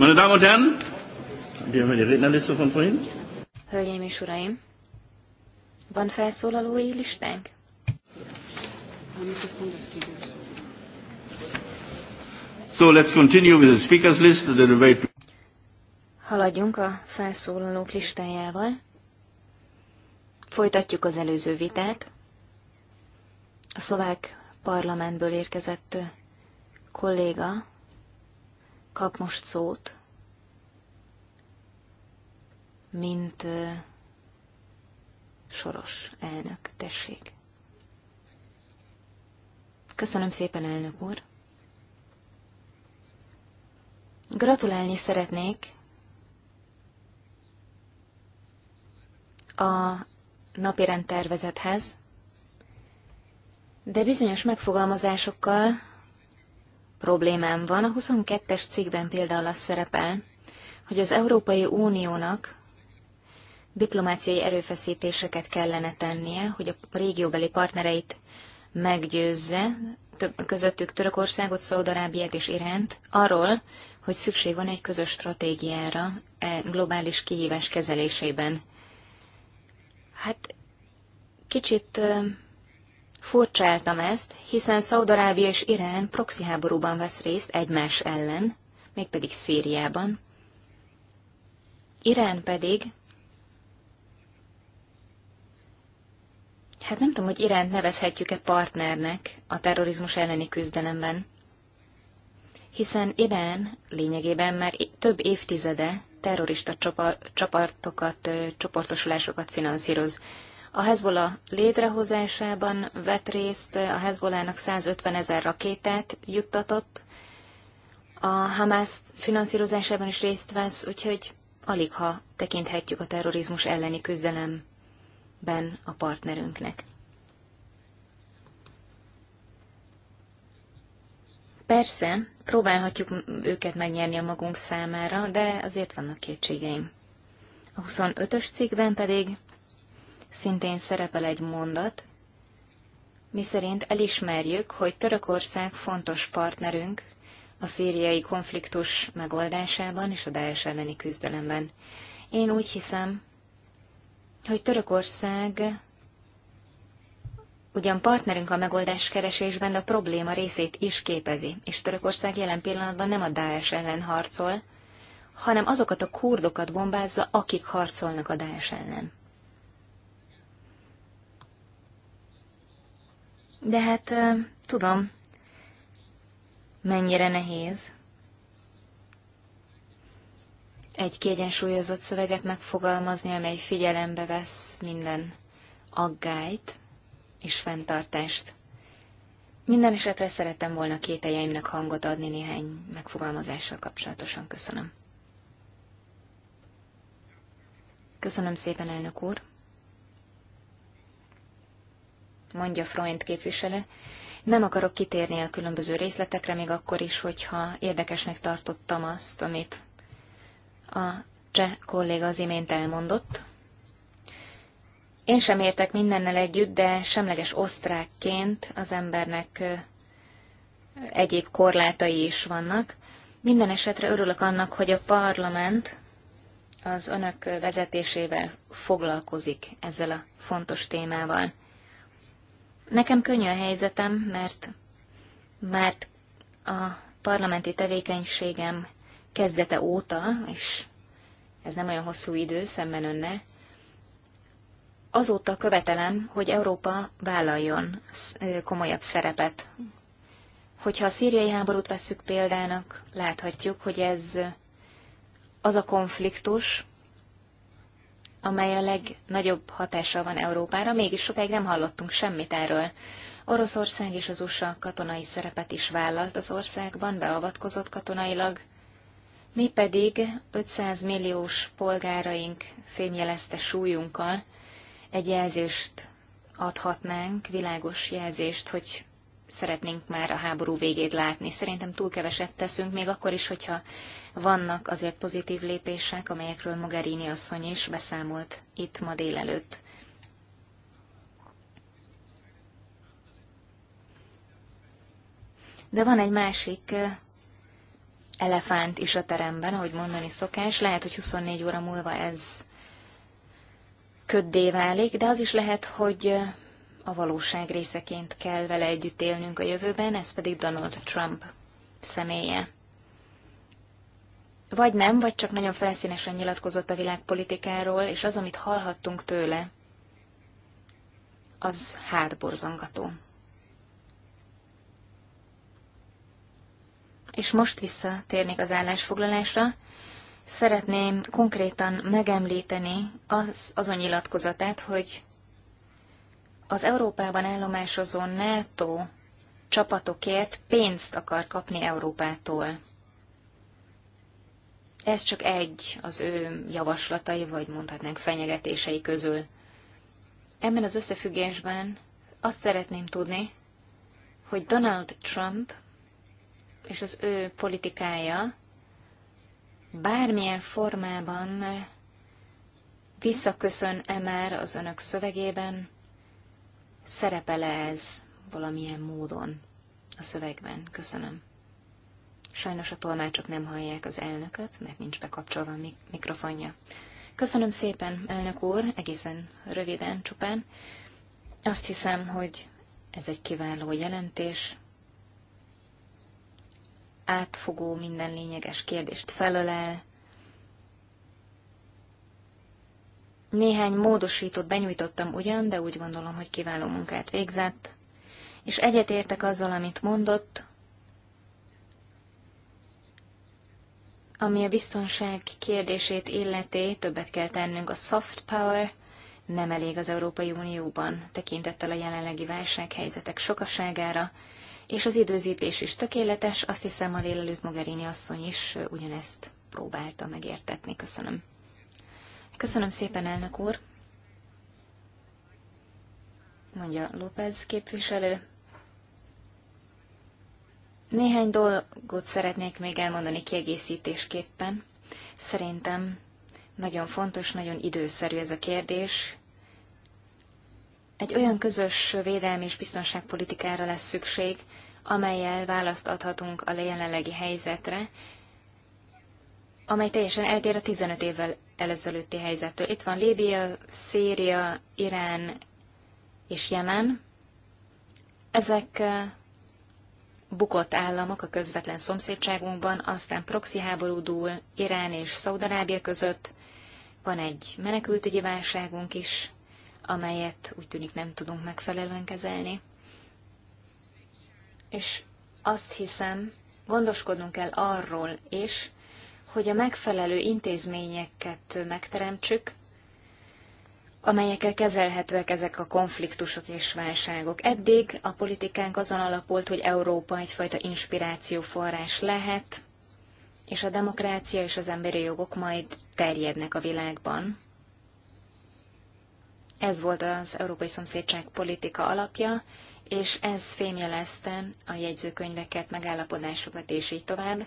Meine Damen und Herren, wir haben die Rednerliste von vorhin. Hölgyeim és Uraim, van felszólalói listánk? So let's continue with the speakers list. The debate. Haladjunk a felszólalók listájával. Folytatjuk az előző vitát. A szlovák parlamentből érkezett kolléga kap most szót, mint soros elnök. Tessék. Köszönöm szépen, elnök úr. Gratulálni szeretnék a napirend tervezethez, de bizonyos megfogalmazásokkal problémám van. A 22-es cikkben például az szerepel, hogy az Európai Uniónak diplomáciai erőfeszítéseket kellene tennie, hogy a régióbeli partnereit meggyőzze, több, közöttük Törökországot, Szaudarábiát és Iránt, arról, hogy szükség van egy közös stratégiára e globális kihívás kezelésében. Hát kicsit Furcsáltam ezt, hiszen Szaudarábia és Irán proxy háborúban vesz részt egymás ellen, mégpedig Szíriában. Irán pedig... Hát nem tudom, hogy Iránt nevezhetjük-e partnernek a terrorizmus elleni küzdelemben, hiszen Irán lényegében már több évtizede terrorista csoportokat, csoportosulásokat finanszíroz. A Hezbollah létrehozásában vett részt, a Hezbollának 150 ezer rakétát juttatott, a Hamász finanszírozásában is részt vesz, úgyhogy alig ha tekinthetjük a terrorizmus elleni küzdelemben a partnerünknek. Persze, próbálhatjuk őket megnyerni a magunk számára, de azért vannak kétségeim. A 25-ös cikkben pedig szintén szerepel egy mondat, miszerint elismerjük, hogy Törökország fontos partnerünk a szíriai konfliktus megoldásában és a Daesh elleni küzdelemben. Én úgy hiszem, hogy Törökország ugyan partnerünk a megoldás keresésben, de a probléma részét is képezi, és Törökország jelen pillanatban nem a Daesh ellen harcol, hanem azokat a kurdokat bombázza, akik harcolnak a Daesh ellen. De hát tudom, mennyire nehéz egy kiegyensúlyozott szöveget megfogalmazni, amely figyelembe vesz minden aggályt és fenntartást. Minden esetre szerettem volna kételjeimnek hangot adni néhány megfogalmazással kapcsolatosan. Köszönöm. Köszönöm szépen, elnök úr mondja Freund képviselő. Nem akarok kitérni a különböző részletekre, még akkor is, hogyha érdekesnek tartottam azt, amit a cseh kolléga az imént elmondott. Én sem értek mindennel együtt, de semleges osztrákként az embernek egyéb korlátai is vannak. Minden esetre örülök annak, hogy a parlament az önök vezetésével foglalkozik ezzel a fontos témával. Nekem könnyű a helyzetem, mert mert a parlamenti tevékenységem kezdete óta, és ez nem olyan hosszú idő szemben önne, azóta követelem, hogy Európa vállaljon komolyabb szerepet. Hogyha a szíriai háborút vesszük példának, láthatjuk, hogy ez az a konfliktus, amely a legnagyobb hatással van Európára, mégis sokáig nem hallottunk semmit erről. Oroszország és az USA katonai szerepet is vállalt az országban, beavatkozott katonailag, mi pedig 500 milliós polgáraink fémjelezte súlyunkkal egy jelzést adhatnánk, világos jelzést, hogy szeretnénk már a háború végét látni. Szerintem túl keveset teszünk, még akkor is, hogyha vannak azért pozitív lépések, amelyekről Mogherini asszony is beszámolt itt ma délelőtt. De van egy másik eh, elefánt is a teremben, ahogy mondani szokás. Lehet, hogy 24 óra múlva ez köddé válik, de az is lehet, hogy eh, a valóság részeként kell vele együtt élnünk a jövőben, ez pedig Donald Trump személye. Vagy nem, vagy csak nagyon felszínesen nyilatkozott a világpolitikáról, és az, amit hallhattunk tőle, az hátborzongató. És most visszatérnék az állásfoglalásra. Szeretném konkrétan megemlíteni az, azon nyilatkozatát, hogy az Európában állomásozó NATO csapatokért pénzt akar kapni Európától. Ez csak egy az ő javaslatai, vagy mondhatnánk fenyegetései közül. Ebben az összefüggésben azt szeretném tudni, hogy Donald Trump és az ő politikája bármilyen formában visszaköszön-e már az önök szövegében, Szerepele ez valamilyen módon a szövegben? Köszönöm. Sajnos a tolmácsok nem hallják az elnököt, mert nincs bekapcsolva a mikrofonja. Köszönöm szépen, elnök úr, egészen röviden, csupán. Azt hiszem, hogy ez egy kiváló jelentés. Átfogó minden lényeges kérdést felölel, Néhány módosítót benyújtottam ugyan, de úgy gondolom, hogy kiváló munkát végzett, és egyetértek azzal, amit mondott, ami a biztonság kérdését illeti, többet kell tennünk a soft power, nem elég az Európai Unióban tekintettel a jelenlegi válsághelyzetek sokaságára, és az időzítés is tökéletes, azt hiszem a délelőtt Mogherini asszony is ugyanezt próbálta megértetni. Köszönöm. Köszönöm szépen, elnök úr, mondja López képviselő. Néhány dolgot szeretnék még elmondani kiegészítésképpen. Szerintem nagyon fontos, nagyon időszerű ez a kérdés. Egy olyan közös védelmi és biztonságpolitikára lesz szükség, amelyel választ adhatunk a jelenlegi helyzetre, amely teljesen eltér a 15 évvel ezelőtti helyzettől. Itt van Líbia, Szíria, Irán és Jemen. Ezek eh, bukott államok a közvetlen szomszédságunkban, aztán proxy háború dúl Irán és Szaudarábia között. Van egy menekültügyi válságunk is, amelyet úgy tűnik nem tudunk megfelelően kezelni. És azt hiszem, gondoskodnunk kell arról is, hogy a megfelelő intézményeket megteremtsük, amelyekkel kezelhetőek ezek a konfliktusok és válságok. Eddig a politikánk azon alapult, hogy Európa egyfajta inspirációforrás lehet, és a demokrácia és az emberi jogok majd terjednek a világban. Ez volt az Európai Szomszédság politika alapja, és ez fémjelezte a jegyzőkönyveket, megállapodásokat és így tovább.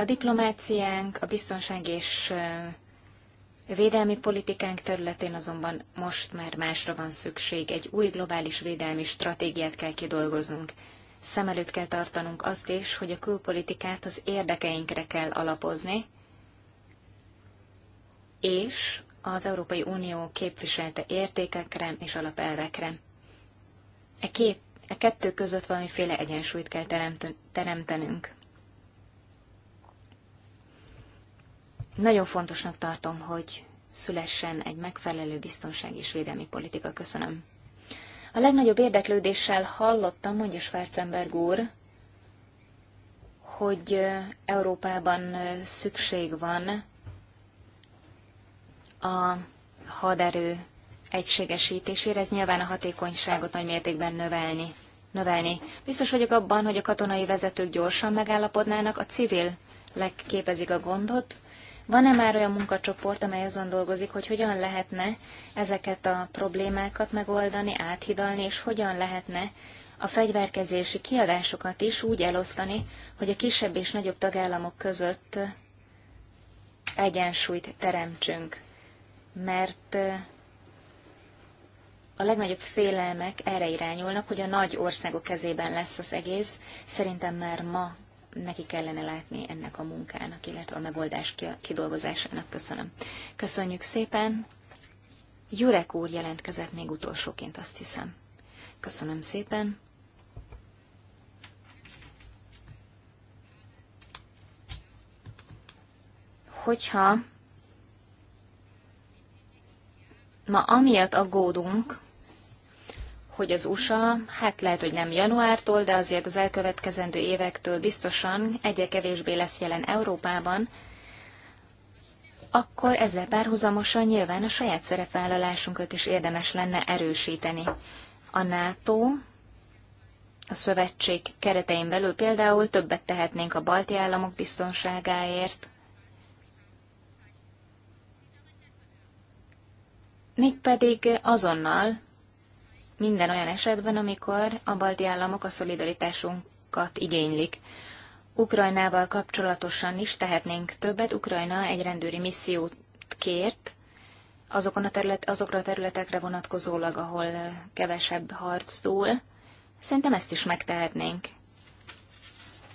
A diplomáciánk, a biztonság és védelmi politikánk területén azonban most már másra van szükség. Egy új globális védelmi stratégiát kell kidolgoznunk. Szem előtt kell tartanunk azt is, hogy a külpolitikát az érdekeinkre kell alapozni, és az Európai Unió képviselte értékekre és alapelvekre. E, két, e kettő között valamiféle egyensúlyt kell teremtenünk. Nagyon fontosnak tartom, hogy szülessen egy megfelelő biztonság és védelmi politika. Köszönöm. A legnagyobb érdeklődéssel hallottam, mondja Schwarzenberg úr, hogy Európában szükség van a haderő egységesítésére, ez nyilván a hatékonyságot nagy mértékben növelni. növelni. Biztos vagyok abban, hogy a katonai vezetők gyorsan megállapodnának, a civil legképezik a gondot, van-e már olyan munkacsoport, amely azon dolgozik, hogy hogyan lehetne ezeket a problémákat megoldani, áthidalni, és hogyan lehetne a fegyverkezési kiadásokat is úgy elosztani, hogy a kisebb és nagyobb tagállamok között egyensúlyt teremtsünk. Mert a legnagyobb félelmek erre irányulnak, hogy a nagy országok kezében lesz az egész. Szerintem már ma neki kellene látni ennek a munkának, illetve a megoldás kidolgozásának. Köszönöm. Köszönjük szépen. Jurek úr jelentkezett még utolsóként, azt hiszem. Köszönöm szépen. Hogyha ma amiatt aggódunk, hogy az USA, hát lehet, hogy nem januártól, de azért az elkövetkezendő évektől biztosan egyre kevésbé lesz jelen Európában, akkor ezzel párhuzamosan nyilván a saját szerepvállalásunkat is érdemes lenne erősíteni. A NATO, a szövetség keretein belül például többet tehetnénk a balti államok biztonságáért, mégpedig azonnal, minden olyan esetben, amikor a balti államok a szolidaritásunkat igénylik. Ukrajnával kapcsolatosan is tehetnénk többet. Ukrajna egy rendőri missziót kért, azokon a terület, azokra a területekre vonatkozólag, ahol kevesebb harc túl. Szerintem ezt is megtehetnénk.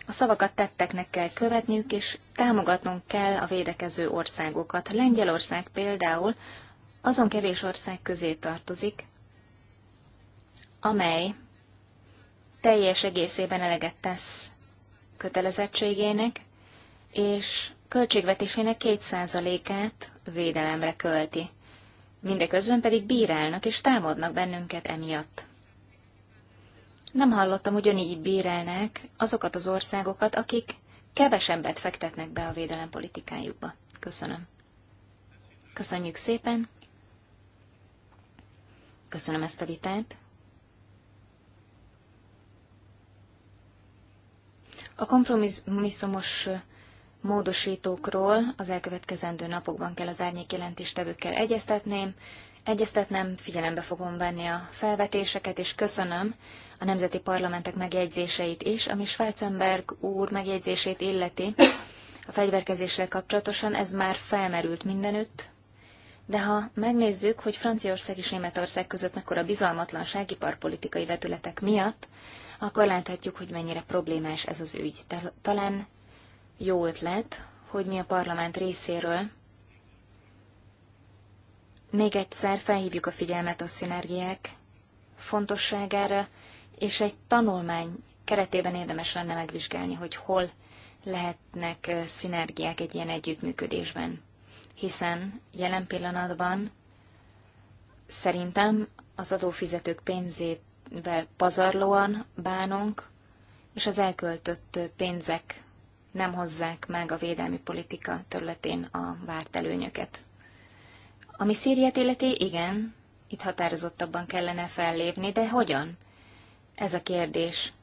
A szavakat tetteknek kell követniük, és támogatnunk kell a védekező országokat. Lengyelország például azon kevés ország közé tartozik, amely teljes egészében eleget tesz kötelezettségének, és költségvetésének kétszázalékát át védelemre költi. Mindeközben pedig bírálnak és támadnak bennünket emiatt. Nem hallottam, hogy bírálnák azokat az országokat, akik kevesebbet fektetnek be a védelem politikájukba. Köszönöm. Köszönjük szépen. Köszönöm ezt a vitát. A kompromisszumos módosítókról az elkövetkezendő napokban kell az árnyék jelentéstevőkkel egyeztetném. Egyeztetnem, figyelembe fogom venni a felvetéseket, és köszönöm a nemzeti parlamentek megjegyzéseit is, ami Schwarzenberg úr megjegyzését illeti. A fegyverkezéssel kapcsolatosan ez már felmerült mindenütt, de ha megnézzük, hogy Franciaország és Németország között mekkora bizalmatlanság iparpolitikai vetületek miatt, akkor láthatjuk, hogy mennyire problémás ez az ügy. Talán jó ötlet, hogy mi a parlament részéről még egyszer felhívjuk a figyelmet a szinergiák fontosságára, és egy tanulmány keretében érdemes lenne megvizsgálni, hogy hol lehetnek szinergiák egy ilyen együttműködésben. Hiszen jelen pillanatban szerintem az adófizetők pénzét vel pazarlóan bánunk, és az elköltött pénzek nem hozzák meg a védelmi politika területén a várt előnyöket. Ami Szíriát életé, igen, itt határozottabban kellene fellépni, de hogyan? Ez a kérdés.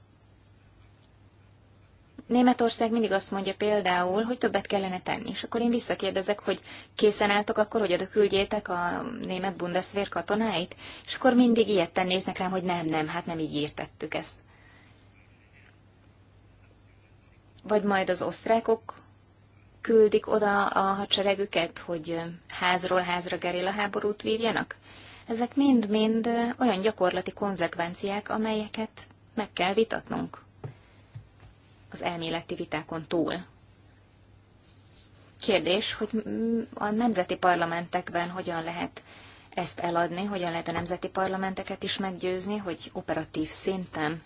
Németország mindig azt mondja például, hogy többet kellene tenni, és akkor én visszakérdezek, hogy készen álltok akkor, hogy oda küldjétek a német Bundeswehr katonáit? És akkor mindig ilyetten néznek rám, hogy nem, nem, hát nem így írtettük ezt. Vagy majd az osztrákok küldik oda a hadseregüket, hogy házról házra gerilla háborút vívjanak? Ezek mind-mind olyan gyakorlati konzekvenciák, amelyeket meg kell vitatnunk az elméleti vitákon túl. Kérdés, hogy a nemzeti parlamentekben hogyan lehet ezt eladni, hogyan lehet a nemzeti parlamenteket is meggyőzni, hogy operatív szinten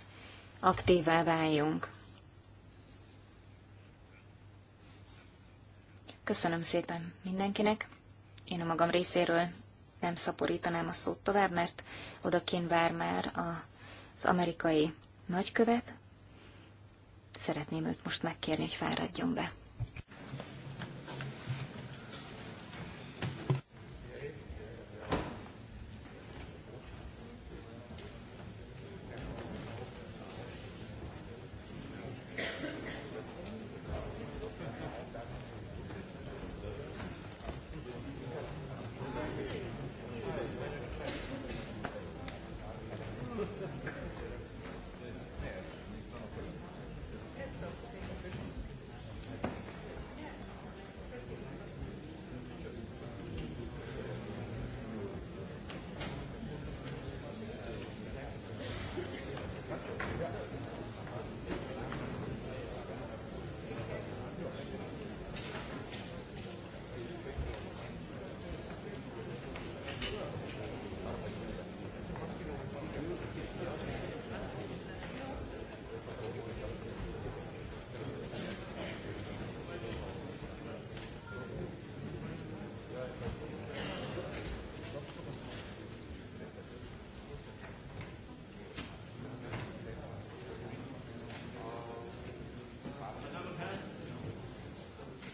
aktívvá váljunk. Köszönöm szépen mindenkinek. Én a magam részéről nem szaporítanám a szót tovább, mert odakint vár már az amerikai nagykövet, Szeretném őt most megkérni, hogy fáradjon be.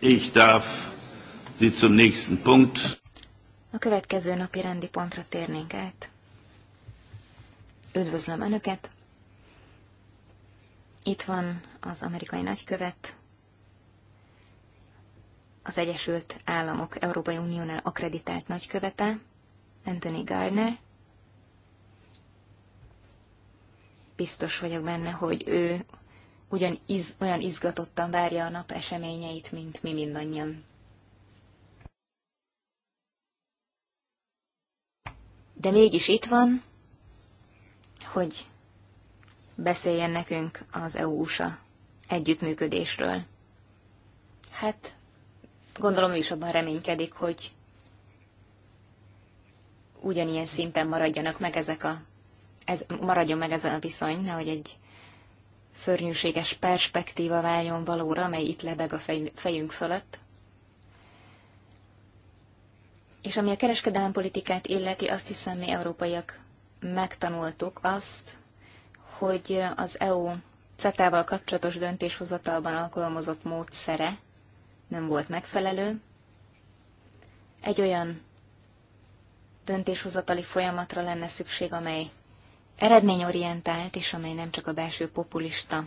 Ich darf Sie zum nächsten Punkt. A következő napi rendi pontra térnénk át. Üdvözlöm Önöket! Itt van az amerikai nagykövet, az Egyesült Államok Európai Uniónál akreditált nagykövete, Anthony Gardner. Biztos vagyok benne, hogy ő ugyan iz, olyan izgatottan várja a nap eseményeit, mint mi mindannyian. De mégis itt van, hogy beszéljen nekünk az EU-USA együttműködésről. Hát, gondolom ő is abban reménykedik, hogy ugyanilyen szinten maradjanak meg ezek a, ez, maradjon meg ezen a viszony, nehogy egy szörnyűséges perspektíva váljon valóra, amely itt lebeg a fejünk fölött. És ami a kereskedelmi politikát illeti, azt hiszem mi európaiak megtanultuk azt, hogy az EU CETA-val kapcsolatos döntéshozatalban alkalmazott módszere nem volt megfelelő. Egy olyan döntéshozatali folyamatra lenne szükség, amely eredményorientált, és amely nem csak a belső populista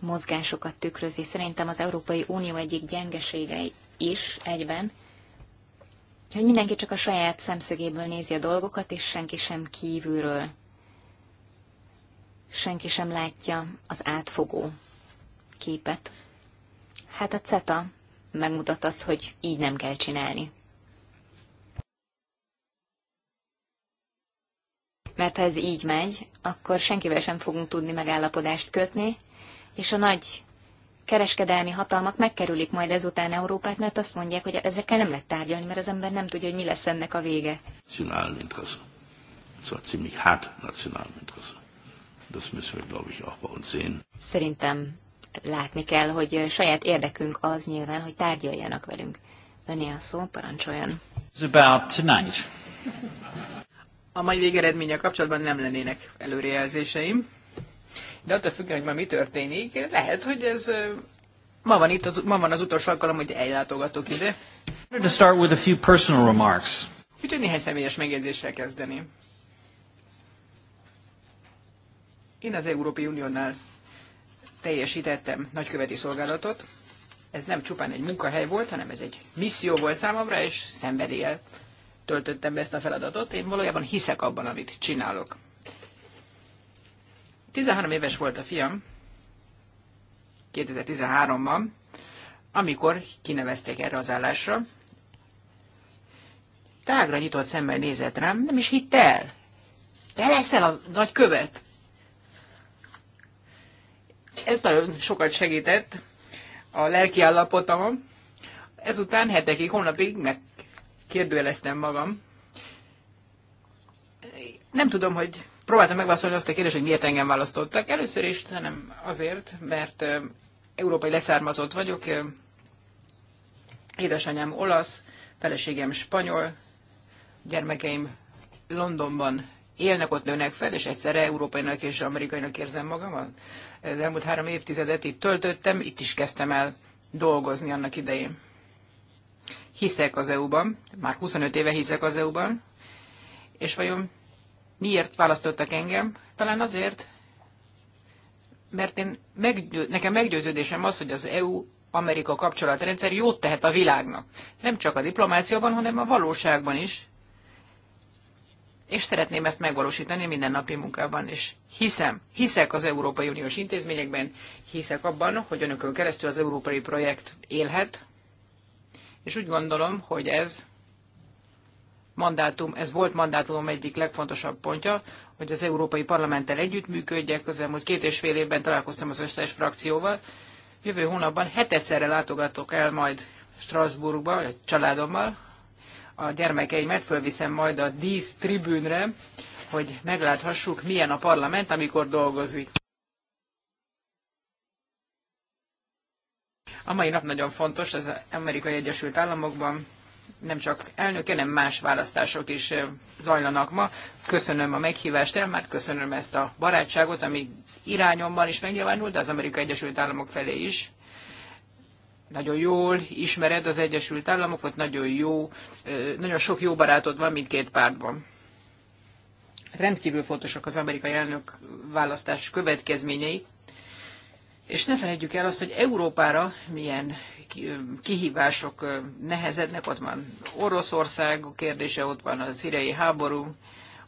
mozgásokat tükrözi. Szerintem az Európai Unió egyik gyengesége is egyben, hogy mindenki csak a saját szemszögéből nézi a dolgokat, és senki sem kívülről. Senki sem látja az átfogó képet. Hát a CETA megmutatta azt, hogy így nem kell csinálni. mert ha ez így megy, akkor senkivel sem fogunk tudni megállapodást kötni, és a nagy kereskedelmi hatalmak megkerülik majd ezután Európát, mert azt mondják, hogy ezekkel nem lehet tárgyalni, mert az ember nem tudja, hogy mi lesz ennek a vége. Nationalen Interesse. Szóval Zwar ziemlich hát nacionál Interesse. Das müssen wir, glaube ich, auch bei uns sehen. Szerintem látni kell, hogy saját érdekünk az nyilván, hogy tárgyaljanak velünk. Öné a szó, parancsoljon. It's about tonight a mai végeredménye kapcsolatban nem lennének előrejelzéseim, de attól függően, hogy ma mi történik, lehet, hogy ez ma van, itt az, ma van az utolsó alkalom, hogy ellátogatok ide. To start with a few personal remarks. Úgyhogy néhány személyes megjegyzéssel kezdeni. Én az Európai Uniónál teljesítettem nagyköveti szolgálatot. Ez nem csupán egy munkahely volt, hanem ez egy misszió volt számomra, és szenvedélyel töltöttem be ezt a feladatot, én valójában hiszek abban, amit csinálok. 13 éves volt a fiam, 2013-ban, amikor kinevezték erre az állásra. Tágra nyitott szemmel nézett rám, nem is hitt el. Te leszel a nagy követ. Ez nagyon sokat segített a állapotom. Ezután hetekig, hónapig meg kérdőjeleztem magam. Nem tudom, hogy próbáltam megválaszolni azt a kérdést, hogy miért engem választottak. Először is, hanem azért, mert európai leszármazott vagyok, édesanyám olasz, feleségem spanyol, gyermekeim Londonban élnek, ott nőnek fel, és egyszerre európainak és amerikainak érzem magam. Az elmúlt három évtizedet itt töltöttem, itt is kezdtem el dolgozni annak idején hiszek az EU-ban, már 25 éve hiszek az EU-ban, és vajon miért választottak engem? Talán azért, mert én meggyő, nekem meggyőződésem az, hogy az EU Amerika kapcsolatrendszer jót tehet a világnak. Nem csak a diplomáciában, hanem a valóságban is. És szeretném ezt megvalósítani minden napi munkában, és hiszem, hiszek az Európai Uniós intézményekben, hiszek abban, hogy önökön keresztül az európai projekt élhet, és úgy gondolom, hogy ez mandátum, ez volt mandátumom egyik legfontosabb pontja, hogy az Európai Parlamenttel együttműködjek, elmúlt két és fél évben találkoztam az összes frakcióval. Jövő hónapban hetedszerre látogatok el majd Strasbourgba, a családommal, a gyermekeimet fölviszem majd a tribűnre, hogy megláthassuk, milyen a parlament, amikor dolgozik. A mai nap nagyon fontos az Amerikai Egyesült Államokban. Nem csak elnöke, nem más választások is zajlanak ma. Köszönöm a meghívást, el már köszönöm ezt a barátságot, ami irányomban is megnyilvánult, de az Amerikai Egyesült Államok felé is nagyon jól ismered az Egyesült Államokat, nagyon jó, nagyon sok jó barátod van mindkét pártban. Rendkívül fontosak az amerikai elnök választás következményei. És ne felejtjük el azt, hogy Európára milyen kihívások nehezednek, ott van Oroszország kérdése, ott van a szíriai háború,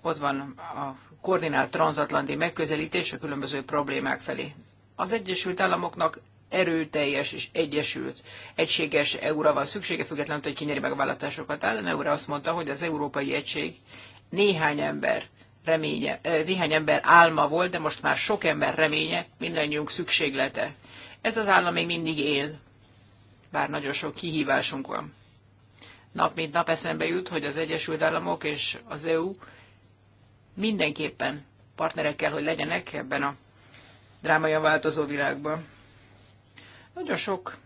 ott van a koordinált transatlanti megközelítés a különböző problémák felé. Az Egyesült Államoknak erőteljes és egyesült, egységes EU-ra van szüksége, függetlenül, hogy ki nyeri meg a választásokat. Allen Eura azt mondta, hogy az európai egység néhány ember reménye, néhány ember álma volt, de most már sok ember reménye, mindannyiunk szükséglete. Ez az állam még mindig él, bár nagyon sok kihívásunk van. Nap mint nap eszembe jut, hogy az Egyesült Államok és az EU mindenképpen partnerekkel, hogy legyenek ebben a drámaian változó világban. Nagyon sok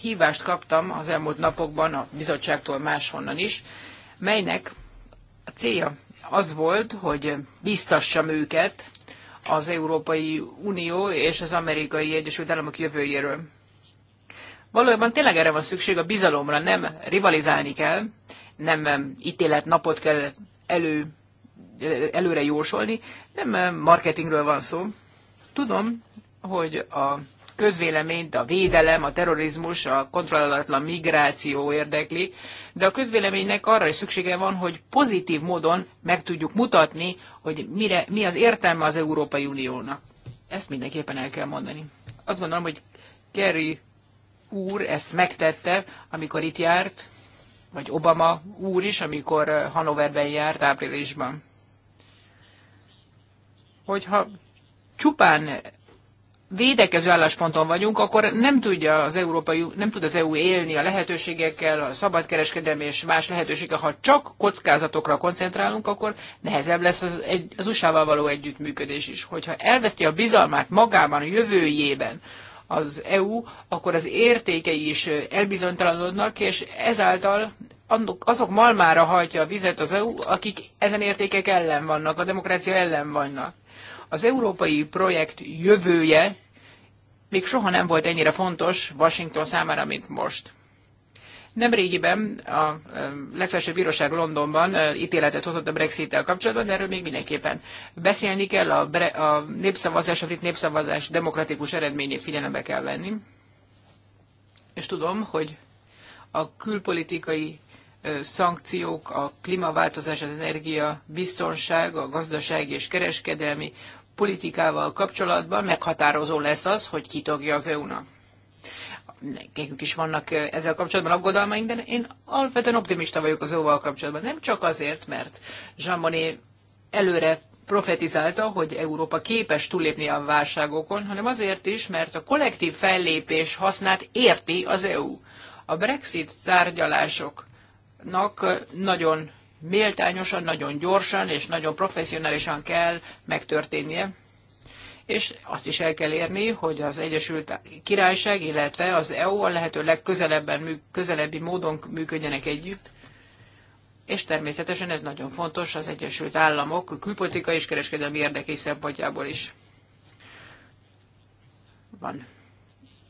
hívást kaptam az elmúlt napokban a bizottságtól máshonnan is, melynek a célja az volt, hogy biztassam őket az Európai Unió és az Amerikai Egyesült Államok jövőjéről. Valójában tényleg erre van szükség a bizalomra, nem rivalizálni kell, nem ítélet napot kell elő, előre jósolni, nem marketingről van szó. Tudom, hogy a közvéleményt a védelem, a terrorizmus, a kontrollálatlan migráció érdekli, de a közvéleménynek arra is szüksége van, hogy pozitív módon meg tudjuk mutatni, hogy mire, mi az értelme az Európai Uniónak. Ezt mindenképpen el kell mondani. Azt gondolom, hogy Kerry úr ezt megtette, amikor itt járt, vagy Obama úr is, amikor eh, Hanoverben járt áprilisban. Hogyha csupán védekező állásponton vagyunk, akkor nem, tudja az Európai, nem tud az EU élni a lehetőségekkel, a szabadkereskedelmi és más lehetőségekkel. Ha csak kockázatokra koncentrálunk, akkor nehezebb lesz az, egy, az USA-val való együttműködés is. Hogyha elveszti a bizalmát magában, a jövőjében az EU, akkor az értékei is elbizonytalanodnak, és ezáltal azok malmára hajtja a vizet az EU, akik ezen értékek ellen vannak, a demokrácia ellen vannak az európai projekt jövője még soha nem volt ennyire fontos Washington számára, mint most. Nemrégiben a legfelsőbb bíróság Londonban ítéletet hozott a Brexit-tel kapcsolatban, de erről még mindenképpen beszélni kell, a, bre- a népszavazás, a brit népszavazás demokratikus eredményét figyelembe kell venni. És tudom, hogy a külpolitikai szankciók, a klímaváltozás, az energia, biztonság, a gazdasági és kereskedelmi politikával kapcsolatban meghatározó lesz az, hogy ki az EU-nak. Nekünk is vannak ezzel kapcsolatban aggodalmaink, de én alapvetően optimista vagyok az EU-val kapcsolatban. Nem csak azért, mert Jean Monnet előre profetizálta, hogy Európa képes túllépni a válságokon, hanem azért is, mert a kollektív fellépés hasznát érti az EU. A Brexit tárgyalásoknak nagyon méltányosan, nagyon gyorsan és nagyon professzionálisan kell megtörténnie. És azt is el kell érni, hogy az Egyesült Királyság, illetve az EU a lehető legközelebben, közelebbi módon működjenek együtt. És természetesen ez nagyon fontos az Egyesült Államok külpolitikai és kereskedelmi érdekei szempontjából is. Van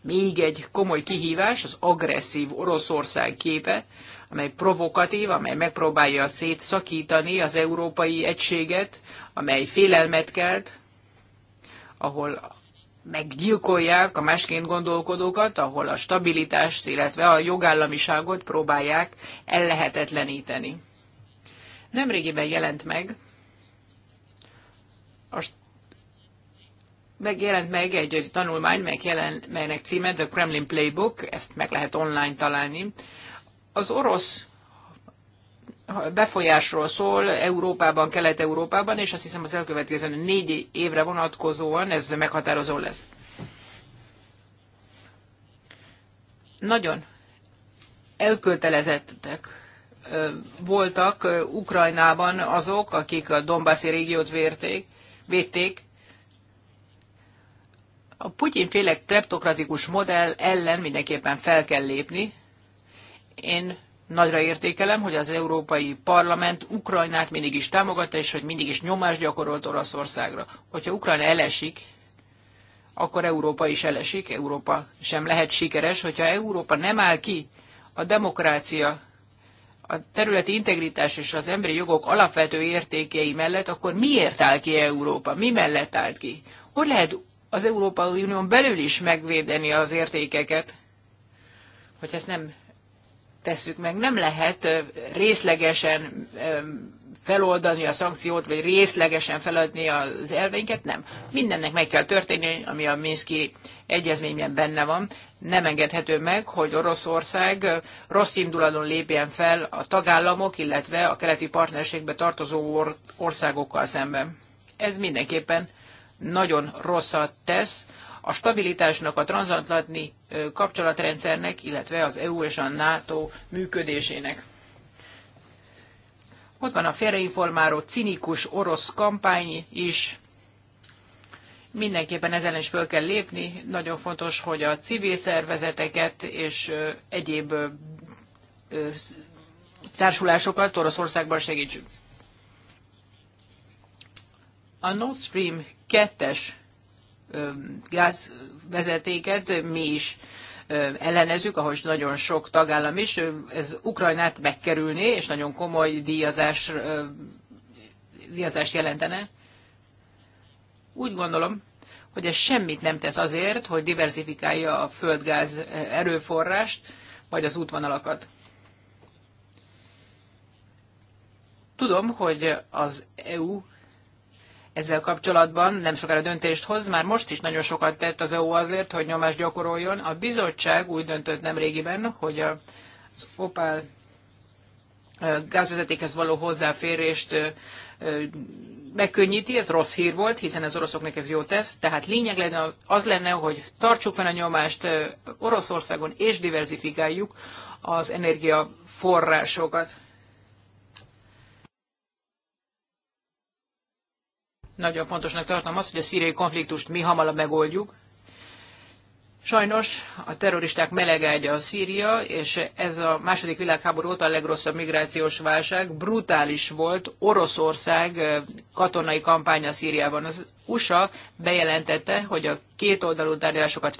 még egy komoly kihívás, az agresszív Oroszország képe, amely provokatív, amely megpróbálja szétszakítani az európai egységet, amely félelmet kelt, ahol meggyilkolják a másként gondolkodókat, ahol a stabilitást, illetve a jogállamiságot próbálják ellehetetleníteni. Nemrégiben jelent meg, a, megjelent meg egy, egy tanulmány, melynek, jelen, melynek címe The Kremlin Playbook, ezt meg lehet online találni az orosz befolyásról szól Európában, Kelet-Európában, és azt hiszem az elkövetkező négy évre vonatkozóan ez meghatározó lesz. Nagyon elkötelezettek voltak Ukrajnában azok, akik a Donbassi régiót vérték, védték. A Putyin féle kleptokratikus modell ellen mindenképpen fel kell lépni, én nagyra értékelem, hogy az Európai Parlament Ukrajnát mindig is támogatta, és hogy mindig is nyomást gyakorolt Oroszországra. Hogyha Ukrajna elesik, akkor Európa is elesik, Európa sem lehet sikeres. Hogyha Európa nem áll ki a demokrácia, a területi integritás és az emberi jogok alapvető értékei mellett, akkor miért áll ki Európa? Mi mellett áll ki? Hogy lehet az Európai Unión belül is megvédeni az értékeket, hogy ezt nem tesszük meg. Nem lehet részlegesen feloldani a szankciót, vagy részlegesen feladni az elveinket, nem. Mindennek meg kell történni, ami a Minszki egyezményben benne van. Nem engedhető meg, hogy Oroszország rossz indulaton lépjen fel a tagállamok, illetve a keleti partnerségbe tartozó országokkal szemben. Ez mindenképpen nagyon rosszat tesz a stabilitásnak, a transatlanti kapcsolatrendszernek, illetve az EU és a NATO működésének. Ott van a félreinformáló, cinikus orosz kampány is. Mindenképpen ezen is föl kell lépni. Nagyon fontos, hogy a civil szervezeteket és egyéb társulásokat Oroszországban segítsük. A Nord Stream 2-es gázvezetéket mi is ellenezzük, ahogy nagyon sok tagállam is, ez Ukrajnát megkerülni, és nagyon komoly díjazás, díjazás jelentene. Úgy gondolom, hogy ez semmit nem tesz azért, hogy diversifikálja a földgáz erőforrást, vagy az útvonalakat. Tudom, hogy az EU ezzel kapcsolatban, nem sokára döntést hoz, már most is nagyon sokat tett az EU azért, hogy nyomást gyakoroljon. A bizottság úgy döntött nem régiben, hogy az Opel gázvezetékhez való hozzáférést megkönnyíti, ez rossz hír volt, hiszen az oroszoknak ez jó tesz, tehát lényeg lenne, az lenne, hogy tartsuk fel a nyomást Oroszországon és diversifikáljuk az energiaforrásokat. Nagyon fontosnak tartom azt, hogy a szíriai konfliktust mi hamarabb megoldjuk. Sajnos a terroristák melegágya a Szíria, és ez a második világháború óta a legrosszabb migrációs válság. Brutális volt Oroszország katonai kampánya Szíriában. Az USA bejelentette, hogy a kétoldalú tárgyalásokat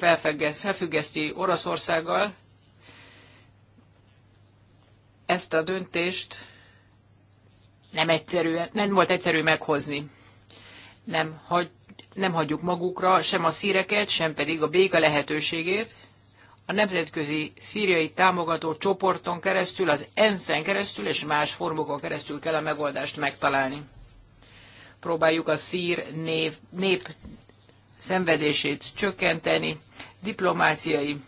felfüggeszti Oroszországgal. Ezt a döntést nem, egyszerű, nem volt egyszerű meghozni nem, hagy, nem hagyjuk magukra sem a szíreket, sem pedig a béka lehetőségét. A nemzetközi szíriai támogató csoporton keresztül, az ENSZ-en keresztül és más formokon keresztül kell a megoldást megtalálni. Próbáljuk a szír név, nép szenvedését csökkenteni, diplomáciai,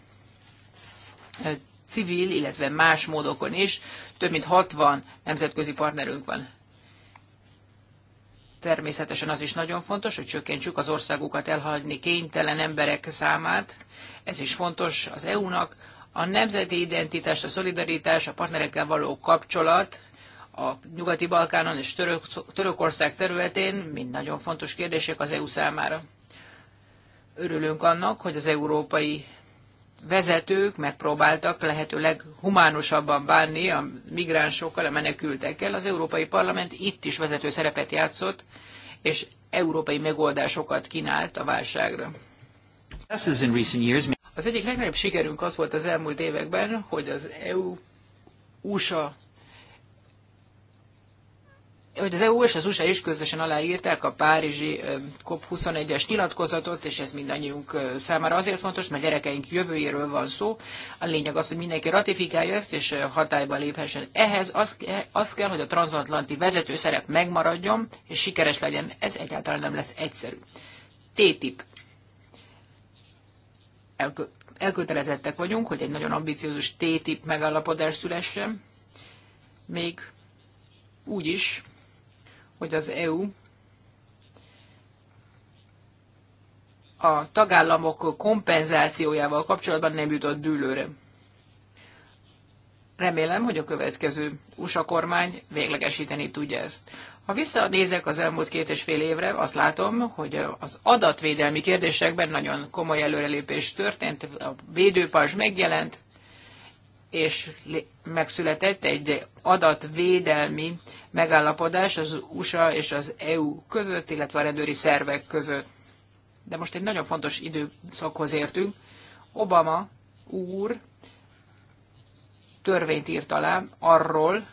civil, illetve más módokon is. Több mint 60 nemzetközi partnerünk van. Természetesen az is nagyon fontos, hogy csökkentsük az országukat elhagyni kénytelen emberek számát. Ez is fontos az EU-nak. A nemzeti identitás, a szolidaritás, a partnerekkel való kapcsolat a Nyugati-Balkánon és Török, Törökország területén mind nagyon fontos kérdések az EU számára. Örülünk annak, hogy az európai vezetők megpróbáltak lehetőleg humánosabban bánni a migránsokkal, a menekültekkel. Az Európai Parlament itt is vezető szerepet játszott, és európai megoldásokat kínált a válságra. Az egyik legnagyobb sikerünk az volt az elmúlt években, hogy az EU USA hogy az EU és az USA is közösen aláírták a Párizsi COP21-es nyilatkozatot, és ez mindannyiunk számára azért fontos, mert gyerekeink jövőjéről van szó. A lényeg az, hogy mindenki ratifikálja ezt, és hatályba léphessen. Ehhez az, e, az kell, hogy a transatlanti vezető szerep megmaradjon, és sikeres legyen. Ez egyáltalán nem lesz egyszerű. TTIP. Elkö- elkötelezettek vagyunk, hogy egy nagyon ambiciózus TTIP megállapodás szülessen. Még úgy is, hogy az EU a tagállamok kompenzációjával kapcsolatban nem jutott dűlőre. Remélem, hogy a következő USA kormány véglegesíteni tudja ezt. Ha visszanézek az elmúlt két és fél évre, azt látom, hogy az adatvédelmi kérdésekben nagyon komoly előrelépés történt, a védőpajzs megjelent, és megszületett egy adatvédelmi megállapodás az USA és az EU között, illetve a rendőri szervek között. De most egy nagyon fontos időszakhoz értünk. Obama úr törvényt írt alá arról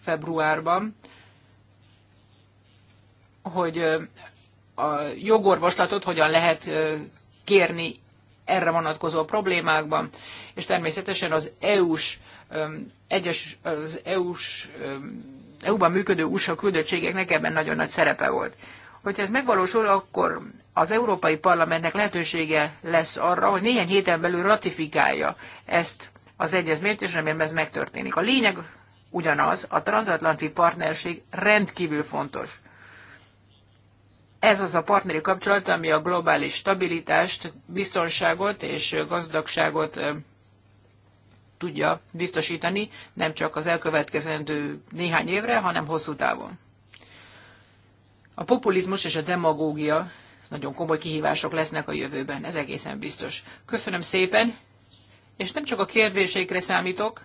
februárban, hogy a jogorvoslatot hogyan lehet kérni erre vonatkozó problémákban, és természetesen az EU-s egyes, az EU-s, EU-ban működő USA küldöttségeknek ebben nagyon nagy szerepe volt. Hogyha ez megvalósul, akkor az Európai Parlamentnek lehetősége lesz arra, hogy néhány héten belül ratifikálja ezt az egyezményt, és remélem ez megtörténik. A lényeg ugyanaz, a transatlanti partnerség rendkívül fontos ez az a partneri kapcsolat, ami a globális stabilitást, biztonságot és gazdagságot tudja biztosítani, nem csak az elkövetkezendő néhány évre, hanem hosszú távon. A populizmus és a demagógia nagyon komoly kihívások lesznek a jövőben, ez egészen biztos. Köszönöm szépen, és nem csak a kérdéseikre számítok,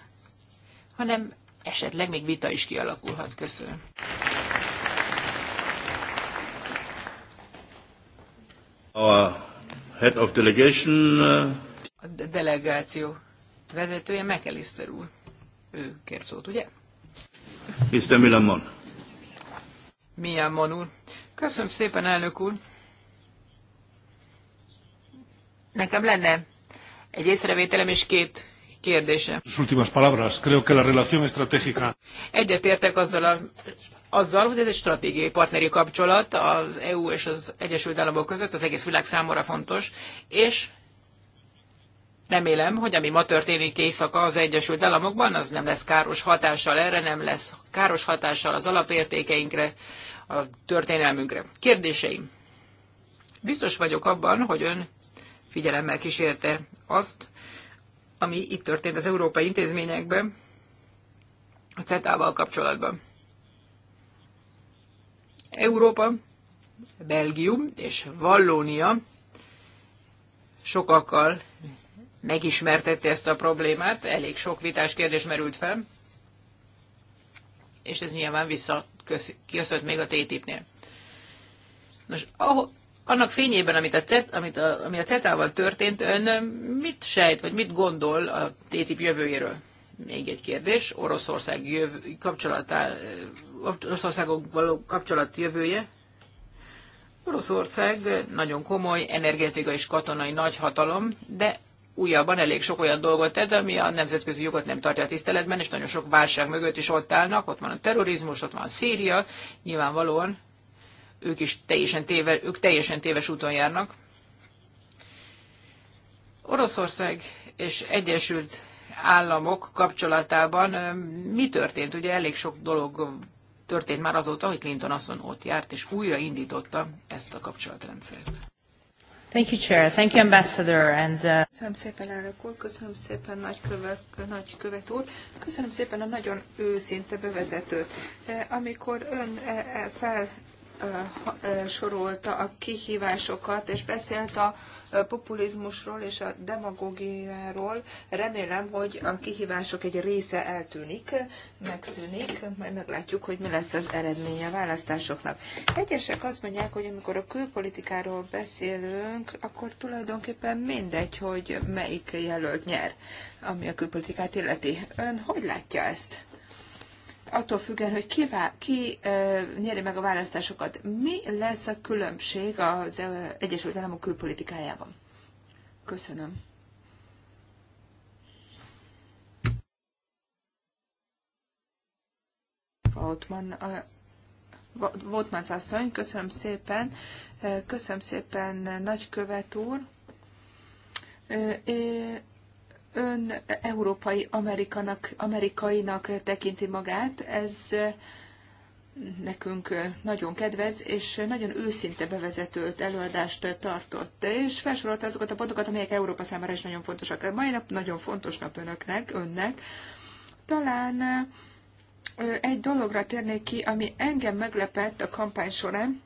hanem esetleg még vita is kialakulhat. Köszönöm. head of delegation, uh, A delegáció vezetője McAllister úr. Ő kért szót, ugye? Mr. Milamon. Milamon úr. Köszönöm szépen, elnök úr. Nekem lenne egy észrevételem és két kérdése. Egyet értek azzal a azzal, hogy ez egy stratégiai partneri kapcsolat az EU és az Egyesült Államok között, az egész világ számára fontos, és remélem, hogy ami ma történik éjszaka az Egyesült Államokban, az nem lesz káros hatással erre, nem lesz káros hatással az alapértékeinkre, a történelmünkre. Kérdéseim. Biztos vagyok abban, hogy ön figyelemmel kísérte azt, ami itt történt az európai intézményekben, a CETA-val kapcsolatban. Európa, Belgium és Vallónia sokakkal megismertette ezt a problémát, elég sok vitás kérdés merült fel, és ez nyilván visszaköszönt még a TTIP-nél. Nos, ahol, annak fényében, amit a, CET, amit a, ami a CETA-val történt, ön mit sejt, vagy mit gondol a TTIP jövőjéről? Még egy kérdés, Oroszország jövő, kapcsolata Oroszországok való kapcsolat jövője. Oroszország nagyon komoly energetikai és katonai nagyhatalom, de újabban elég sok olyan dolgot tett, ami a nemzetközi jogot nem tartja a tiszteletben, és nagyon sok válság mögött is ott állnak, ott van a terrorizmus, ott van a Szíria, nyilvánvalóan ők is teljesen, téve, ők teljesen téves úton járnak. Oroszország és Egyesült államok kapcsolatában mi történt? Ugye elég sok dolog történt már azóta, hogy Clinton asszony ott járt, és újra indította ezt a kapcsolatrendszert. Thank you, Chair. Thank you, Ambassador. And, uh... Köszönöm szépen, elnök úr, köszönöm szépen, nagykövet, követ úr, köszönöm szépen a nagyon őszinte bevezetőt. E, amikor ön e, e, fel sorolta a kihívásokat, és beszélt a populizmusról és a demagógiáról. Remélem, hogy a kihívások egy része eltűnik, megszűnik, majd meglátjuk, hogy mi lesz az eredménye a választásoknak. Egyesek azt mondják, hogy amikor a külpolitikáról beszélünk, akkor tulajdonképpen mindegy, hogy melyik jelölt nyer, ami a külpolitikát illeti. Ön hogy látja ezt? attól függően, hogy ki, vá- ki e, nyeri meg a választásokat. Mi lesz a különbség az e, Egyesült Államok külpolitikájában? Köszönöm. Voltman, asszony, köszönöm szépen. Köszönöm szépen, nagykövet úr ön európai amerikanak, amerikainak tekinti magát, ez nekünk nagyon kedvez, és nagyon őszinte bevezetőt, előadást tartott, és felsorolta azokat a pontokat, amelyek Európa számára is nagyon fontosak. A mai nap nagyon fontos nap önöknek, önnek. Talán egy dologra térnék ki, ami engem meglepett a kampány során,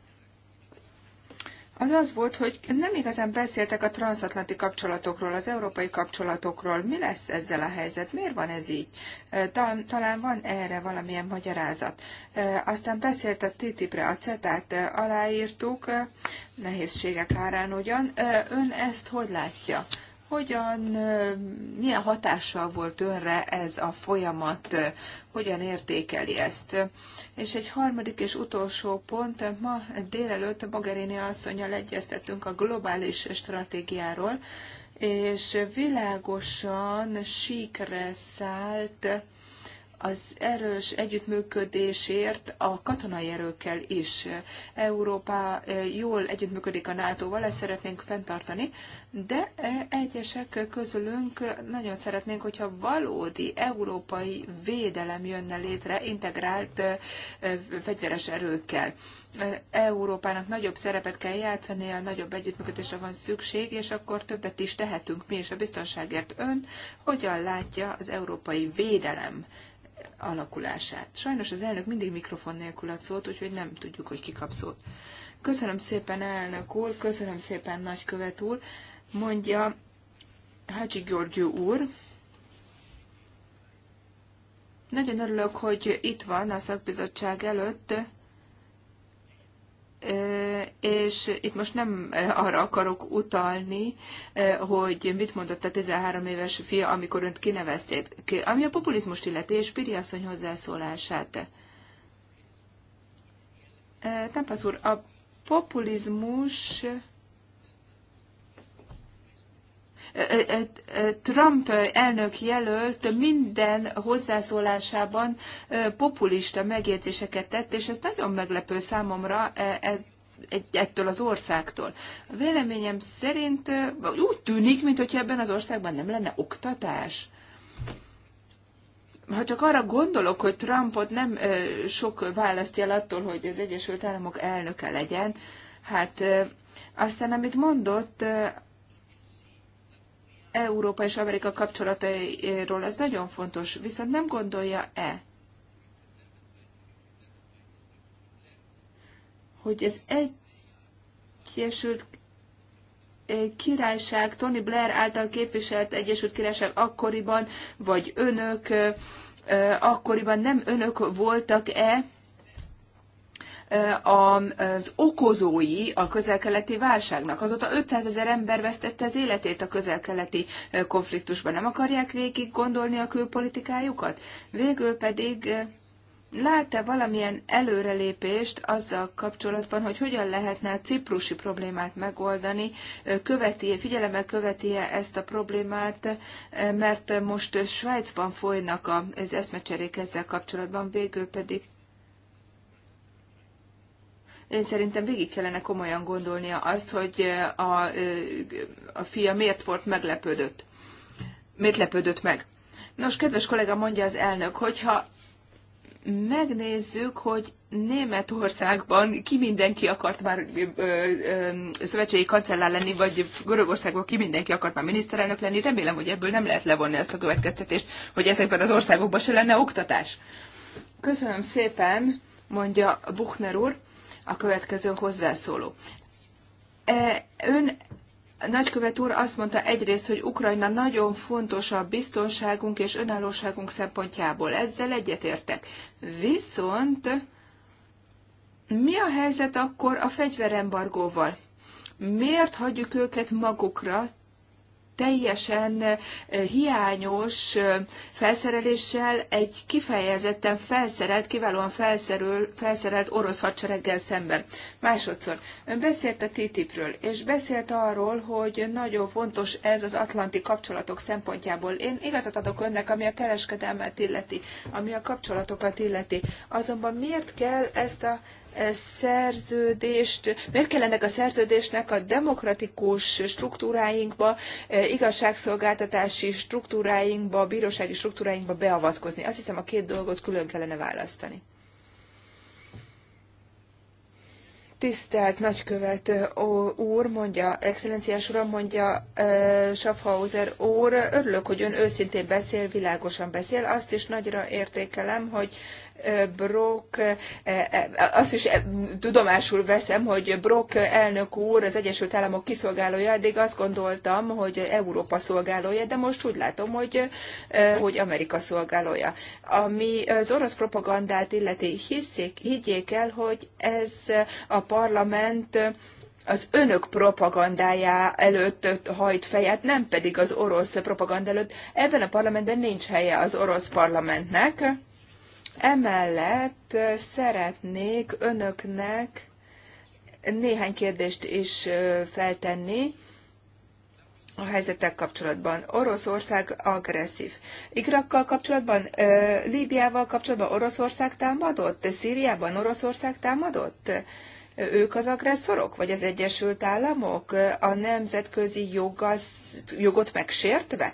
az az volt, hogy nem igazán beszéltek a transatlanti kapcsolatokról, az európai kapcsolatokról. Mi lesz ezzel a helyzet? Miért van ez így? Talán van erre valamilyen magyarázat. Aztán beszélt a TTIP-re, a CETA-t aláírtuk, nehézségek árán ugyan. Ön ezt hogy látja? Hogyan, milyen hatással volt önre ez a folyamat? Hogyan értékeli ezt? És egy harmadik és utolsó pont, ma délelőtt a Mogherini asszonyjal egyeztettünk a globális stratégiáról, és világosan síkre szállt az erős együttműködésért a katonai erőkkel is. Európa eh, jól együttműködik a NATO-val, ezt szeretnénk fenntartani, de eh, egyesek közülünk nagyon szeretnénk, hogyha valódi európai védelem jönne létre integrált eh, fegyveres erőkkel. Európának nagyobb szerepet kell játszani, a nagyobb együttműködésre van szükség, és akkor többet is tehetünk mi is a biztonságért. Ön hogyan látja az európai védelem alakulását. Sajnos az elnök mindig mikrofon nélkül ad szót, úgyhogy nem tudjuk, hogy ki kap szót. Köszönöm szépen, elnök úr, köszönöm szépen, nagykövet úr, mondja Hácsi györgyű úr. Nagyon örülök, hogy itt van a szakbizottság előtt, és itt most nem arra akarok utalni, hogy mit mondott a 13 éves fia, amikor önt kinevezték, ami a populizmust illeti, és Piri asszony hozzászólását. Tempasz úr, a populizmus Trump elnök jelölt minden hozzászólásában populista megjegyzéseket tett, és ez nagyon meglepő számomra e, e, ettől az országtól. A véleményem szerint úgy tűnik, mintha ebben az országban nem lenne oktatás ha csak arra gondolok, hogy Trumpot nem sok választja el attól, hogy az Egyesült Államok elnöke legyen, hát aztán amit mondott, Európa és Amerika kapcsolatairól ez nagyon fontos, viszont nem gondolja-e, hogy ez egy Egyesült eh, Királyság, Tony Blair által képviselt Egyesült Királyság akkoriban, vagy önök, eh, eh, akkoriban nem önök voltak-e az okozói a közelkeleti válságnak. Azóta 500 ezer ember vesztette az életét a közelkeleti konfliktusban. Nem akarják végig gondolni a külpolitikájukat? Végül pedig lát-e valamilyen előrelépést azzal kapcsolatban, hogy hogyan lehetne a ciprusi problémát megoldani, követi, figyelemmel követi -e ezt a problémát, mert most Svájcban folynak az eszmecserék ezzel kapcsolatban, végül pedig én szerintem végig kellene komolyan gondolnia azt, hogy a, a fia miért volt meglepődött. Miért lepődött meg? Nos, kedves kollega, mondja az elnök, hogyha megnézzük, hogy Németországban ki mindenki akart már ö, ö, szövetségi kancellár lenni, vagy Görögországban ki mindenki akart már miniszterelnök lenni. Remélem, hogy ebből nem lehet levonni ezt a következtetést, hogy ezekben az országokban se lenne oktatás. Köszönöm szépen, mondja Buchner úr a következő hozzászóló. E, ön nagykövet úr azt mondta egyrészt, hogy Ukrajna nagyon fontos a biztonságunk és önállóságunk szempontjából. Ezzel egyetértek. Viszont mi a helyzet akkor a fegyverembargóval? Miért hagyjuk őket magukra, teljesen eh, hiányos eh, felszereléssel egy kifejezetten felszerelt, kiválóan felszerül, felszerelt orosz hadsereggel szemben. Másodszor, ön beszélt a TTIP-ről, és beszélt arról, hogy nagyon fontos ez az atlanti kapcsolatok szempontjából. Én igazat adok önnek, ami a kereskedelmet illeti, ami a kapcsolatokat illeti. Azonban miért kell ezt a szerződést, miért kell ennek a szerződésnek a demokratikus struktúráinkba, e, igazságszolgáltatási struktúráinkba, bírósági struktúráinkba beavatkozni. Azt hiszem a két dolgot külön kellene választani. Tisztelt nagykövet úr, mondja, excellenciás uram, mondja Schaffhauser úr, örülök, hogy ön őszintén beszél, világosan beszél. Azt is nagyra értékelem, hogy Brock, eh, eh, azt is eh, tudomásul veszem, hogy Brock elnök úr az Egyesült Államok kiszolgálója, eddig azt gondoltam, hogy Európa szolgálója, de most úgy látom, hogy, hogy Amerika szolgálója. Ami az orosz propagandát illeti, hiszik, higgyék el, hogy ez a parlament az önök propagandájá előtt hajt fejet, nem pedig az orosz propaganda előtt. Ebben a parlamentben nincs helye az orosz parlamentnek Emellett szeretnék önöknek néhány kérdést is feltenni a helyzetek kapcsolatban. Oroszország agresszív. Irakkal kapcsolatban, Líbiával kapcsolatban Oroszország támadott? Szíriában Oroszország támadott? Ők az agresszorok, vagy az Egyesült Államok a nemzetközi jogaz, jogot megsértve?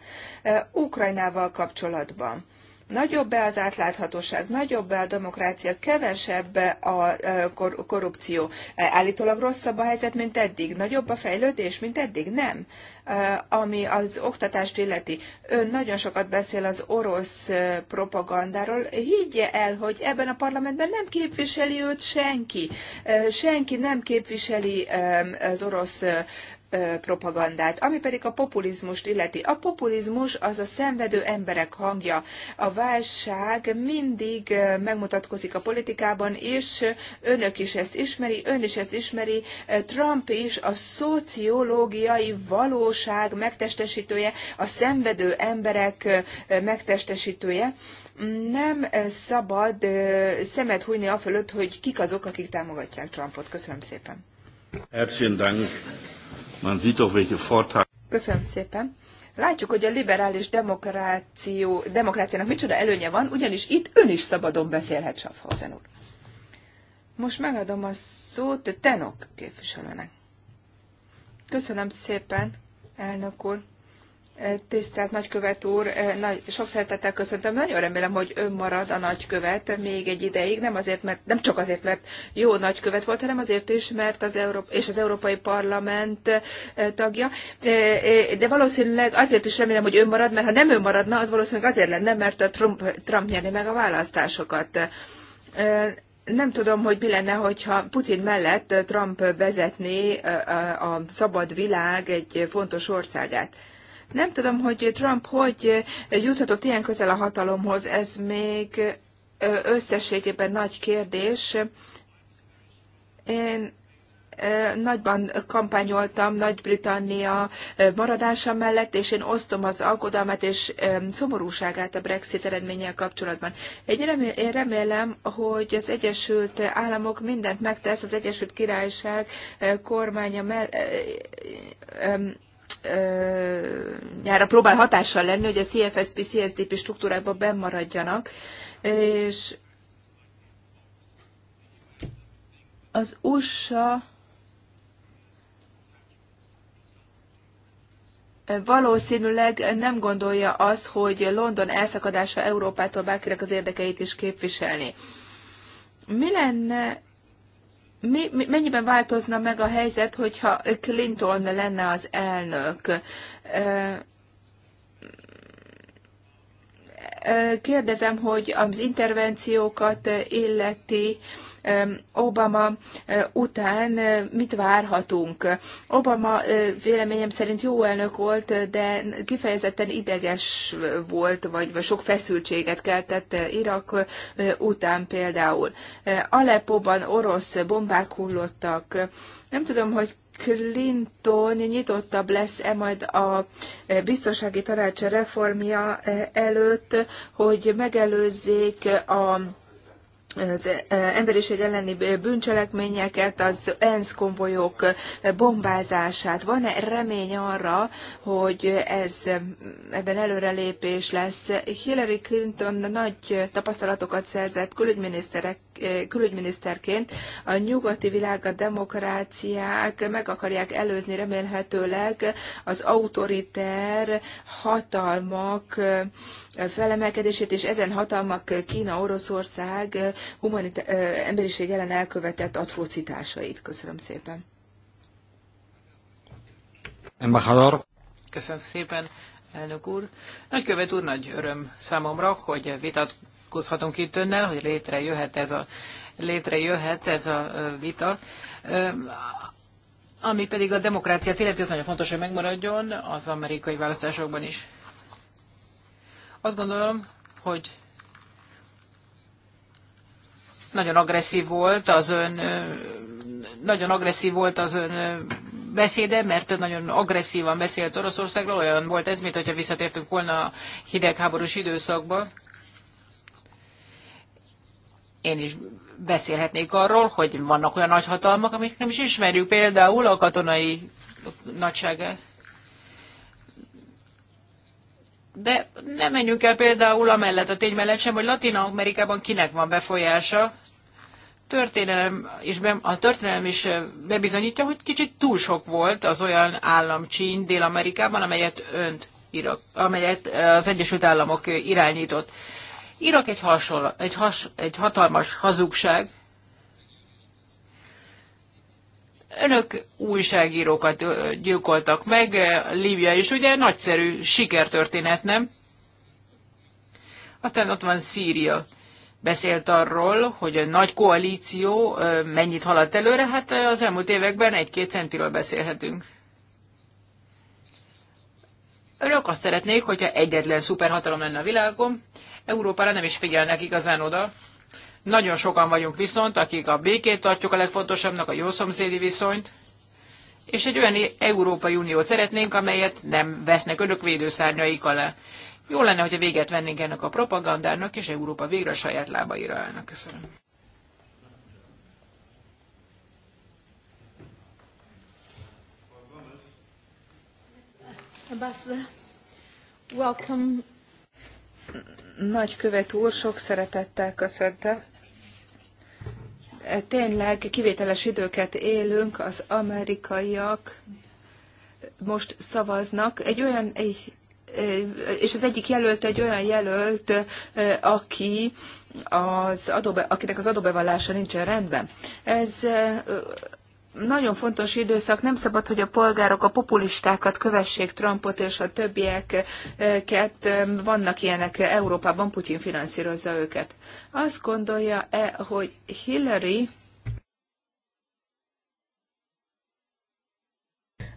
Ukrajnával kapcsolatban Nagyobb-e az átláthatóság, nagyobb-e a demokrácia, kevesebb a e, korrupció? E, állítólag rosszabb a helyzet, mint eddig. Nagyobb a fejlődés, mint eddig? Nem. E, ami az oktatást illeti, ön nagyon sokat beszél az orosz propagandáról. Higgye el, hogy ebben a parlamentben nem képviseli őt senki. Senki nem képviseli az orosz propagandát. Ami pedig a populizmust illeti. A populizmus az a szenvedő emberek hangja. A válság mindig megmutatkozik a politikában, és önök is ezt ismeri, ön is ezt ismeri, Trump is a szociológiai valóság megtestesítője, a szenvedő emberek megtestesítője. Nem szabad szemet hújni a fölött, hogy kik azok, akik támogatják Trumpot. Köszönöm szépen. Herzlichen Dank. Man sieht doch, welche Vorteile. Köszönöm szépen. Látjuk, hogy a liberális demokráció, demokráciának micsoda előnye van, ugyanis itt ön is szabadon beszélhet, Schaffhausen úr. Most megadom a szót Tenok képviselőnek. Köszönöm szépen, elnök úr. Tisztelt nagykövet úr, eh, nagy, sok szeretettel köszöntöm. Nagyon remélem, hogy ön marad a nagykövet még egy ideig, nem, azért, mert, nem csak azért, mert jó nagykövet volt, hanem azért is, mert az Európa, és az Európai Parlament eh, tagja. Eh, de valószínűleg azért is remélem, hogy ön marad, mert ha nem ön maradna, az valószínűleg azért lenne, mert a Trump, Trump nyerni meg a választásokat. Nem tudom, hogy mi lenne, hogyha Putin mellett Trump vezetné a szabad világ egy fontos országát. Nem tudom, hogy Trump hogy eh, juthatott ilyen közel a hatalomhoz, ez még eh, összességében nagy kérdés. Én eh, nagyban kampányoltam Nagy-Britannia maradása mellett, és én osztom az aggodalmat és szomorúságát a Brexit eredménnyel kapcsolatban. Én remélem, hogy az Egyesült Államok mindent megtesz az Egyesült Királyság kormánya mellett nyára próbál hatással lenni, hogy a CFSP, CSDP struktúrákban bennmaradjanak, és az USA valószínűleg nem gondolja azt, hogy London elszakadása Európától bárkinek az érdekeit is képviselni. Mi lenne mi, mi, mennyiben változna meg a helyzet, hogyha Clinton lenne az elnök? Kérdezem, hogy az intervenciókat illeti Obama után mit várhatunk. Obama véleményem szerint jó elnök volt, de kifejezetten ideges volt, vagy, vagy sok feszültséget keltett Irak után például. Aleppo-ban orosz bombák hullottak. Nem tudom, hogy Clinton nyitottabb lesz-e majd a biztonsági tanács reformja előtt, hogy megelőzzék a az eh, emberiség elleni bűncselekményeket, az ENSZ konvojok eh, bombázását. Van-e remény arra, hogy ez mm, ebben előrelépés lesz? Hillary Clinton nagy tapasztalatokat szerzett külügyminiszterek Eh, külügyminiszterként a nyugati világ, a demokráciák meg akarják előzni remélhetőleg az autoriter hatalmak eh, felemelkedését, és ezen hatalmak Kína, Oroszország eh, humanita- emberiség ellen elkövetett atrocitásait. Köszönöm szépen. Embajador. Köszönöm szépen, elnök úr. Nagykövet úr, nagy öröm számomra, hogy vitat, vitatkozhatunk itt önnel, hogy létrejöhet ez a, létrejöhet ez a vita. Ami pedig a demokráciát illeti, az nagyon fontos, hogy megmaradjon az amerikai választásokban is. Azt gondolom, hogy nagyon agresszív volt az ön nagyon agresszív volt az ön beszéde, mert ön nagyon agresszívan beszélt Oroszországról, olyan volt ez, mint hogyha visszatértünk volna a hidegháborús időszakba én is beszélhetnék arról, hogy vannak olyan nagyhatalmak, amik nem is ismerjük, például a katonai nagyságát. De nem menjünk el például amellett a tény mellett sem, hogy Latin Amerikában kinek van befolyása. Történelem, és be, a történelem is bebizonyítja, hogy kicsit túl sok volt az olyan állam Csín Dél-Amerikában, amelyet önt amelyet az Egyesült Államok irányított. Irak egy, hasonló, egy, has- egy hatalmas hazugság. Önök újságírókat gyilkoltak meg, Líbia is ugye nagyszerű sikertörténet, nem? Aztán ott van Szíria. Beszélt arról, hogy a nagy koalíció mennyit haladt előre, hát az elmúlt években egy-két centiről beszélhetünk. Önök azt szeretnék, hogyha egyetlen szuperhatalom lenne a világon, Európára nem is figyelnek igazán oda. Nagyon sokan vagyunk viszont, akik a békét tartjuk a legfontosabbnak, a jó szomszédi viszonyt, és egy olyan Európai Uniót szeretnénk, amelyet nem vesznek önök védőszárnyaik alá. Jó lenne, hogyha véget vennénk ennek a propagandának, és Európa végre a saját lábaira állnak. Köszönöm. Ambassador, welcome. Nagykövet úr, sok szeretettel köszöntöm. Tényleg kivételes időket élünk, az amerikaiak most szavaznak. Egy olyan, egy, és az egyik jelölt egy olyan jelölt, aki az adóbe, akinek az adóbevallása nincsen rendben. Ez nagyon fontos időszak, nem szabad, hogy a polgárok a populistákat kövessék, Trumpot és a többieket, vannak ilyenek Európában, Putyin finanszírozza őket. Azt gondolja-e, hogy Hillary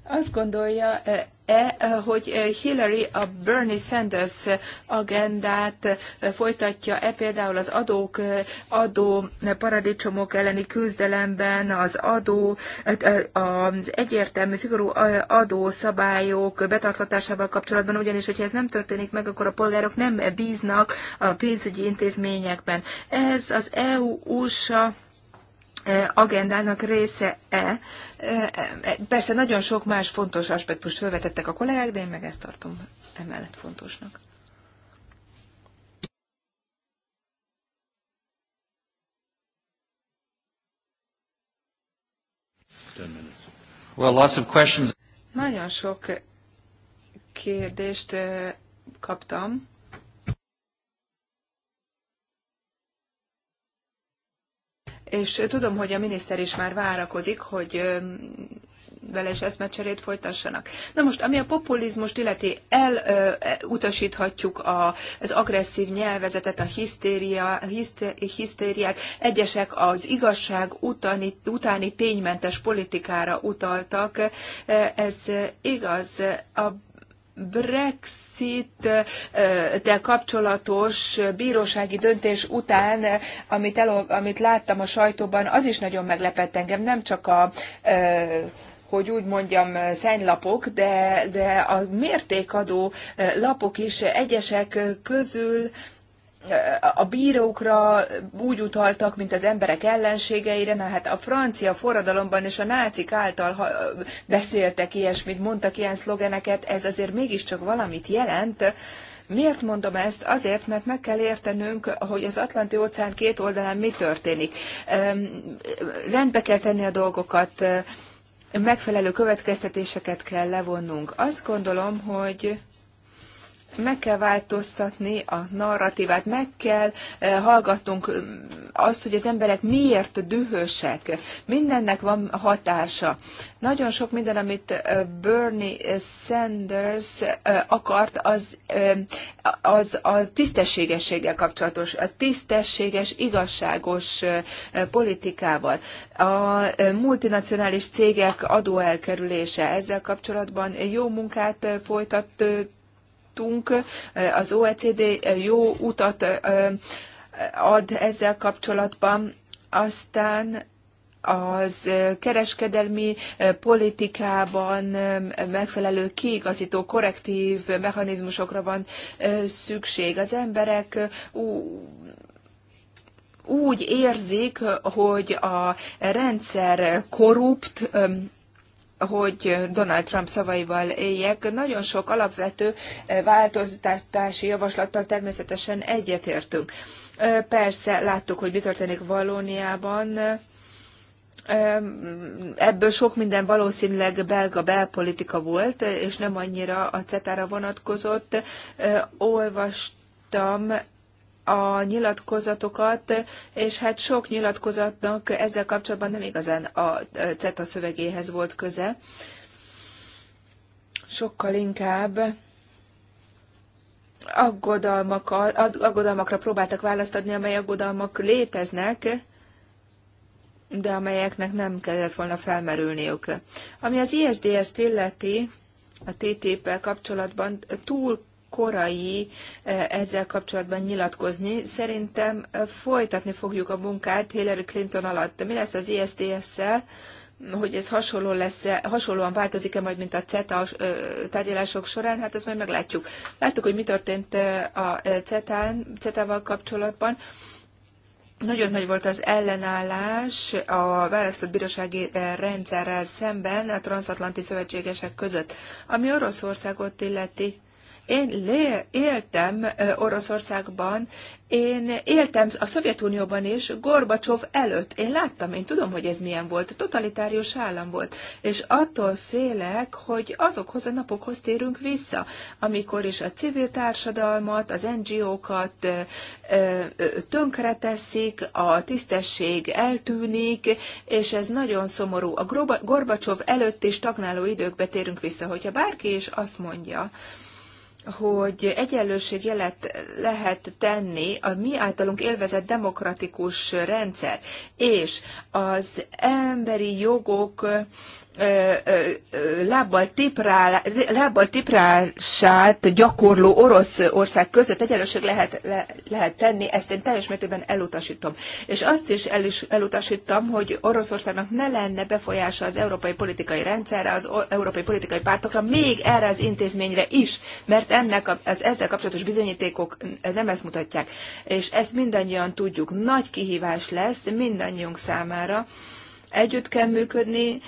azt gondolja e hogy e, Hillary a Bernie Sanders agendát e, folytatja-e például az adók, e, adó paradicsomok elleni küzdelemben, az adó, az egyértelmű, szigorú adószabályok betartatásával kapcsolatban, ugyanis, hogyha ez nem történik meg, akkor a polgárok nem bíznak a pénzügyi intézményekben. Ez az EU-USA agendának része-e. Persze nagyon sok más fontos aspektust felvetettek a kollégák, de én meg ezt tartom emellett fontosnak. Well, lots of questions. Nagyon sok kérdést kaptam. és tudom, hogy a miniszter is már várakozik, hogy vele is eszmecserét folytassanak. Na most, ami a populizmust illeti, elutasíthatjuk e, az agresszív nyelvezetet, a hisztéria, hiszt, hisztériát. Egyesek az igazság utáni, utáni ténymentes politikára utaltak. Ez igaz. A Brexit-tel kapcsolatos bírósági döntés után, amit, el, amit láttam a sajtóban, az is nagyon meglepett engem, nem csak a hogy úgy mondjam, szennylapok, de, de a mértékadó lapok is egyesek közül a bírókra úgy utaltak, mint az emberek ellenségeire, na hát a francia forradalomban és a nácik által beszéltek ilyesmit, mondtak ilyen szlogeneket, ez azért mégiscsak valamit jelent. Miért mondom ezt? Azért, mert meg kell értenünk, hogy az Atlanti óceán két oldalán mi történik. Rendbe kell tenni a dolgokat, megfelelő következtetéseket kell levonnunk. Azt gondolom, hogy meg kell változtatni a narratívát, meg kell eh, hallgatnunk mm, azt, hogy az emberek miért dühösek. Mindennek van hatása. Nagyon sok minden, amit eh, Bernie Sanders eh, akart, az, az a tisztességességgel kapcsolatos, a tisztességes, igazságos politikával. A multinacionális cégek adóelkerülése ezzel kapcsolatban jó munkát folytat látunk, az OECD jó utat ad ezzel kapcsolatban, aztán az kereskedelmi politikában megfelelő kiigazító, korrektív mechanizmusokra van szükség. Az emberek úgy érzik, hogy a rendszer korrupt, hogy Donald Trump szavaival éljek, nagyon sok alapvető eh, változtatási javaslattal természetesen egyetértünk. Eh, persze láttuk, hogy mi történik Valóniában, eh, Ebből sok minden valószínűleg belga belpolitika volt, és nem annyira a cetára vonatkozott. Olvastam a nyilatkozatokat, és hát sok nyilatkozatnak ezzel kapcsolatban nem igazán a e, CETA szövegéhez volt köze. Sokkal inkább aggodalmak, aggodalmakra próbáltak választ adni, amely aggodalmak léteznek, de amelyeknek nem kellett volna felmerülniük. Ami az ISDS-t illeti, a TTIP-el kapcsolatban túl korai eh, ezzel kapcsolatban nyilatkozni. Szerintem eh, folytatni fogjuk a munkát Hillary Clinton alatt. Mi lesz az ISDS-szel? hogy ez hasonló lesz -e, hasonlóan változik-e majd, mint a CETA eh, tárgyalások során, hát ezt majd meglátjuk. Láttuk, hogy mi történt a CETA-n, CETA-val kapcsolatban. Nagyon nagy volt az ellenállás a választott bírósági rendszerrel szemben a transatlanti szövetségesek között, ami Oroszországot illeti én éltem Oroszországban, én éltem a Szovjetunióban is, Gorbacsov előtt. Én láttam, én tudom, hogy ez milyen volt. Totalitárius állam volt. És attól félek, hogy azokhoz a napokhoz térünk vissza, amikor is a civil társadalmat, az NGO-kat tönkreteszik, a tisztesség eltűnik, és ez nagyon szomorú. A Gorbacsov előtt és stagnáló időkbe térünk vissza, hogyha bárki is azt mondja, hogy egyenlőség jelet lehet tenni a mi általunk élvezett demokratikus rendszer és az emberi jogok lábbal, tiprál, lábbal tiprását gyakorló orosz ország között egyenlőség lehet, le, lehet tenni, ezt én teljes mértékben elutasítom. És azt is, el is elutasítom, hogy Oroszországnak ne lenne befolyása az európai politikai rendszerre, az európai politikai pártokra, még erre az intézményre is, mert ennek az ezzel kapcsolatos bizonyítékok nem ezt mutatják. És ezt mindannyian tudjuk. Nagy kihívás lesz mindannyiunk számára, együtt kell működni.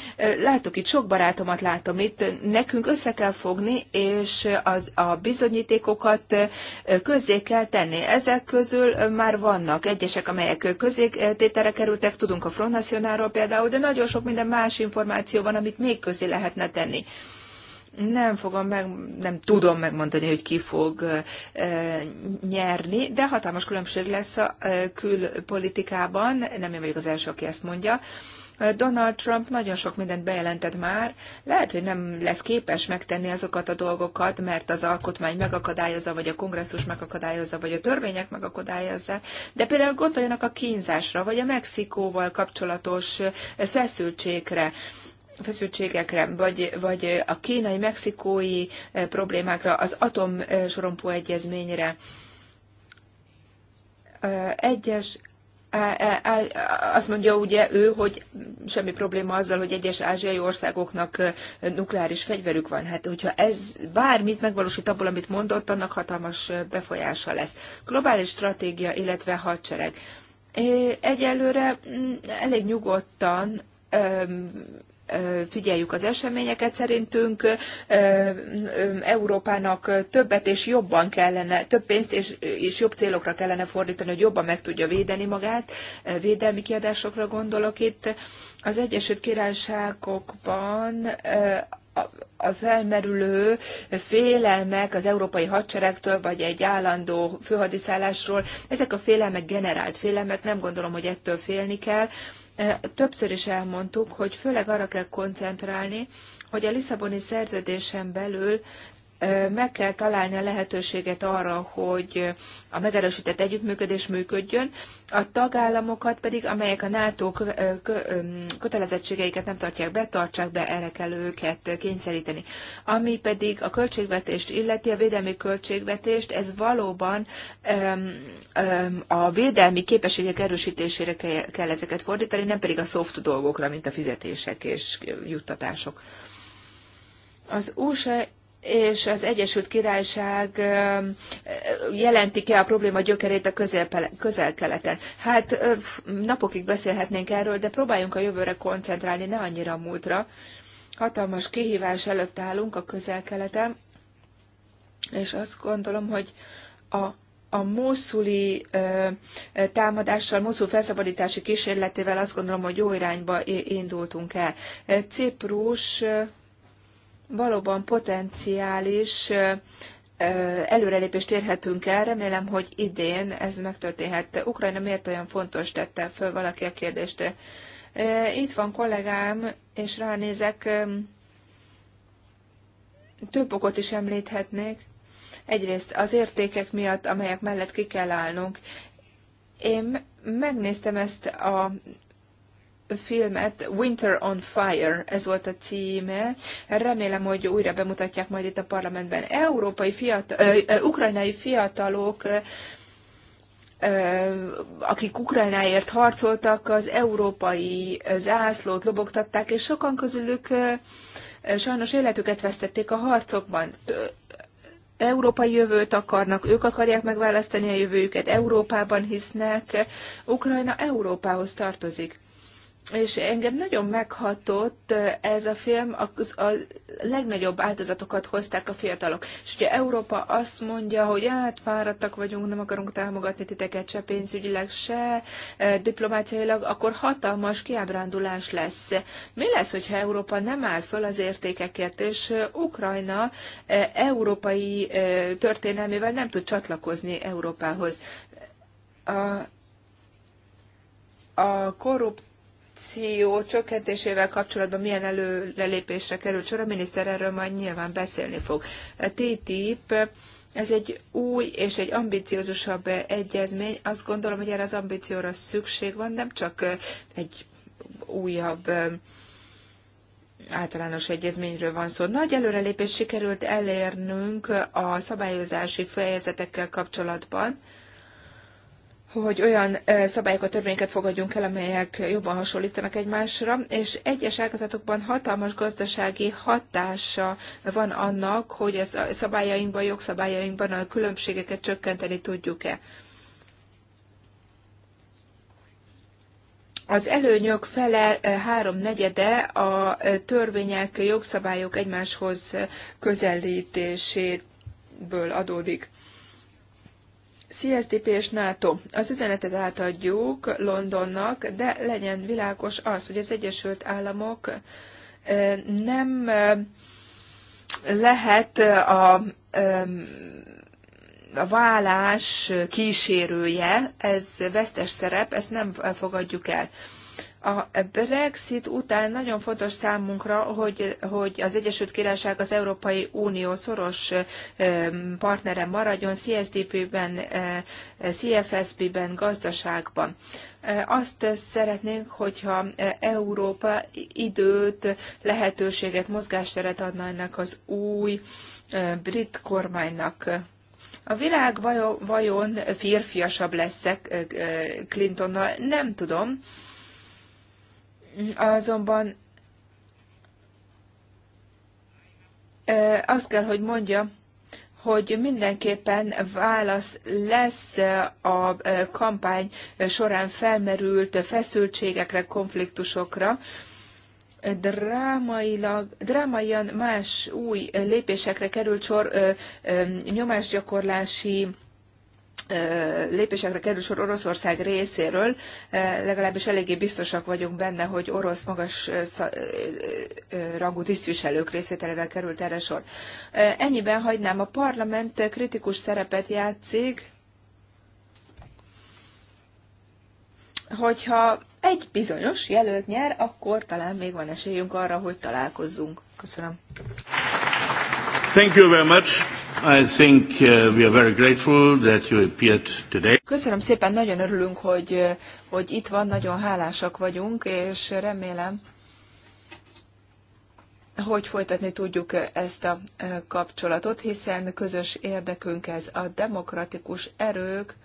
Látok itt, sok barátomat látom itt, nekünk össze kell fogni, és az, a bizonyítékokat közzé kell tenni. Ezek közül már vannak egyesek, amelyek közzététere kerültek, tudunk a Front Nationalról például, de nagyon sok minden más információ van, amit még közé lehetne tenni. Nem fogom meg, nem tudom megmondani, hogy ki fog e, nyerni, de hatalmas különbség lesz a e, külpolitikában. Nem én vagyok az első, aki ezt mondja. E, Donald Trump nagyon sok mindent bejelentett már, lehet, hogy nem lesz képes megtenni azokat a dolgokat, mert az alkotmány megakadályozza, vagy a kongresszus megakadályozza, vagy a törvények megakadályozzák, de például gondoljanak a kínzásra, vagy a Mexikóval kapcsolatos feszültségre feszültségekre, vagy, vagy a kínai-mexikói eh, problémákra, az atomsorompó egyezményre. Eh, egyes azt mondja ugye ő, hogy semmi probléma azzal, hogy egyes ázsiai országoknak nukleáris fegyverük van. Hát hogyha ez bármit megvalósít abból, amit mondott, annak hatalmas befolyása lesz. Globális stratégia, illetve hadsereg. Egyelőre mm, elég nyugodtan figyeljük az eseményeket. Szerintünk Európának többet és jobban kellene, több pénzt és, és jobb célokra kellene fordítani, hogy jobban meg tudja védeni magát. Védelmi kiadásokra gondolok itt. Az Egyesült Királyságokban a felmerülő félelmek az európai hadseregtől, vagy egy állandó főhadiszállásról, ezek a félelmek generált félelmek, nem gondolom, hogy ettől félni kell. Többször is elmondtuk, hogy főleg arra kell koncentrálni, hogy a Lisszaboni szerződésen belül meg kell találni a lehetőséget arra, hogy a megerősített együttműködés működjön, a tagállamokat pedig, amelyek a NATO kötelezettségeiket nem tartják be, tartsák be, erre kell őket kényszeríteni. Ami pedig a költségvetést illeti, a védelmi költségvetést, ez valóban a védelmi képességek erősítésére kell ezeket fordítani, nem pedig a soft dolgokra, mint a fizetések és juttatások. Az USA és az Egyesült Királyság jelenti-e a probléma gyökerét a közel-keleten? Hát napokig beszélhetnénk erről, de próbáljunk a jövőre koncentrálni, ne annyira a múltra. Hatalmas kihívás előtt állunk a közel-keleten, és azt gondolom, hogy a a moszuli támadással, moszul felszabadítási kísérletével azt gondolom, hogy jó irányba indultunk el. Ciprus valóban potenciális előrelépést érhetünk el. Remélem, hogy idén ez megtörténhet. Ukrajna miért olyan fontos tette föl valaki a kérdést? Itt van kollégám, és ránézek, több okot is említhetnék. Egyrészt az értékek miatt, amelyek mellett ki kell állnunk. Én megnéztem ezt a filmet Winter on Fire, ez volt a címe. Remélem, hogy újra bemutatják majd itt a parlamentben. Európai fiatal, ö, ukrajnai fiatalok akik Ukrajnáért harcoltak, az európai zászlót lobogtatták, és sokan közülük sajnos életüket vesztették a harcokban. Európai jövőt akarnak, ők akarják megválasztani a jövőjüket, Európában hisznek, Ukrajna Európához tartozik és engem nagyon meghatott ez a film, a, a legnagyobb áldozatokat hozták a fiatalok. És ugye Európa azt mondja, hogy hát fáradtak vagyunk, nem akarunk támogatni titeket se pénzügyileg, se diplomáciailag, akkor hatalmas kiábrándulás lesz. Mi lesz, hogyha Európa nem áll föl az értékekért, és Ukrajna európai történelmével nem tud csatlakozni Európához? A, a korrupt korrupció csökkentésével kapcsolatban milyen előrelépésre került sor, a miniszter erről majd nyilván beszélni fog. A TTIP ez egy új és egy ambiciózusabb egyezmény. Azt gondolom, hogy erre az ambícióra szükség van, nem csak egy újabb általános egyezményről van szó. Nagy előrelépés sikerült elérnünk a szabályozási fejezetekkel kapcsolatban hogy olyan szabályokat, törvényeket fogadjunk el, amelyek jobban hasonlítanak egymásra, és egyes ágazatokban hatalmas gazdasági hatása van annak, hogy a szabályainkban, jogszabályainkban a különbségeket csökkenteni tudjuk-e. Az előnyök fele háromnegyede a törvények, jogszabályok egymáshoz közelítéséből adódik. CSDP és NATO. Az üzenetet átadjuk Londonnak, de legyen világos az, hogy az Egyesült Államok nem lehet a, a vállás kísérője, ez vesztes szerep, ezt nem fogadjuk el. A Brexit után nagyon fontos számunkra, hogy, hogy az Egyesült Királyság az Európai Unió szoros partnere maradjon CSDP-ben, cfsb ben gazdaságban. Azt szeretnénk, hogyha Európa időt, lehetőséget, mozgásteret adna ennek az új brit kormánynak. A világ vajon férfiasabb lesz -e Clintonnal? Nem tudom azonban azt kell, hogy mondja, hogy mindenképpen válasz lesz a kampány során felmerült feszültségekre, konfliktusokra, drámailag, drámaian más új lépésekre került sor, nyomásgyakorlási lépésekre kerül sor Oroszország részéről, legalábbis eléggé biztosak vagyunk benne, hogy orosz magas rangú tisztviselők részvételével került erre sor. Ennyiben hagynám, a parlament kritikus szerepet játszik, hogyha egy bizonyos jelölt nyer, akkor talán még van esélyünk arra, hogy találkozzunk. Köszönöm. Köszönöm szépen, nagyon örülünk, hogy, uh, hogy itt van, nagyon hálásak vagyunk, és remélem, hogy folytatni tudjuk ezt a uh, kapcsolatot, hiszen közös érdekünk ez a demokratikus erők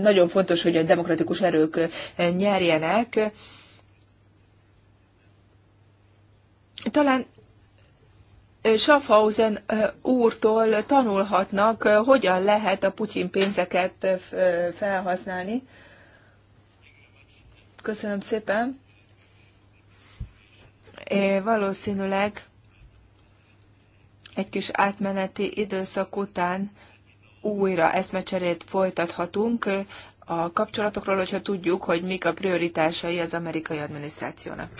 nagyon fontos, hogy a demokratikus erők nyerjenek. Talán Schaffhausen úrtól tanulhatnak, hogyan lehet a Putyin pénzeket felhasználni. Köszönöm szépen. É, valószínűleg egy kis átmeneti időszak után újra eszmecserét folytathatunk a kapcsolatokról, hogyha tudjuk, hogy mik a prioritásai az amerikai adminisztrációnak.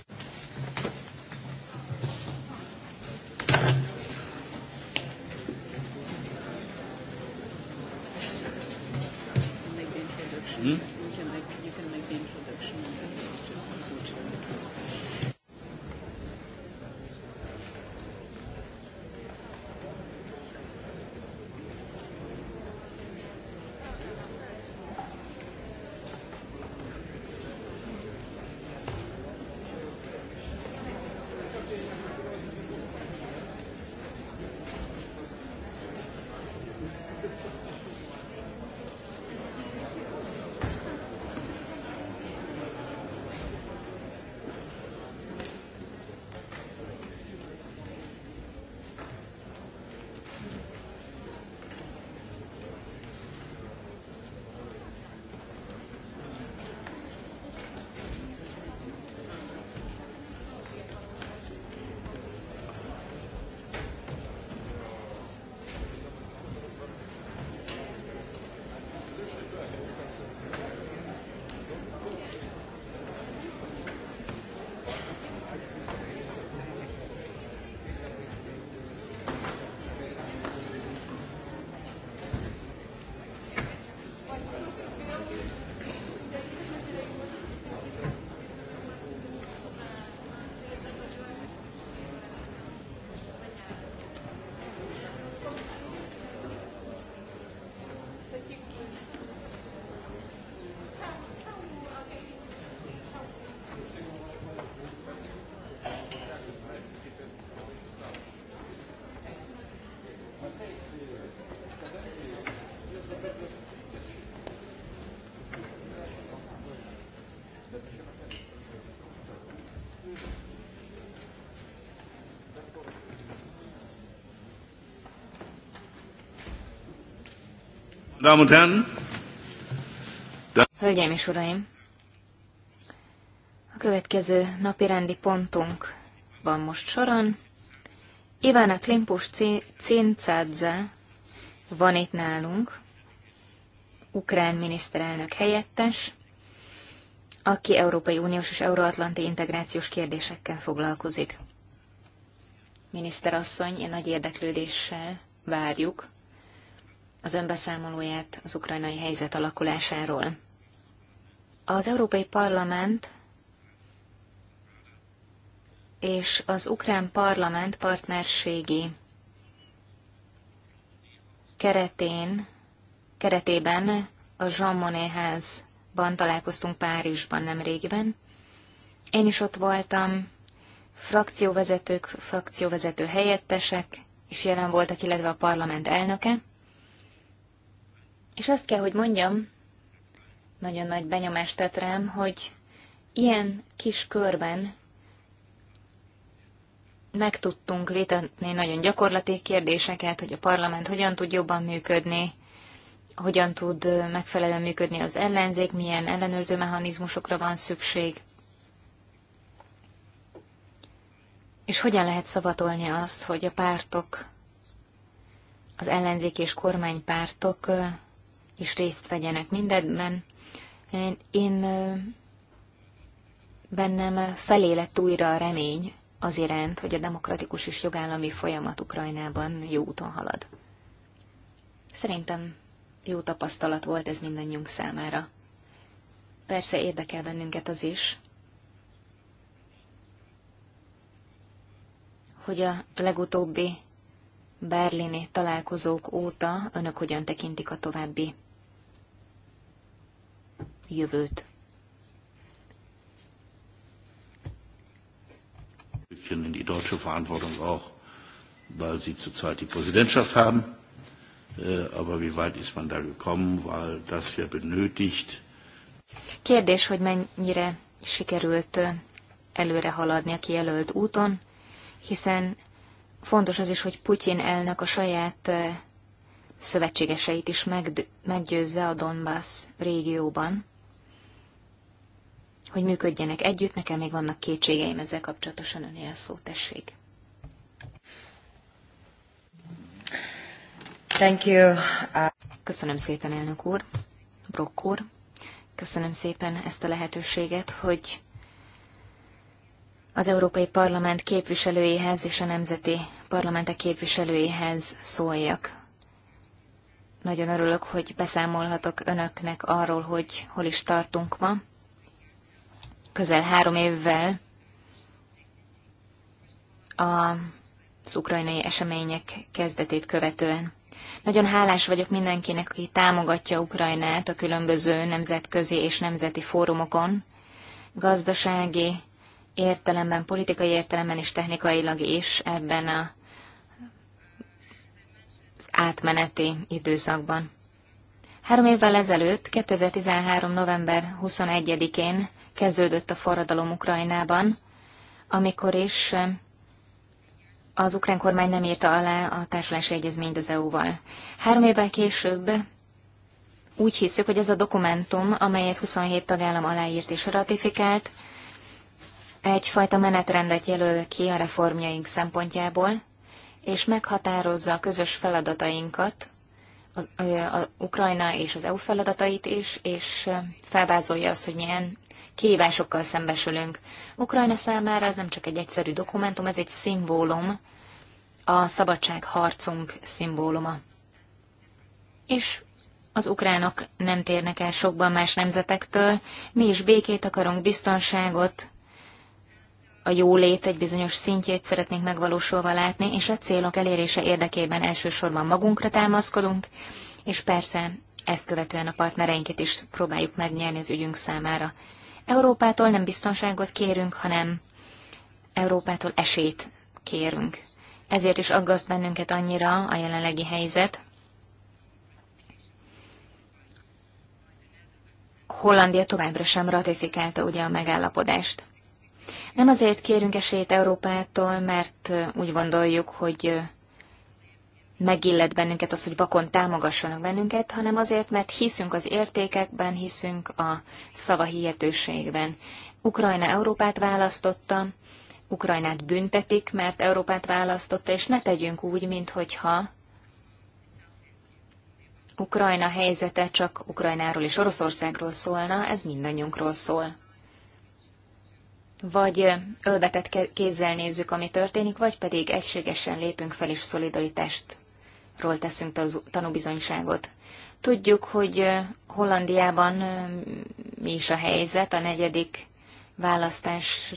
Hmm? Hölgyeim és Uraim! A következő napi rendi pontunk van most soron. Ivana Klimpus Cincadze van itt nálunk, ukrán miniszterelnök helyettes, aki Európai Uniós és Euróatlanti integrációs kérdésekkel foglalkozik. Miniszterasszony, én nagy érdeklődéssel várjuk az önbeszámolóját az ukrajnai helyzet alakulásáról. Az Európai Parlament és az Ukrán Parlament partnerségi keretén, keretében a Jean Monnet házban találkoztunk Párizsban nemrégiben. Én is ott voltam, frakcióvezetők, frakcióvezető helyettesek és jelen voltak, illetve a parlament elnöke. És azt kell, hogy mondjam, nagyon nagy benyomást tett rám, hogy ilyen kis körben meg tudtunk vitatni nagyon gyakorlati kérdéseket, hogy a parlament hogyan tud jobban működni, hogyan tud megfelelően működni az ellenzék, milyen ellenőrző mechanizmusokra van szükség, és hogyan lehet szavatolni azt, hogy a pártok, az ellenzék és kormánypártok is részt vegyenek mindenben. Én, én bennem lett újra a remény az iránt, hogy a demokratikus és jogállami folyamat Ukrajnában jó úton halad. Szerintem jó tapasztalat volt ez mindannyiunk számára. Persze érdekel bennünket az is, hogy a legutóbbi berlini találkozók óta önök hogyan tekintik a további jövőt. in die deutsche Verantwortung auch, weil sie zurzeit die Präsidentschaft haben. Äh, aber wie weit ist man da gekommen, weil das ja benötigt. Kérdés, hogy mennyire sikerült äh, előre haladni a kijelölt úton, hiszen fontos az is, hogy Putyin elnök a saját äh, szövetségeseit is meggyőzze a Donbass régióban hogy működjenek együtt. Nekem még vannak kétségeim ezzel kapcsolatosan, önél a szó, tessék. Thank you. Köszönöm szépen, elnök úr, Brock úr. Köszönöm szépen ezt a lehetőséget, hogy az Európai Parlament képviselőihez és a nemzeti parlamentek képviselőihez szóljak. Nagyon örülök, hogy beszámolhatok önöknek arról, hogy hol is tartunk ma közel három évvel az ukrajnai események kezdetét követően. Nagyon hálás vagyok mindenkinek, aki támogatja Ukrajnát a különböző nemzetközi és nemzeti fórumokon, gazdasági értelemben, politikai értelemben és technikailag is ebben a, az átmeneti időszakban. Három évvel ezelőtt, 2013. november 21-én kezdődött a forradalom Ukrajnában, amikor is eh, az ukrán kormány nem írta alá a társulási egyezményt az EU-val. Három évvel később úgy hiszük, hogy ez a dokumentum, amelyet 27 tagállam aláírt és ratifikált, egyfajta menetrendet jelöl ki a reformjaink szempontjából, és meghatározza a közös feladatainkat, az, az Ukrajna és az EU feladatait is, és eh, felvázolja azt, hogy milyen kihívásokkal szembesülünk. Ukrajna számára ez nem csak egy egyszerű dokumentum, ez egy szimbólum, a szabadságharcunk szimbóluma. És az ukránok nem térnek el sokban más nemzetektől, mi is békét akarunk, biztonságot, a jólét egy bizonyos szintjét szeretnénk megvalósulva látni, és a célok elérése érdekében elsősorban magunkra támaszkodunk, és persze ezt követően a partnereinket is próbáljuk megnyerni az ügyünk számára. Európától nem biztonságot kérünk, hanem Európától esélyt kérünk. Ezért is aggaszt bennünket annyira a jelenlegi helyzet. Hollandia továbbra sem ratifikálta ugye a megállapodást. Nem azért kérünk esélyt Európától, mert úgy gondoljuk, hogy megillet bennünket az, hogy vakon támogassanak bennünket, hanem azért, mert hiszünk az értékekben, hiszünk a szava hihetőségben. Ukrajna Európát választotta, Ukrajnát büntetik, mert Európát választotta, és ne tegyünk úgy, minthogyha Ukrajna helyzete csak Ukrajnáról és Oroszországról szólna, ez mindannyiunkról szól. Vagy ölbetett kézzel nézzük, ami történik, vagy pedig egységesen lépünk fel és szolidaritást ról teszünk tanúbizonyságot. Tudjuk, hogy Hollandiában mi is a helyzet a negyedik választás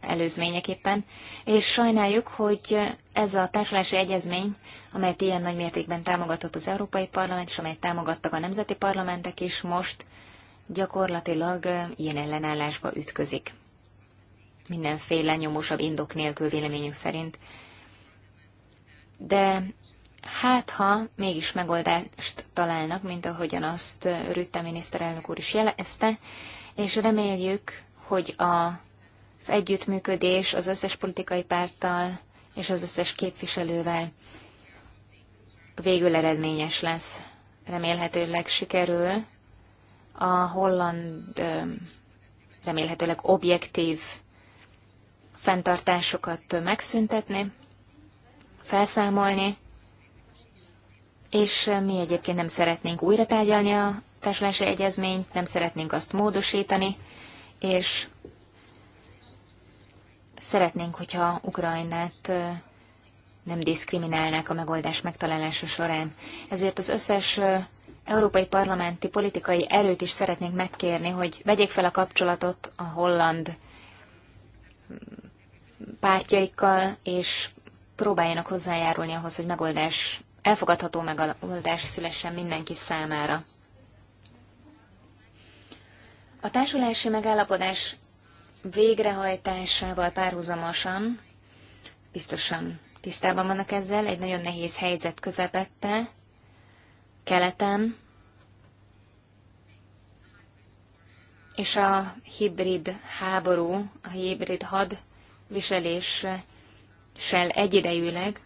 előzményeképpen, és sajnáljuk, hogy ez a társulási egyezmény, amelyet ilyen nagy mértékben támogatott az Európai Parlament, és amelyet támogattak a nemzeti parlamentek is, most gyakorlatilag ilyen ellenállásba ütközik. Mindenféle nyomosabb indok nélkül véleményünk szerint. De hát ha mégis megoldást találnak, mint ahogyan azt Rütte miniszterelnök úr is jelezte, és reméljük, hogy a, az együttműködés az összes politikai párttal és az összes képviselővel végül eredményes lesz. Remélhetőleg sikerül a holland remélhetőleg objektív fenntartásokat megszüntetni, felszámolni, és eh, mi egyébként nem szeretnénk újra tárgyalni a társulási egyezményt, nem szeretnénk azt módosítani, és szeretnénk, hogyha Ukrajnát eh, nem diszkriminálnák a megoldás megtalálása során. Ezért az összes eh, európai parlamenti politikai erőt is szeretnénk megkérni, hogy vegyék fel a kapcsolatot a holland pártjaikkal, és próbáljanak hozzájárulni ahhoz, hogy megoldás elfogadható megoldás szülessen mindenki számára. A társulási megállapodás végrehajtásával párhuzamosan, biztosan tisztában vannak ezzel, egy nagyon nehéz helyzet közepette, keleten, és a hibrid háború, a hibrid hadviseléssel egyidejűleg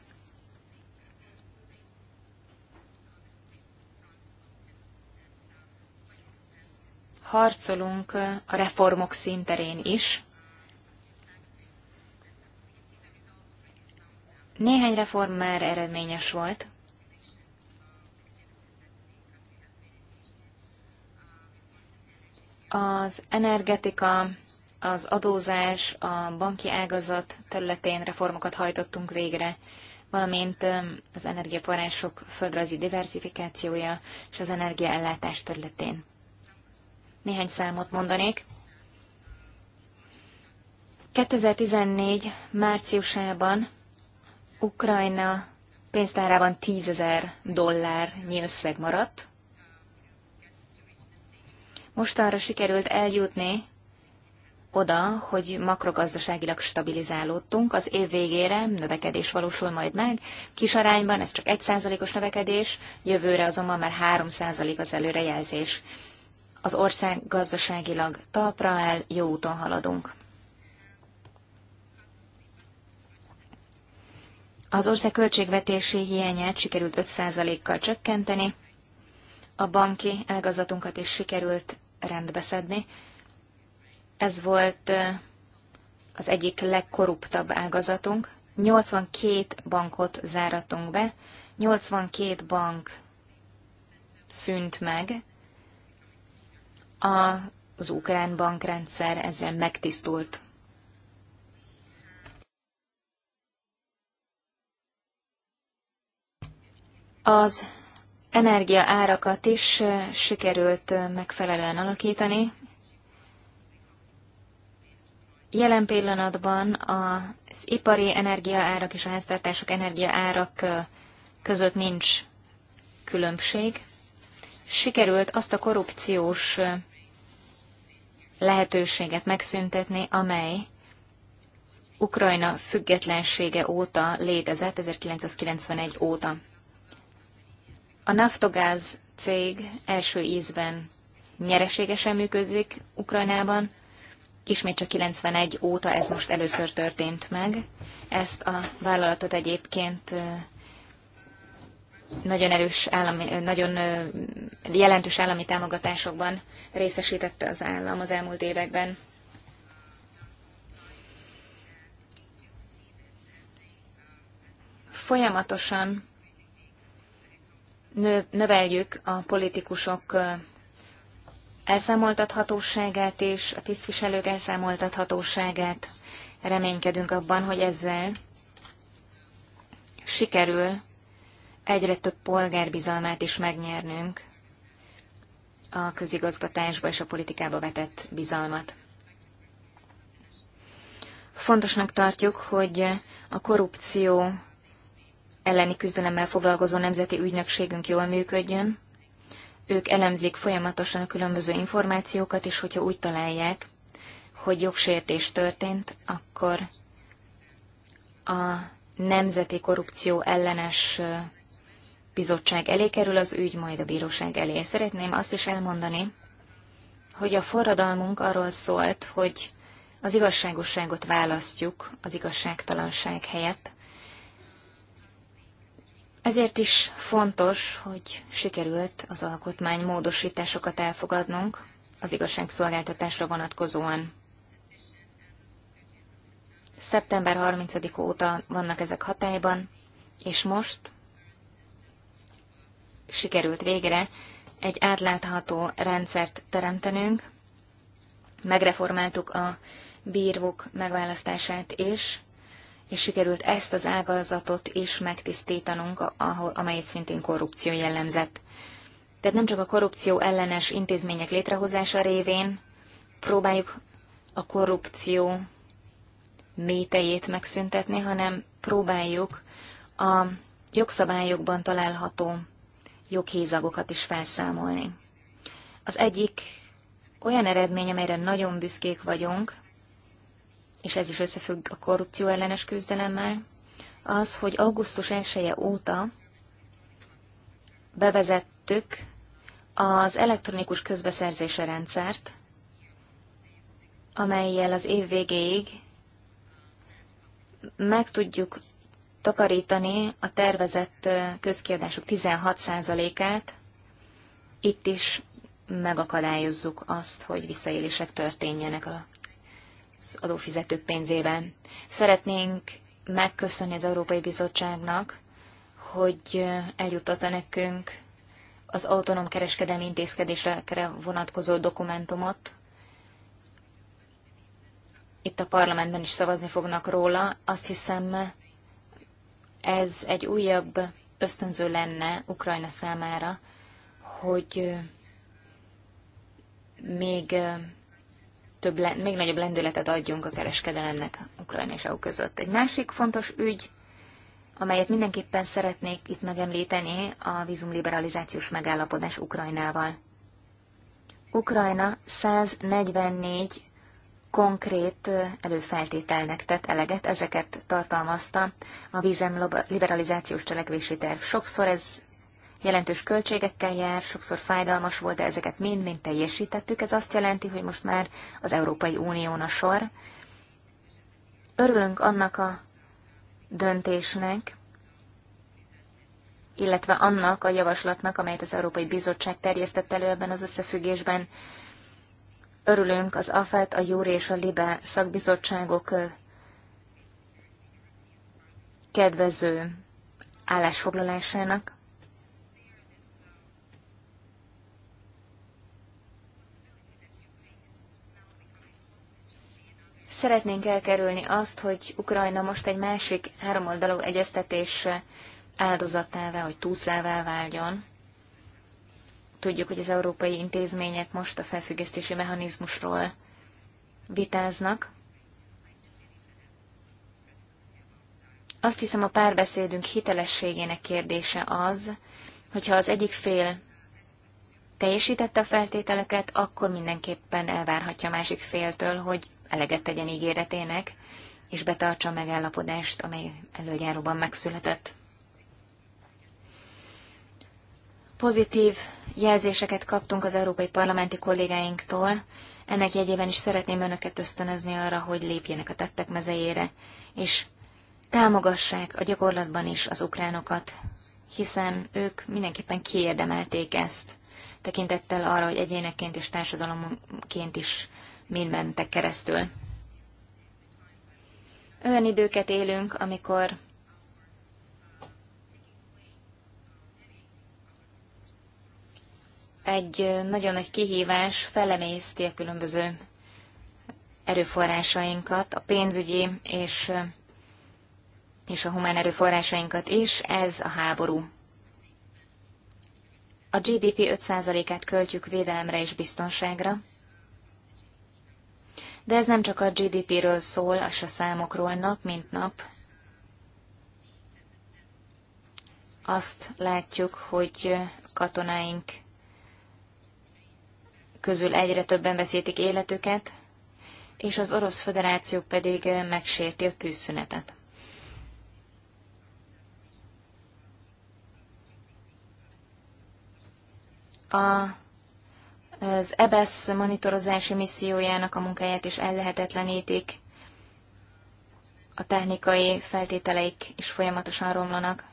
harcolunk a reformok színterén is. Néhány reform már eredményes volt. Az energetika, az adózás, a banki ágazat területén reformokat hajtottunk végre, valamint az energiaforrások földrajzi diversifikációja és az energiaellátás területén. Néhány számot mondanék. 2014 márciusában Ukrajna pénztárában 10 ezer dollárnyi összeg maradt. Mostanra sikerült eljutni oda, hogy makrogazdaságilag stabilizálódtunk, az év végére növekedés valósul majd meg, kis arányban ez csak 1%-os növekedés, jövőre azonban már 3% az előrejelzés az ország gazdaságilag talpra áll, jó úton haladunk. Az ország költségvetési hiányát sikerült 5%-kal csökkenteni, a banki ágazatunkat is sikerült rendbeszedni. Ez volt az egyik legkorruptabb ágazatunk. 82 bankot zárattunk be, 82 bank szűnt meg, a, az ukrán bankrendszer ezzel megtisztult. Az energia árakat is sikerült megfelelően alakítani. Jelen pillanatban az ipari energiaárak és a háztartások energiaárak között nincs különbség. Sikerült azt a korrupciós lehetőséget megszüntetni, amely Ukrajna függetlensége óta létezett, 1991 óta. A Naftogáz cég első ízben nyereségesen működik Ukrajnában, ismét csak 91 óta ez most először történt meg. Ezt a vállalatot egyébként nagyon erős állami, nagyon jelentős állami támogatásokban részesítette az állam az elmúlt években. Folyamatosan növeljük a politikusok elszámoltathatóságát és a tisztviselők elszámoltathatóságát. Reménykedünk abban, hogy ezzel sikerül egyre több polgárbizalmát is megnyernünk, a közigazgatásba és a politikába vetett bizalmat. Fontosnak tartjuk, hogy a korrupció elleni küzdelemmel foglalkozó nemzeti ügynökségünk jól működjön. Ők elemzik folyamatosan a különböző információkat, és hogyha úgy találják, hogy jogsértés történt, akkor a nemzeti korrupció ellenes bizottság elé kerül az ügy, majd a bíróság elé. Szeretném azt is elmondani, hogy a forradalmunk arról szólt, hogy az igazságosságot választjuk az igazságtalanság helyett. Ezért is fontos, hogy sikerült az alkotmány módosításokat elfogadnunk az igazságszolgáltatásra vonatkozóan. Szeptember 30 óta vannak ezek hatályban, és most sikerült végre egy átlátható rendszert teremtenünk. Megreformáltuk a bírvok megválasztását is, és sikerült ezt az ágazatot is megtisztítanunk, amelyet szintén korrupció jellemzett. Tehát nem csak a korrupció ellenes intézmények létrehozása révén próbáljuk a korrupció métejét megszüntetni, hanem próbáljuk a jogszabályokban található jó kézagokat is felszámolni. Az egyik olyan eredmény, amelyre nagyon büszkék vagyunk, és ez is összefügg a korrupció ellenes küzdelemmel, az, hogy augusztus 1 -e óta bevezettük az elektronikus közbeszerzése rendszert, amelyel az év végéig meg tudjuk takarítani a tervezett közkiadások 16%-át. Itt is megakadályozzuk azt, hogy visszaélések történjenek az adófizetők pénzében. Szeretnénk megköszönni az Európai Bizottságnak, hogy eljutotta nekünk az autonóm kereskedelmi intézkedésre vonatkozó dokumentumot. Itt a parlamentben is szavazni fognak róla. Azt hiszem, ez egy újabb ösztönző lenne Ukrajna számára, hogy még, több, még nagyobb lendületet adjunk a kereskedelemnek Ukrajna és EU között. Egy másik fontos ügy, amelyet mindenképpen szeretnék itt megemlíteni, a vízumliberalizációs megállapodás Ukrajnával. Ukrajna 144 konkrét előfeltételnek tett eleget, ezeket tartalmazta a vízem liberalizációs cselekvési terv. Sokszor ez jelentős költségekkel jár, sokszor fájdalmas volt, de ezeket mind-mind teljesítettük. Ez azt jelenti, hogy most már az Európai Unión a sor. Örülünk annak a döntésnek, illetve annak a javaslatnak, amelyet az Európai Bizottság terjesztett elő ebben az összefüggésben, Örülünk az AFET, a Júri és a LIBE szakbizottságok kedvező állásfoglalásának. Szeretnénk elkerülni azt, hogy Ukrajna most egy másik háromoldalú egyeztetés áldozatává, vagy túszává váljon. Tudjuk, hogy az európai intézmények most a felfüggesztési mechanizmusról vitáznak. Azt hiszem, a párbeszédünk hitelességének kérdése az, hogyha az egyik fél teljesítette a feltételeket, akkor mindenképpen elvárhatja a másik féltől, hogy eleget tegyen ígéretének, és betartsa a megállapodást, amely előjáróban megszületett. Pozitív jelzéseket kaptunk az európai parlamenti kollégáinktól, ennek jegyében is szeretném önöket ösztönözni arra, hogy lépjenek a tettek mezejére, és támogassák a gyakorlatban is az ukránokat, hiszen ők mindenképpen kiérdemelték ezt, tekintettel arra, hogy egyéneként és társadalomként is mind mentek keresztül. Olyan időket élünk, amikor egy nagyon nagy kihívás felemészti a különböző erőforrásainkat, a pénzügyi és, és a humán erőforrásainkat is, ez a háború. A GDP 5%-át költjük védelemre és biztonságra, de ez nem csak a GDP-ről szól, és a számokról nap, mint nap. Azt látjuk, hogy katonáink közül egyre többen veszítik életüket, és az Orosz Föderáció pedig eh, megsérti a tűzszünetet. A, az EBESZ monitorozási missziójának a munkáját is ellehetetlenítik, a technikai feltételeik is folyamatosan romlanak.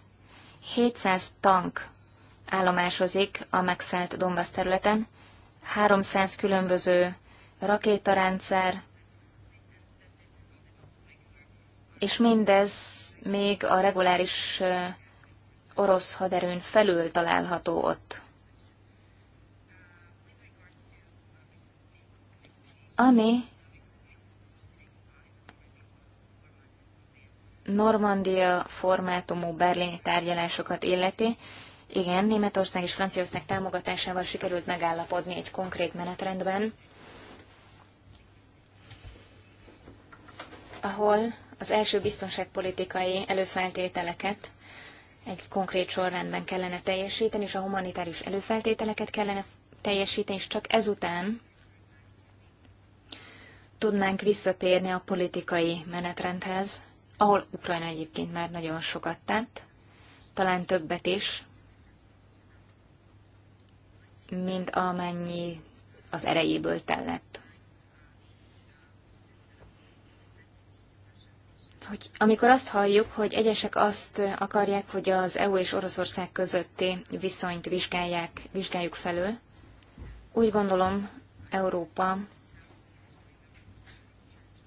700 tank állomásozik a megszállt Donbass területen, 300 különböző rakétarendszer, és mindez még a reguláris orosz haderőn felül található ott. Ami Normandia formátumú berlini tárgyalásokat illeti, igen, Németország és Franciaország támogatásával sikerült megállapodni egy konkrét menetrendben, ahol az első biztonságpolitikai előfeltételeket egy konkrét sorrendben kellene teljesíteni, és a humanitárius előfeltételeket kellene teljesíteni, és csak ezután tudnánk visszatérni a politikai menetrendhez, ahol Ukrajna egyébként már nagyon sokat tett, talán többet is, mint amennyi az erejéből tellett. Hogy amikor azt halljuk, hogy egyesek azt akarják, hogy az EU és Oroszország közötti viszonyt vizsgálják, vizsgáljuk felül, úgy gondolom, Európa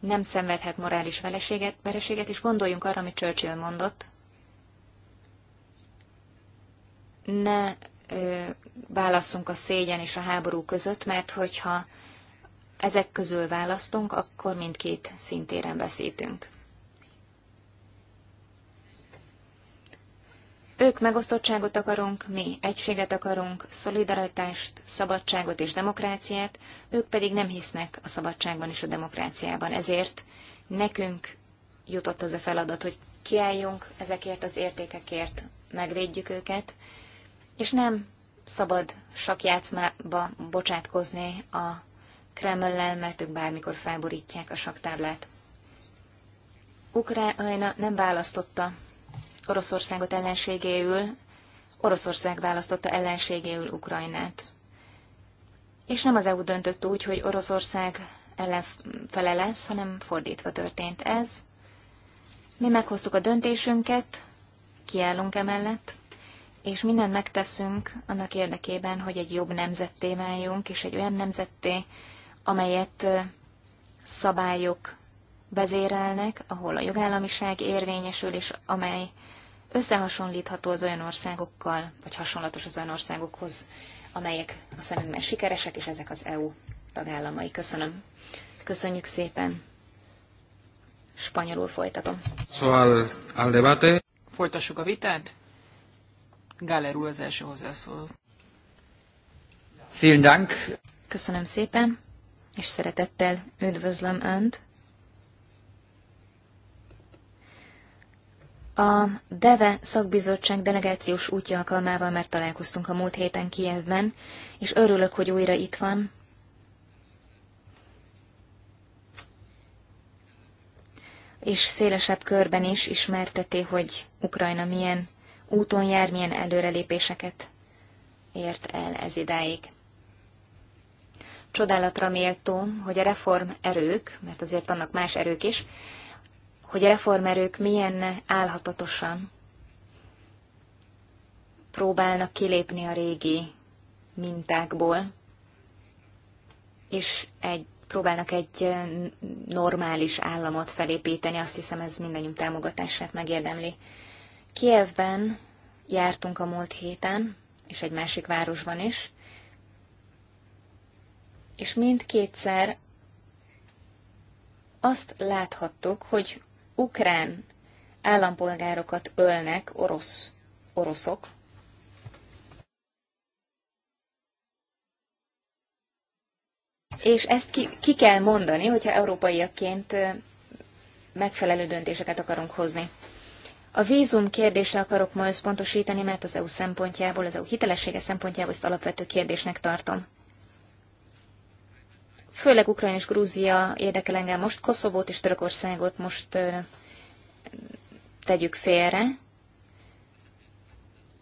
nem szenvedhet morális vereséget, vereséget, és gondoljunk arra, amit Churchill mondott. Ne válasszunk a szégyen és a háború között, mert hogyha ezek közül választunk, akkor mindkét szintéren veszítünk. Ők megosztottságot akarunk, mi egységet akarunk, szolidaritást, szabadságot és demokráciát, ők pedig nem hisznek a szabadságban és a demokráciában. Ezért nekünk jutott az a feladat, hogy kiálljunk ezekért az értékekért, megvédjük őket, és nem szabad sakjátszmába bocsátkozni a Kremlel, mert ők bármikor felborítják a saktáblát. Ukrajna nem választotta Oroszországot ellenségéül, Oroszország választotta ellenségéül Ukrajnát. És nem az EU döntött úgy, hogy Oroszország ellenfele lesz, hanem fordítva történt ez. Mi meghoztuk a döntésünket, kiállunk emellett, és mindent megteszünk annak érdekében, hogy egy jobb nemzetté váljunk, és egy olyan nemzetté, amelyet szabályok vezérelnek, ahol a jogállamiság érvényesül, és amely összehasonlítható az olyan országokkal, vagy hasonlatos az olyan országokhoz, amelyek a szemünkben sikeresek, és ezek az EU tagállamai. Köszönöm. Köszönjük szépen. Spanyolul folytatom. Szóval al debate. Folytassuk a vitát. Gáler úr az első hozzászóló. Vielen Dank. Köszönöm szépen, és szeretettel üdvözlöm Önt. A DEVE szakbizottság delegációs útja alkalmával már találkoztunk a múlt héten Kijevben, és örülök, hogy újra itt van. És szélesebb körben is ismerteti, hogy Ukrajna milyen úton jár, milyen előrelépéseket ért el ez idáig. Csodálatra méltó, hogy a reform erők, mert azért vannak más erők is, hogy a reformerők milyen álhatatosan próbálnak kilépni a régi mintákból, és egy, próbálnak egy normális államot felépíteni. Azt hiszem, ez mindannyiunk támogatását megérdemli. Kievben jártunk a múlt héten, és egy másik városban is, és mindkétszer azt láthattuk, hogy ukrán állampolgárokat ölnek orosz, oroszok. És ezt ki, ki kell mondani, hogyha európaiakként megfelelő döntéseket akarunk hozni. A vízum kérdésre akarok ma összpontosítani, mert az EU szempontjából, az EU hitelessége szempontjából ezt alapvető kérdésnek tartom. Főleg Ukrajna és Grúzia érdekel engem most, Koszovót és Törökországot most tegyük félre.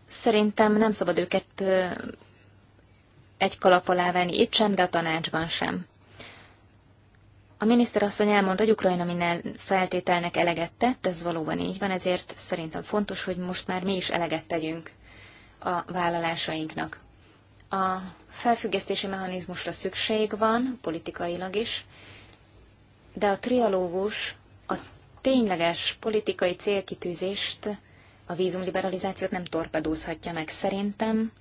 Szerintem nem szabad őket egy kalap alá venni, itt sem, de a tanácsban sem. A miniszter asszony elmondta, hogy Ukrajna minden feltételnek eleget tett, ez valóban így van, ezért szerintem fontos, hogy most már mi is eleget tegyünk a vállalásainknak. A felfüggesztési mechanizmusra szükség van, politikailag is, de a trialógus a tényleges politikai célkitűzést, a vízumliberalizációt nem torpedózhatja meg szerintem.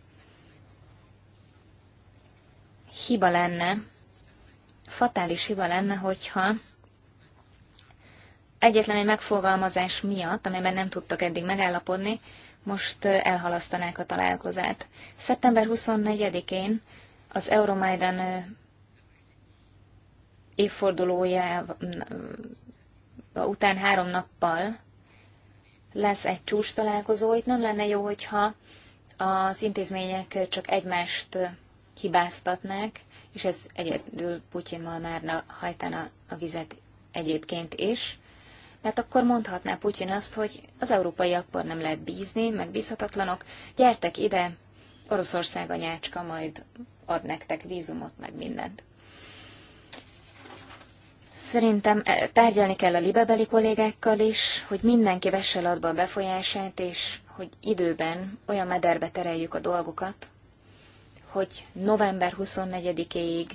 Hiba lenne, fatális hiba lenne, hogyha egyetlen egy megfogalmazás miatt, amelyben nem tudtak eddig megállapodni, most elhalasztanák a találkozát. Szeptember 24-én az Euromaidan évfordulója után három nappal lesz egy csúcs találkozó. Itt nem lenne jó, hogyha az intézmények csak egymást hibáztatnák, és ez egyedül Putyinmal már hajtana a vizet egyébként is, mert akkor mondhatná Putyin azt, hogy az európaiakban nem lehet bízni, meg bízhatatlanok, gyertek ide, Oroszország nyácska majd ad nektek vízumot, meg mindent. Szerintem e, tárgyalni kell a libebeli kollégákkal is, hogy mindenki vesse adba a befolyását, és hogy időben olyan mederbe tereljük a dolgokat, hogy november 24-éig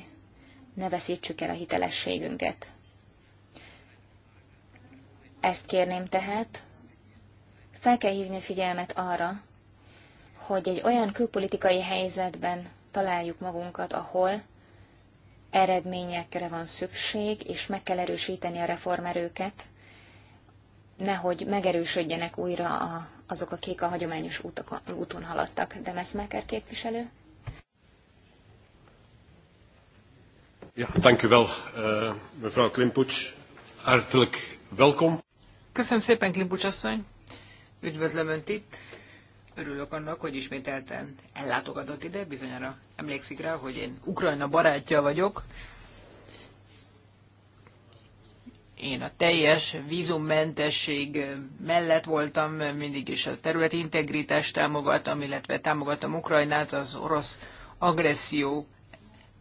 ne veszítsük el a hitelességünket. Ezt kérném tehát, fel kell hívni a figyelmet arra, hogy egy olyan külpolitikai helyzetben találjuk magunkat, ahol eredményekre van szükség, és meg kell erősíteni a reformerőket, nehogy megerősödjenek újra a, azok, akik a hagyományos úton haladtak. De Meszmeker képviselő? Ja, dank u wel, uh, mevrouw Klimpucs. Hartelijk welkom. Köszönöm szépen, Klimpucs asszony. Üdvözlöm Önt itt. Örülök annak, hogy ismételten ellátogatott ide. Bizonyára emlékszik rá, hogy én Ukrajna barátja vagyok. Én a teljes vízummentesség mellett voltam, mindig is a területi integritást támogattam, illetve támogattam Ukrajnát az orosz agresszió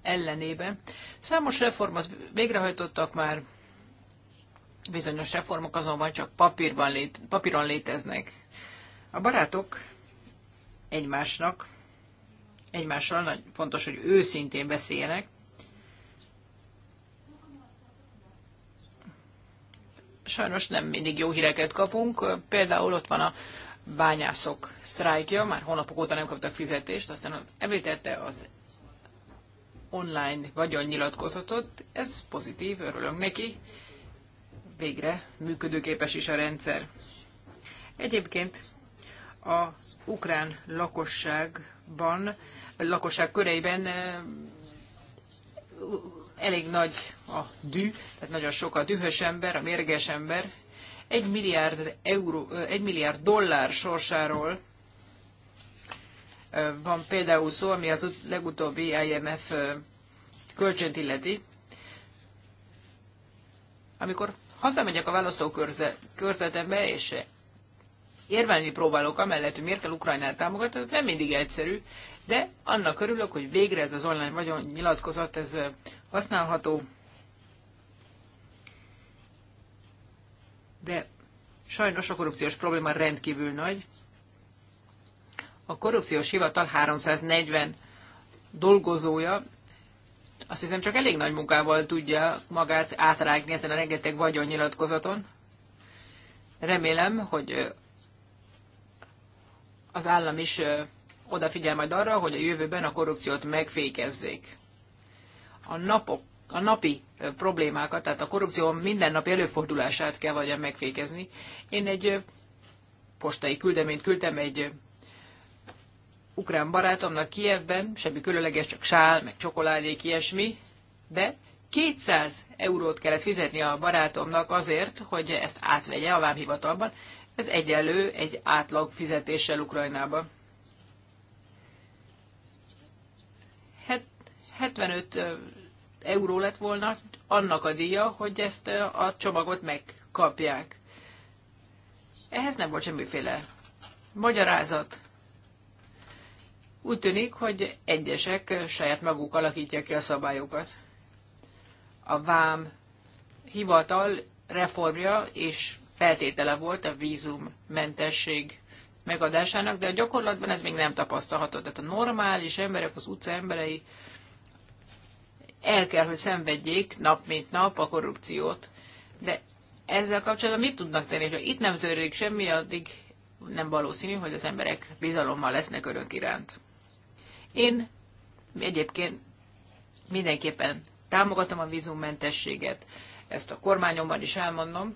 ellenében. Számos reformot végrehajtottak már, bizonyos reformok azonban csak papírban lét, papíron léteznek. A barátok egymásnak, egymással nagy, fontos, hogy őszintén beszéljenek, sajnos nem mindig jó híreket kapunk. Például ott van a bányászok sztrájkja, már hónapok óta nem kaptak fizetést, aztán említette az online vagyonnyilatkozatot. Ez pozitív, örülök neki. Végre működőképes is a rendszer. Egyébként az ukrán lakosságban, lakosság köreiben elég nagy a dű, tehát nagyon sok a dühös ember, a mérges ember. Egy milliárd, euró, egy milliárd dollár sorsáról van például szó, ami az legutóbbi IMF kölcsönt illeti. Amikor hazamegyek a választókörzetembe, és érvelni próbálok amellett, hogy miért kell Ukrajnát támogatni, ez nem mindig egyszerű, de annak örülök, hogy végre ez az online vagyon nyilatkozat, ez használható. De sajnos a korrupciós probléma rendkívül nagy, a korrupciós hivatal 340 dolgozója azt hiszem csak elég nagy munkával tudja magát átrágni ezen a rengeteg vagyonnyilatkozaton. Remélem, hogy az állam is odafigyel majd arra, hogy a jövőben a korrupciót megfékezzék. A, napok, a napi problémákat, tehát a korrupció mindennapi előfordulását kell vagy megfékezni. Én egy postai küldeményt küldtem egy ukrán barátomnak Kievben, semmi különleges, csak sál, meg csokoládék, ilyesmi, de 200 eurót kellett fizetni a barátomnak azért, hogy ezt átvegye a vámhivatalban. Ez egyenlő egy átlag fizetéssel Ukrajnában. 75 euró lett volna annak a díja, hogy ezt a csomagot megkapják. Ehhez nem volt semmiféle magyarázat. Úgy tűnik, hogy egyesek saját maguk alakítják ki a szabályokat. A vám hivatal reformja és feltétele volt a vízummentesség megadásának, de a gyakorlatban ez még nem tapasztalható. Tehát a normális emberek, az utca emberei el kell, hogy szenvedjék nap mint nap a korrupciót. De ezzel kapcsolatban mit tudnak tenni? Ha itt nem törődik semmi, addig nem valószínű, hogy az emberek bizalommal lesznek örök iránt. Én egyébként mindenképpen támogatom a vízummentességet, ezt a kormányomban is elmondom,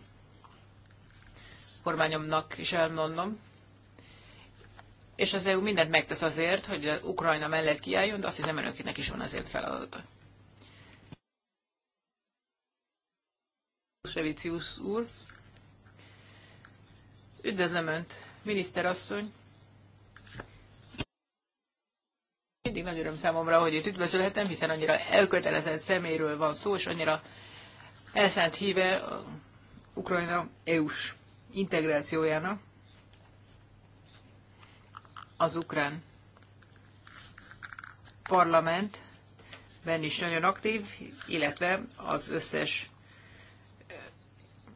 kormányomnak is elmondom, és az EU mindent megtesz azért, hogy Ukrajna mellett kiálljon, de azt hiszem önöknek is van azért feladata. Sevicius úr, üdvözlöm Önt, miniszterasszony! Mindig nagy öröm számomra, hogy itt üdvözölhetem, hiszen annyira elkötelezett szeméről van szó, és annyira elszánt híve a Ukrajna EU-s integrációjának az ukrán parlamentben is nagyon aktív, illetve az összes eh,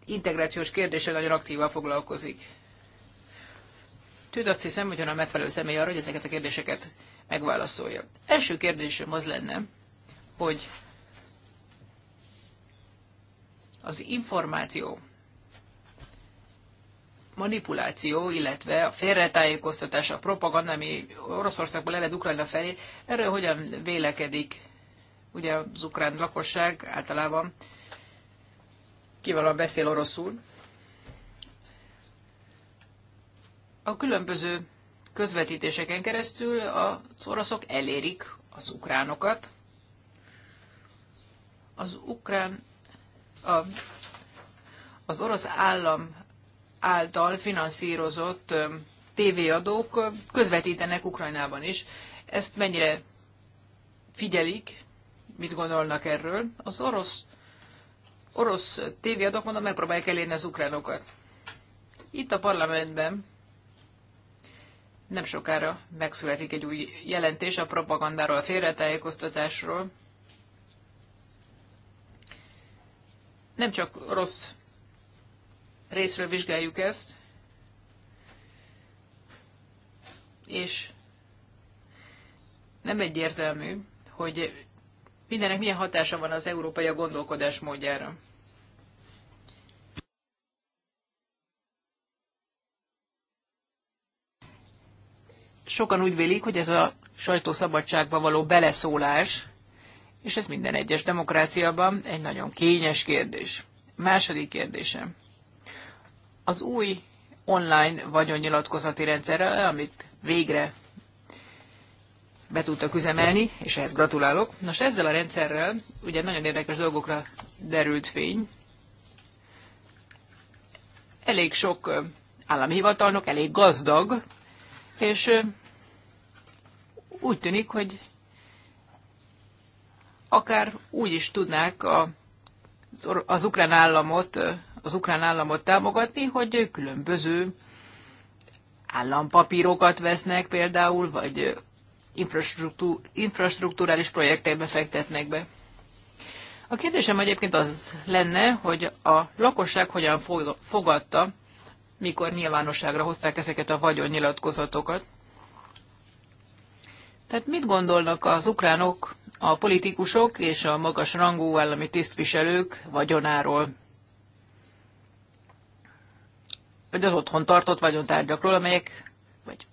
integrációs kérdéssel nagyon aktívan foglalkozik. Tűnt azt hiszem, hogy a megfelelő személy arra, hogy ezeket a kérdéseket megválaszolja. Első kérdésem az lenne, hogy az információ manipuláció, illetve a félretájékoztatás, a propaganda, ami Oroszországból eled Ukrajna felé, erről hogyan vélekedik ugye az ukrán lakosság általában kivalóan beszél oroszul. A különböző közvetítéseken keresztül az oroszok elérik az ukránokat. Az ukrán, a, az orosz állam által finanszírozott tévéadók közvetítenek Ukrajnában is. Ezt mennyire figyelik, mit gondolnak erről? Az orosz, orosz tévéadók, mondom, megpróbálják elérni az ukránokat. Itt a parlamentben nem sokára megszületik egy új jelentés a propagandáról, a félretájékoztatásról. Nem csak rossz részről vizsgáljuk ezt, és nem egyértelmű, hogy mindenek milyen hatása van az európai a gondolkodás módjára. sokan úgy vélik, hogy ez a sajtószabadságba való beleszólás, és ez minden egyes demokráciában egy nagyon kényes kérdés. Második kérdésem. Az új online vagyonnyilatkozati rendszerrel, amit végre be tudtak üzemelni, és ehhez gratulálok. Nos, ezzel a rendszerrel ugye nagyon érdekes dolgokra derült fény. Elég sok államhivatalnok elég gazdag, és úgy tűnik, hogy akár úgy is tudnák a, az ukrán államot, az ukrán államot támogatni, hogy különböző állampapírokat vesznek például, vagy infrastruktúrális projektekbe fektetnek be. A kérdésem egyébként az lenne, hogy a lakosság hogyan fogadta, mikor nyilvánosságra hozták ezeket a vagyonnyilatkozatokat. Tehát mit gondolnak az ukránok, a politikusok és a magas rangú állami tisztviselők vagyonáról? Vagy az otthon tartott vagyontárgyakról, amelyek, vagy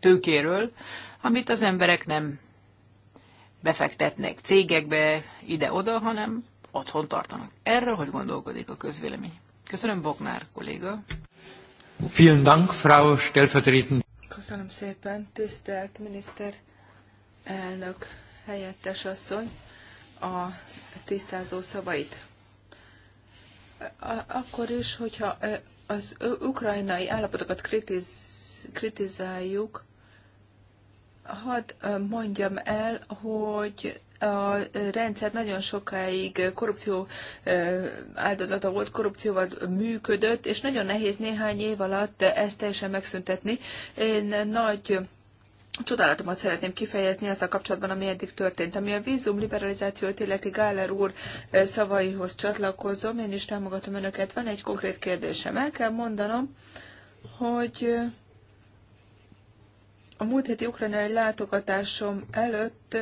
tőkéről, amit az emberek nem befektetnek cégekbe, ide-oda, hanem otthon tartanak. Erről hogy gondolkodik a közvélemény? Köszönöm, Bognár kolléga. Vielen Dank, Frau stellvertretende. Köszönöm szépen, tisztelt miniszter elnök helyettes asszony a tisztázó szavait. Akkor is, hogyha az ukrajnai állapotokat kritiz, kritizáljuk, hadd mondjam el, hogy a rendszer nagyon sokáig korrupció áldozata volt, korrupcióval működött, és nagyon nehéz néhány év alatt ezt teljesen megszüntetni. Én nagy Csodálatomat szeretném kifejezni ezzel kapcsolatban, ami eddig történt. Ami a vízum liberalizációt illeti Gáler úr szavaihoz csatlakozom, én is támogatom önöket. Van egy konkrét kérdésem. El kell mondanom, hogy a múlt heti ukrajnai látogatásom előtt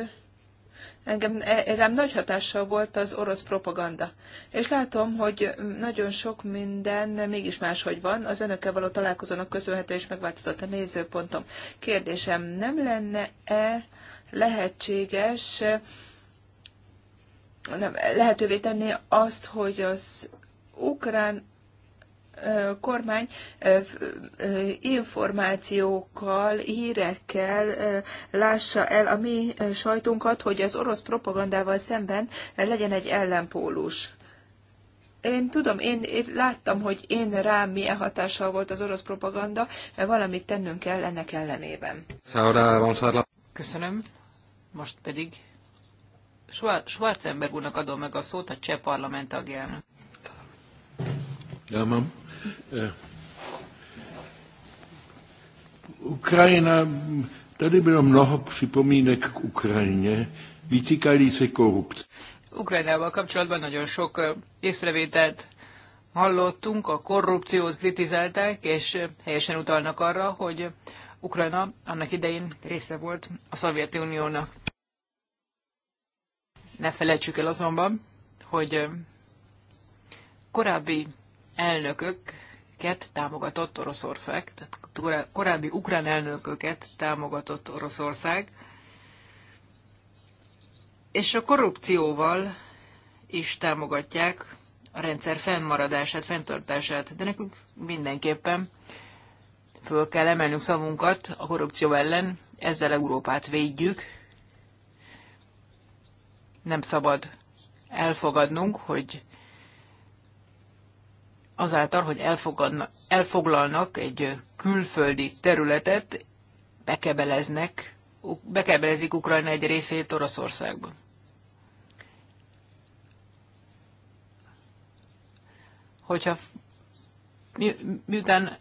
Engem e, rám nagy hatással volt az orosz propaganda. És látom, hogy nagyon sok minden mégis máshogy van, az önökkel való találkozónak köszönhető és megváltozott a nézőpontom. Kérdésem, nem lenne-e lehetséges nem, lehetővé tenni azt, hogy az ukrán kormány információkkal, hírekkel lássa el a mi sajtunkat, hogy az orosz propagandával szemben legyen egy ellenpólus. Én tudom, én, én láttam, hogy én rám milyen hatással volt az orosz propaganda, valamit tennünk kell ennek ellenében. Köszönöm. Most pedig Schwarzenberg úrnak adom meg a szót, a cseh parlament tagjának. Ja, E, Ukrajina, tady bylo mnoho připomínek k Ukrajině, vytýkali se korrupció. Ukrajnával kapcsolatban nagyon sok e, észrevételt hallottunk, a korrupciót kritizálták, és e, helyesen utalnak arra, hogy Ukrajna annak idején része volt a Szovjetuniónak. Ne felejtsük el azonban, hogy korábbi elnököket támogatott Oroszország, tehát korábbi ukrán elnököket támogatott Oroszország, és a korrupcióval is támogatják a rendszer fennmaradását, fenntartását, de nekünk mindenképpen föl kell emelnünk szavunkat a korrupció ellen, ezzel Európát védjük. Nem szabad elfogadnunk, hogy azáltal, hogy elfoglalnak egy külföldi területet, bekebeleznek, bekebelezik Ukrajna egy részét Oroszországban. Hogyha mi, miután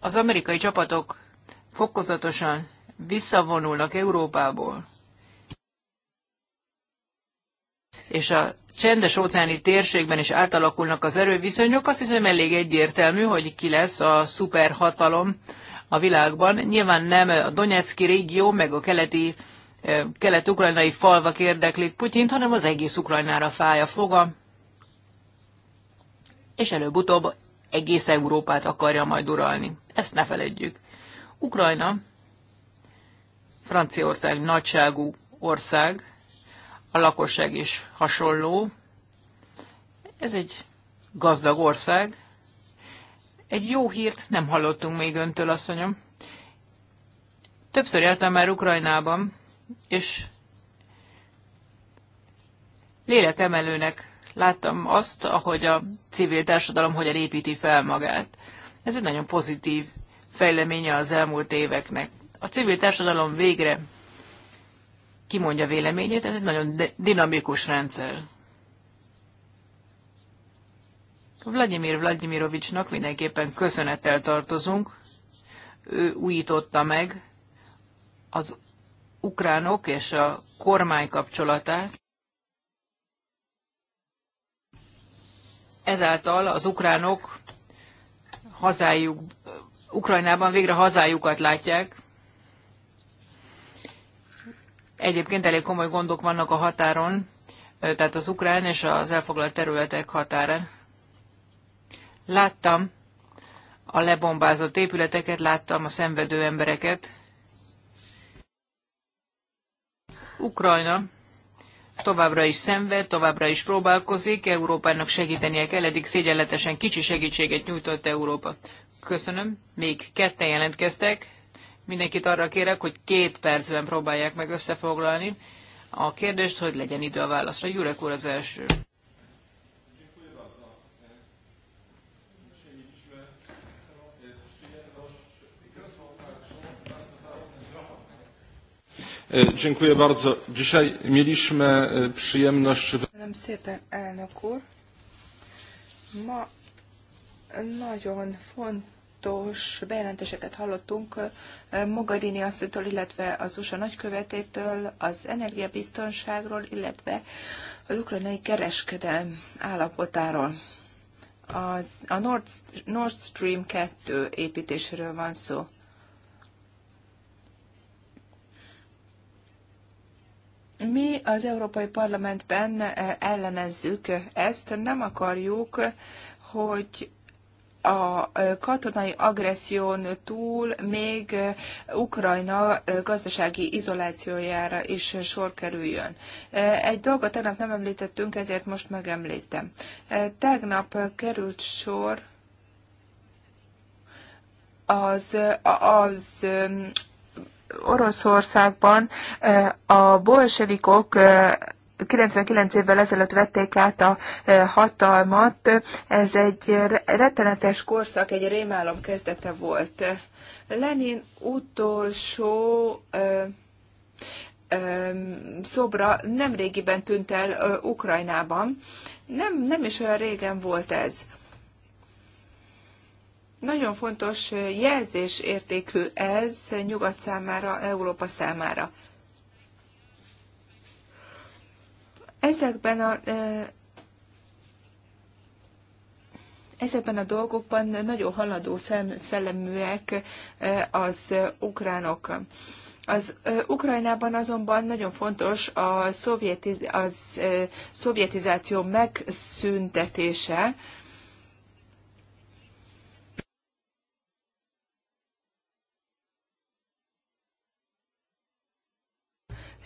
az amerikai csapatok fokozatosan visszavonulnak Európából, és a csendes óceáni térségben is átalakulnak az erőviszonyok, azt hiszem elég egyértelmű, hogy ki lesz a szuperhatalom a világban. Nyilván nem a Donetszki régió, meg a keleti eh, kelet-ukrajnai falvak érdeklik Putyint, hanem az egész Ukrajnára fáj a foga, és előbb-utóbb egész Európát akarja majd uralni. Ezt ne feledjük. Ukrajna Franciaország nagyságú ország, a lakosság is hasonló. Ez egy gazdag ország. Egy jó hírt nem hallottunk még öntől, asszonyom. Többször jártam már Ukrajnában, és lélekemelőnek láttam azt, ahogy a civil társadalom hogyan építi fel magát. Ez egy nagyon pozitív fejleménye az elmúlt éveknek. A civil társadalom végre kimondja véleményét, ez egy nagyon dinamikus rendszer. Vladimir Vladimirovicsnak mindenképpen köszönettel tartozunk. Ő újította meg az ukránok és a kormány kapcsolatát. Ezáltal az ukránok hazájuk, Ukrajnában végre hazájukat látják, Egyébként elég komoly gondok vannak a határon, tehát az ukrán és az elfoglalt területek határán. Láttam a lebombázott épületeket, láttam a szenvedő embereket. Ukrajna továbbra is szenved, továbbra is próbálkozik, Európának segítenie kell, eddig szégyenletesen kicsi segítséget nyújtott Európa. Köszönöm. Még ketten jelentkeztek. Mindenkit arra kérek, hogy két percben próbálják meg összefoglalni a kérdést, hogy legyen idő a válaszra. Jurek úr az első. E, dziękuję bardzo. Dzisiaj mieliśmy e, przyjemność... Köszönöm szépen, elnök úr. Ma nagyon font, kapcsolatos bejelentéseket hallottunk Mogadini asszonytól, illetve az USA nagykövetétől, az energiabiztonságról, illetve az ukrajnai kereskedelm állapotáról. Az, a Nord, Nord Stream 2 építéséről van szó. Mi az Európai Parlamentben ellenezzük ezt, nem akarjuk, hogy a katonai agresszión túl még Ukrajna gazdasági izolációjára is sor kerüljön. Egy dolgot tegnap nem említettünk, ezért most megemlítem. Tegnap került sor az, az Oroszországban a bolsevikok 99 évvel ezelőtt vették át a e, hatalmat. Ez egy rettenetes korszak, egy rémálom kezdete volt. Lenin utolsó e, e, szobra nemrégiben tűnt el Ukrajnában. Nem, nem is olyan régen volt ez. Nagyon fontos jelzésértékű ez nyugat számára, Európa számára. Ezekben a Ezekben a dolgokban nagyon haladó szelleműek az ukránok. Az Ukrajnában azonban nagyon fontos a szovjetiz, az, szovjetizáció megszüntetése,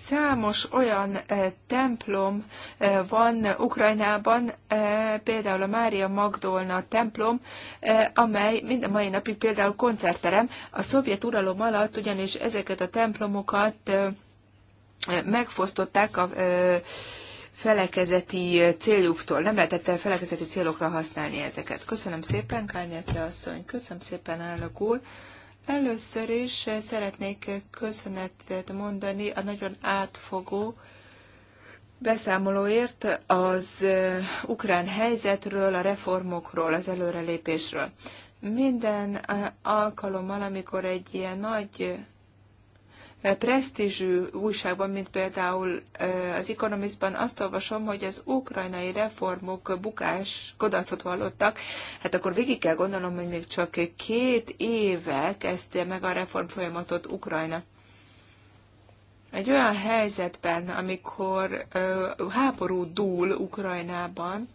Számos olyan e, templom e, van Ukrajnában, e, például a Mária Magdolna templom, amely mind a mai napig például koncertterem. A szovjet uralom alatt ugyanis ezeket a templomokat megfosztották a felekezeti céljuktól. Nem lehetett felekezeti célokra használni ezeket. Köszönöm szépen, Kárnyátja asszony. Köszönöm szépen, elnök úr. Először is szeretnék köszönetet mondani a nagyon átfogó beszámolóért az ukrán helyzetről, a reformokról, az előrelépésről. Minden alkalommal, amikor egy ilyen nagy presztízsű újságban, mint például az Economistban azt olvasom, hogy az ukrajnai reformok bukás kudarcot vallottak, hát akkor végig kell gondolnom, hogy még csak két éve kezdte meg a reform folyamatot Ukrajna. Egy olyan helyzetben, amikor háború dúl Ukrajnában,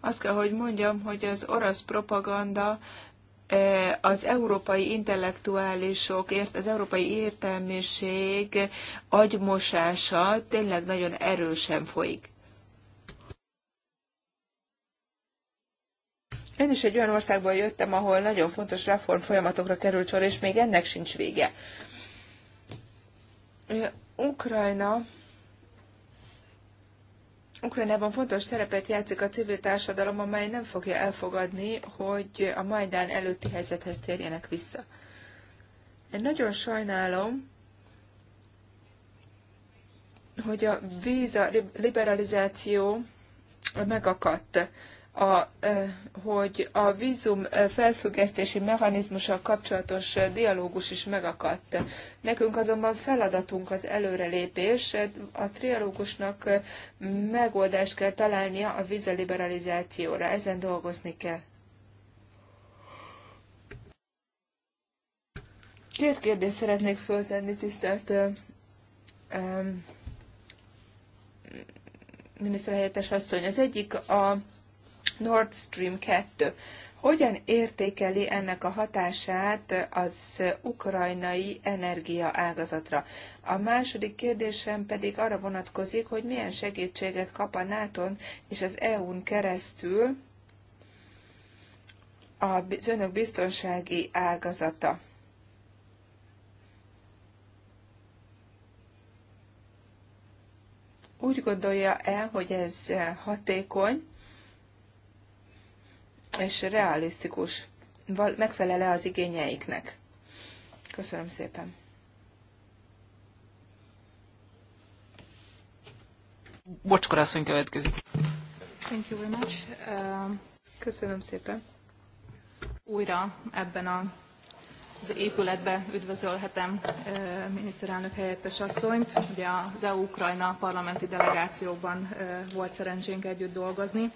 azt kell, hogy mondjam, hogy az orosz propaganda E, az európai intellektuálisok, az európai értelmiség agymosása tényleg nagyon erősen folyik. Én is egy olyan országból jöttem, ahol nagyon fontos reform folyamatokra került sor, és még ennek sincs vége. E, Ukrajna Ukrajnában fontos szerepet játszik a civil társadalom, amely nem fogja elfogadni, hogy a Majdán előtti helyzethez térjenek vissza. Én nagyon sajnálom, hogy a víza liberalizáció megakadt a, hogy a vízum felfüggesztési mechanizmussal kapcsolatos dialógus is megakadt. Nekünk azonban feladatunk az előrelépés, a trialógusnak megoldást kell találnia a vízeliberalizációra, ezen dolgozni kell. Két kérdést szeretnék föltenni, tisztelt miniszterhelyettes asszony. Az egyik a Nord Stream 2. Hogyan értékeli ennek a hatását az ukrajnai energiaágazatra? A második kérdésem pedig arra vonatkozik, hogy milyen segítséget kap a nato és az EU-n keresztül az önök biztonsági ágazata. Úgy gondolja el, hogy ez hatékony, és realisztikus, megfelele az igényeiknek. Köszönöm szépen. Bocskor asszony következik. Thank you very much. Uh, köszönöm szépen. Újra ebben a, az épületben üdvözölhetem uh, miniszterelnök helyettes asszonyt. Ugye az EU-Ukrajna parlamenti delegációban uh, volt szerencsénk együtt dolgozni. Uh,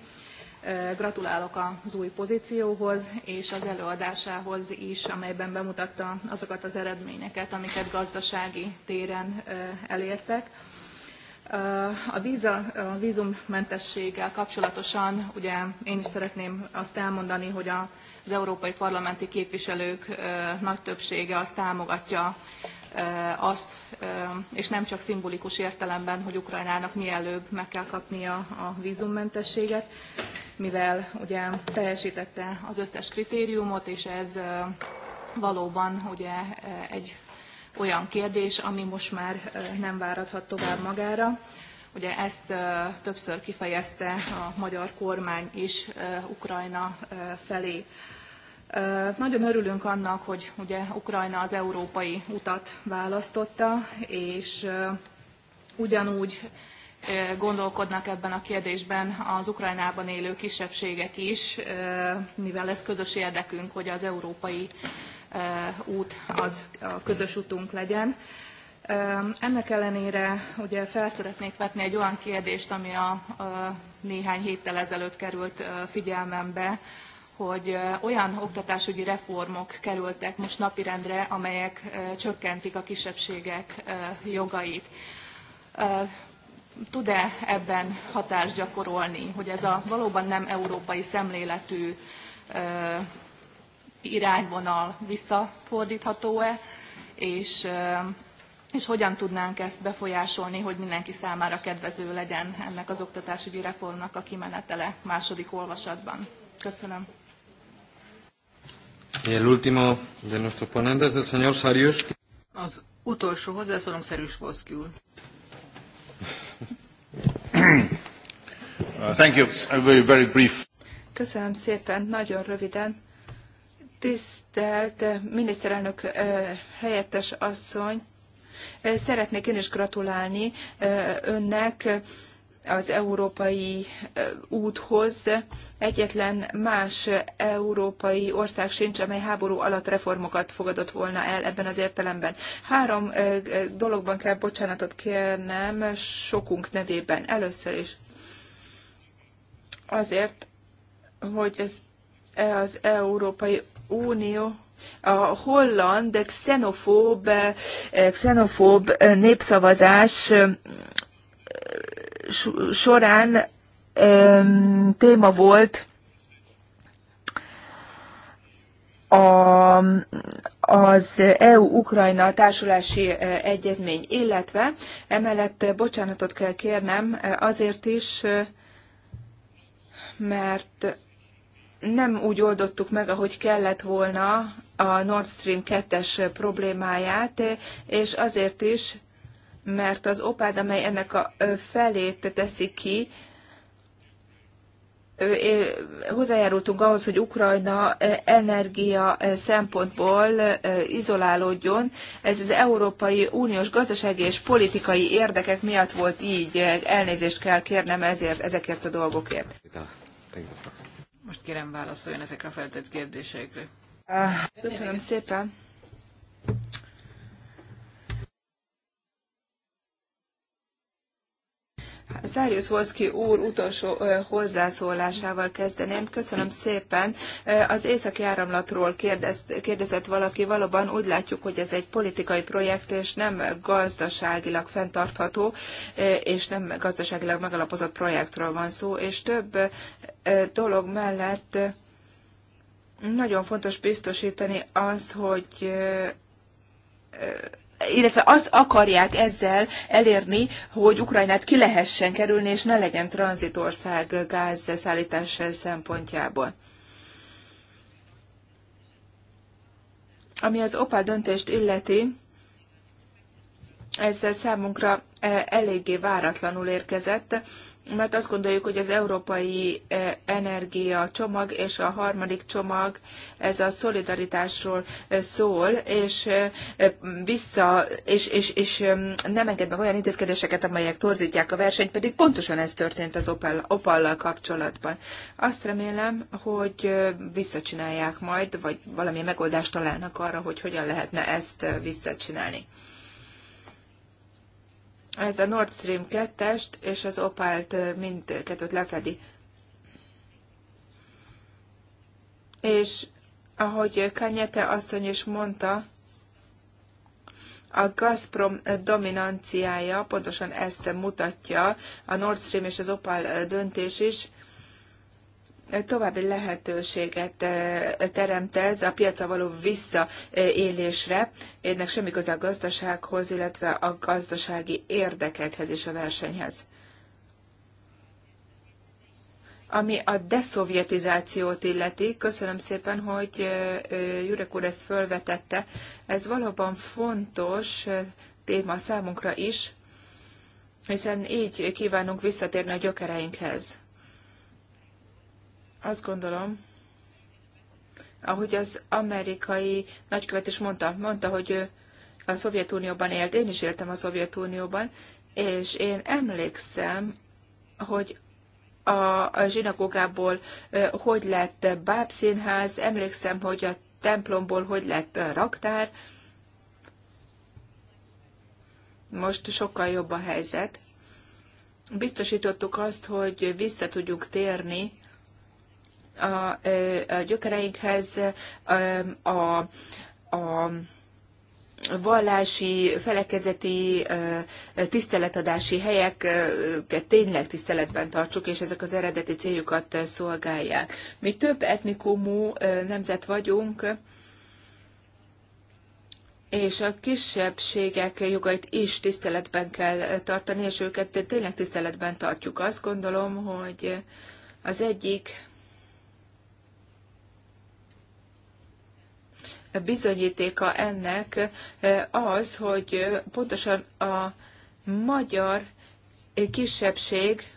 Gratulálok az új pozícióhoz és az előadásához is, amelyben bemutatta azokat az eredményeket, amiket gazdasági téren elértek. A vízummentességgel kapcsolatosan ugye én is szeretném azt elmondani, hogy az európai parlamenti képviselők nagy többsége azt támogatja azt, és nem csak szimbolikus értelemben, hogy Ukrajnának mielőbb meg kell kapnia a vízummentességet, mivel ugye teljesítette az összes kritériumot, és ez valóban ugye egy olyan kérdés, ami most már nem váradhat tovább magára. Ugye ezt többször kifejezte a magyar kormány is Ukrajna felé. Nagyon örülünk annak, hogy ugye Ukrajna az európai utat választotta, és ugyanúgy gondolkodnak ebben a kérdésben az Ukrajnában élő kisebbségek is, mivel ez közös érdekünk, hogy az európai út az a közös utunk legyen. Ennek ellenére ugye felszeretnék vetni egy olyan kérdést, ami a, néhány héttel ezelőtt került figyelmembe, hogy olyan oktatásügyi reformok kerültek most napirendre, amelyek csökkentik a kisebbségek jogait. Tud-e ebben hatást gyakorolni, hogy ez a valóban nem európai szemléletű irányvonal visszafordítható-e, és, és hogyan tudnánk ezt befolyásolni, hogy mindenki számára kedvező legyen ennek az oktatásügyi reformnak a kimenetele második olvasatban. Köszönöm. Az utolsó hozzászólom Szerűs Voszki úr. Uh, thank you. Very, very brief. Köszönöm szépen, nagyon röviden. Tisztelt eh, miniszterelnök eh, helyettes asszony, eh, szeretnék én is gratulálni önnek az európai úthoz. Egyetlen más európai ország sincs, amely háború alatt reformokat fogadott volna el ebben az értelemben. Három dologban kell bocsánatot kérnem sokunk nevében. Először is azért, hogy ez e, az Európai Unió a holland xenofób, e, xenofób e, népszavazás során téma volt a, az EU-Ukrajna társulási egyezmény, illetve emellett bocsánatot kell kérnem azért is, mert nem úgy oldottuk meg, ahogy kellett volna a Nord Stream 2-es problémáját, és azért is, mert az opád, amely ennek a felét teszi ki, hozzájárultunk ahhoz, hogy Ukrajna energia szempontból izolálódjon. Ez az Európai Uniós gazdasági és politikai érdekek miatt volt így. Elnézést kell kérnem ezért, ezekért a dolgokért. Most kérem válaszoljon ezekre a feltett kérdésekre. Köszönöm szépen. Szárius Volszki úr utolsó hozzászólásával kezdeném. Köszönöm szépen. Az északi áramlatról kérdez, kérdezett valaki. Valóban úgy látjuk, hogy ez egy politikai projekt, és nem gazdaságilag fenntartható, és nem gazdaságilag megalapozott projektről van szó, és több dolog mellett nagyon fontos biztosítani azt, hogy illetve azt akarják ezzel elérni, hogy Ukrajnát ki lehessen kerülni, és ne legyen tranzitország gázszállítás szempontjából. Ami az OPA döntést illeti, ez számunkra eh, eléggé váratlanul érkezett, mert azt gondoljuk, hogy az európai eh, energia csomag és a harmadik csomag ez a szolidaritásról eh, szól, és eh, vissza, és, és, és nem enged meg olyan intézkedéseket, amelyek torzítják a versenyt, pedig pontosan ez történt az Opal, Opallal kapcsolatban. Azt remélem, hogy visszacsinálják majd, vagy valami megoldást találnak arra, hogy hogyan lehetne ezt visszacsinálni. Ez a Nord Stream 2-est és az Opált mindkettőt lefedi. És ahogy Kanyete asszony is mondta, a Gazprom dominanciája pontosan ezt mutatja, a Nord Stream és az Opál döntés is, további lehetőséget teremt ez a piaca való visszaélésre. Ennek semmi köze a gazdasághoz, illetve a gazdasági érdekekhez és a versenyhez. Ami a deszovjetizációt illeti, köszönöm szépen, hogy Jurek úr ezt fölvetette. Ez valóban fontos téma számunkra is, hiszen így kívánunk visszatérni a gyökereinkhez azt gondolom, ahogy az amerikai nagykövet is mondta, mondta, hogy ő a Szovjetunióban élt, én is éltem a Szovjetunióban, és én emlékszem, hogy a zsinagógából hogy lett bábszínház, emlékszem, hogy a templomból hogy lett raktár. Most sokkal jobb a helyzet. Biztosítottuk azt, hogy vissza tudjuk térni a, a gyökereinkhez, a, a vallási, felekezeti, tiszteletadási helyeket tényleg tiszteletben tartsuk, és ezek az eredeti céljukat szolgálják. Mi több etnikumú nemzet vagyunk, és a kisebbségek jogait is tiszteletben kell tartani, és őket tényleg tiszteletben tartjuk. Azt gondolom, hogy az egyik bizonyítéka ennek eh, az, hogy eh, pontosan a magyar eh, kisebbség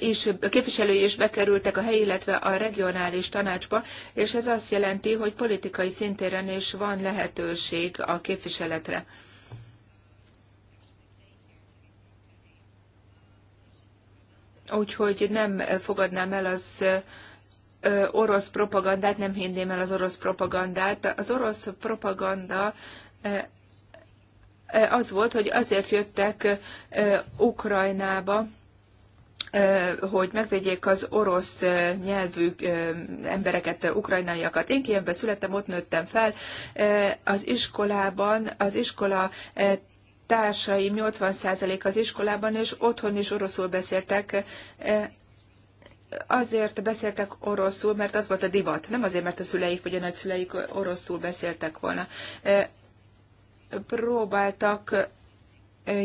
és képviselői is bekerültek a helyi, illetve a regionális tanácsba, és ez azt jelenti, hogy politikai szintéren is van lehetőség a képviseletre. Úgyhogy nem fogadnám el az orosz propagandát, nem hinném el az orosz propagandát. Az orosz propaganda az volt, hogy azért jöttek Ukrajnába, hogy megvédjék az orosz nyelvű embereket, ukrajnaiakat. Én Kievben születtem, ott nőttem fel. Az iskolában, az iskola társaim 80% az iskolában, és otthon is oroszul beszéltek azért beszéltek oroszul, mert az volt a divat, nem azért, mert a szüleik vagy a nagyszüleik oroszul beszéltek volna. Próbáltak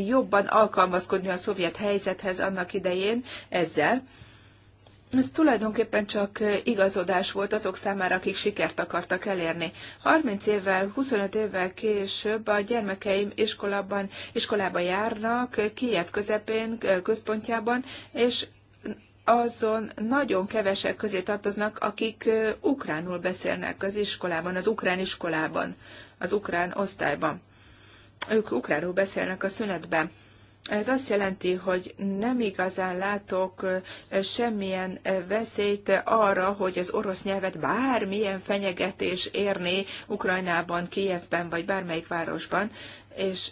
jobban alkalmazkodni a szovjet helyzethez annak idején ezzel. Ez tulajdonképpen csak igazodás volt azok számára, akik sikert akartak elérni. 30 évvel, 25 évvel később a gyermekeim iskolában, iskolába járnak, Kijev közepén, központjában, és azon nagyon kevesek közé tartoznak, akik ukránul beszélnek az iskolában, az ukrán iskolában, az ukrán osztályban. Ők ukránul beszélnek a szünetben. Ez azt jelenti, hogy nem igazán látok semmilyen veszélyt arra, hogy az orosz nyelvet bármilyen fenyegetés érné Ukrajnában, Kijevben vagy bármelyik városban, és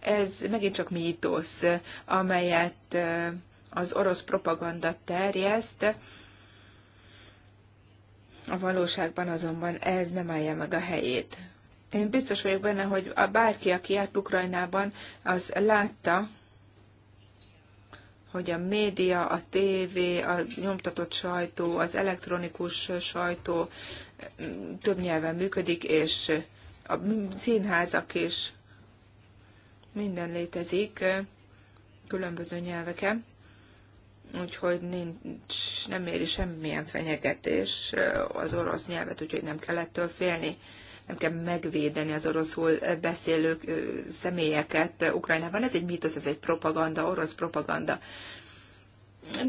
ez megint csak mítosz, amelyet az orosz propaganda terjeszt, a valóságban azonban ez nem állja meg a helyét. Én biztos vagyok benne, hogy a bárki, aki járt Ukrajnában, az látta, hogy a média, a tévé, a nyomtatott sajtó, az elektronikus sajtó mm, több nyelven működik, és a színházak is minden létezik különböző nyelveken úgyhogy nincs, nem éri semmilyen fenyegetés az orosz nyelvet, úgyhogy nem kell ettől félni, nem kell megvédeni az oroszul beszélő személyeket Ukrajnában. Ez egy mítosz, ez egy propaganda, orosz propaganda.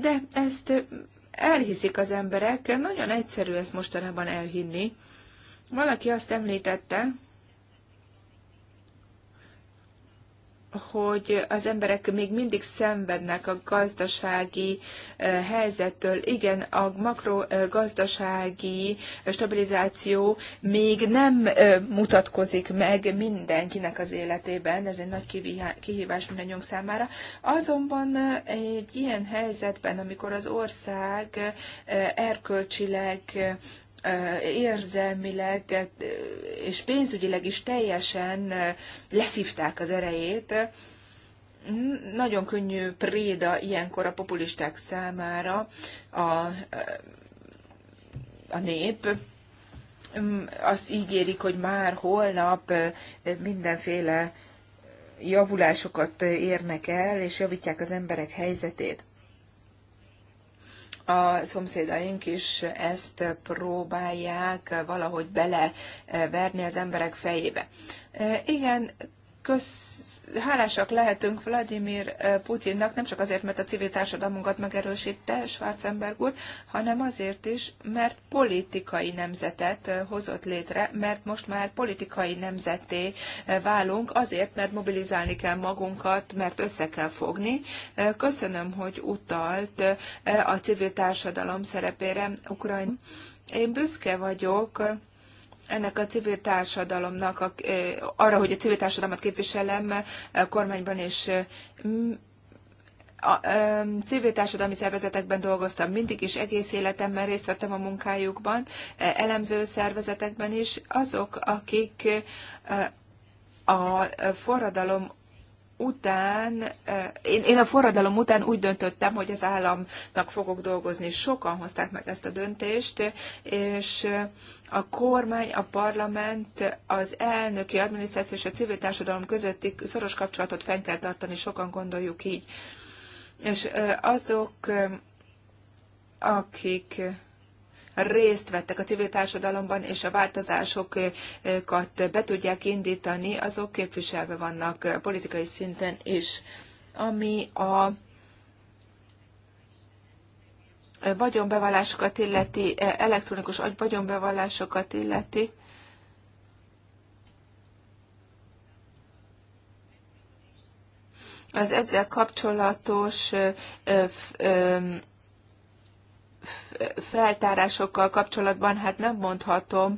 De ezt elhiszik az emberek, nagyon egyszerű ezt mostanában elhinni. Valaki azt említette, hogy az emberek még mindig szenvednek a gazdasági helyzettől. Igen, a makrogazdasági stabilizáció még nem mutatkozik meg mindenkinek az életében, ez egy nagy kihívás mindannyiunk számára. Azonban egy ilyen helyzetben, amikor az ország erkölcsileg érzelmileg és pénzügyileg is teljesen leszívták az erejét. Nagyon könnyű préda ilyenkor a populisták számára a, a nép. Azt ígérik, hogy már holnap mindenféle javulásokat érnek el, és javítják az emberek helyzetét a szomszédaink is ezt próbálják valahogy beleverni az emberek fejébe. Igen, köz, hálásak lehetünk Vladimir eh, Putyinnak, nem csak azért, mert a civil társadalmunkat megerősítte Schwarzenberg úr, hanem azért is, mert politikai nemzetet eh, hozott létre, mert most már politikai nemzeté eh, válunk, azért, mert mobilizálni kell magunkat, mert össze kell fogni. Köszönöm, hogy utalt a civil társadalom szerepére Ukrajna. Én büszke vagyok, ennek a civil társadalomnak, a, arra, hogy a civil társadalmat képviselem a kormányban és a civil társadalmi szervezetekben dolgoztam mindig is, egész életemben részt vettem a munkájukban, elemző szervezetekben is. Azok, akik a forradalom után, én, én a forradalom után úgy döntöttem, hogy az államnak fogok dolgozni. Sokan hozták meg ezt a döntést, és a kormány, a parlament, az elnöki adminisztráció és a civil társadalom közötti szoros kapcsolatot fenn kell tartani, sokan gondoljuk így. És azok, akik részt vettek a civil társadalomban, és a változásokat be tudják indítani, azok képviselve vannak politikai szinten is. Ami a vagyonbevallásokat illeti, elektronikus vagyonbevallásokat illeti, az ezzel kapcsolatos feltárásokkal kapcsolatban hát nem mondhatom,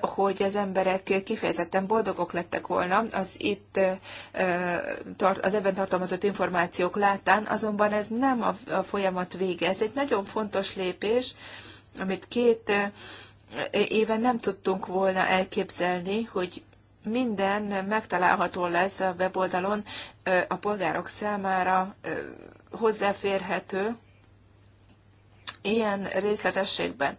hogy az emberek kifejezetten boldogok lettek volna az itt az ebben tartalmazott információk látán, azonban ez nem a folyamat vége. Ez egy nagyon fontos lépés, amit két éven nem tudtunk volna elképzelni, hogy minden megtalálható lesz a weboldalon a polgárok számára hozzáférhető, ilyen részletességben.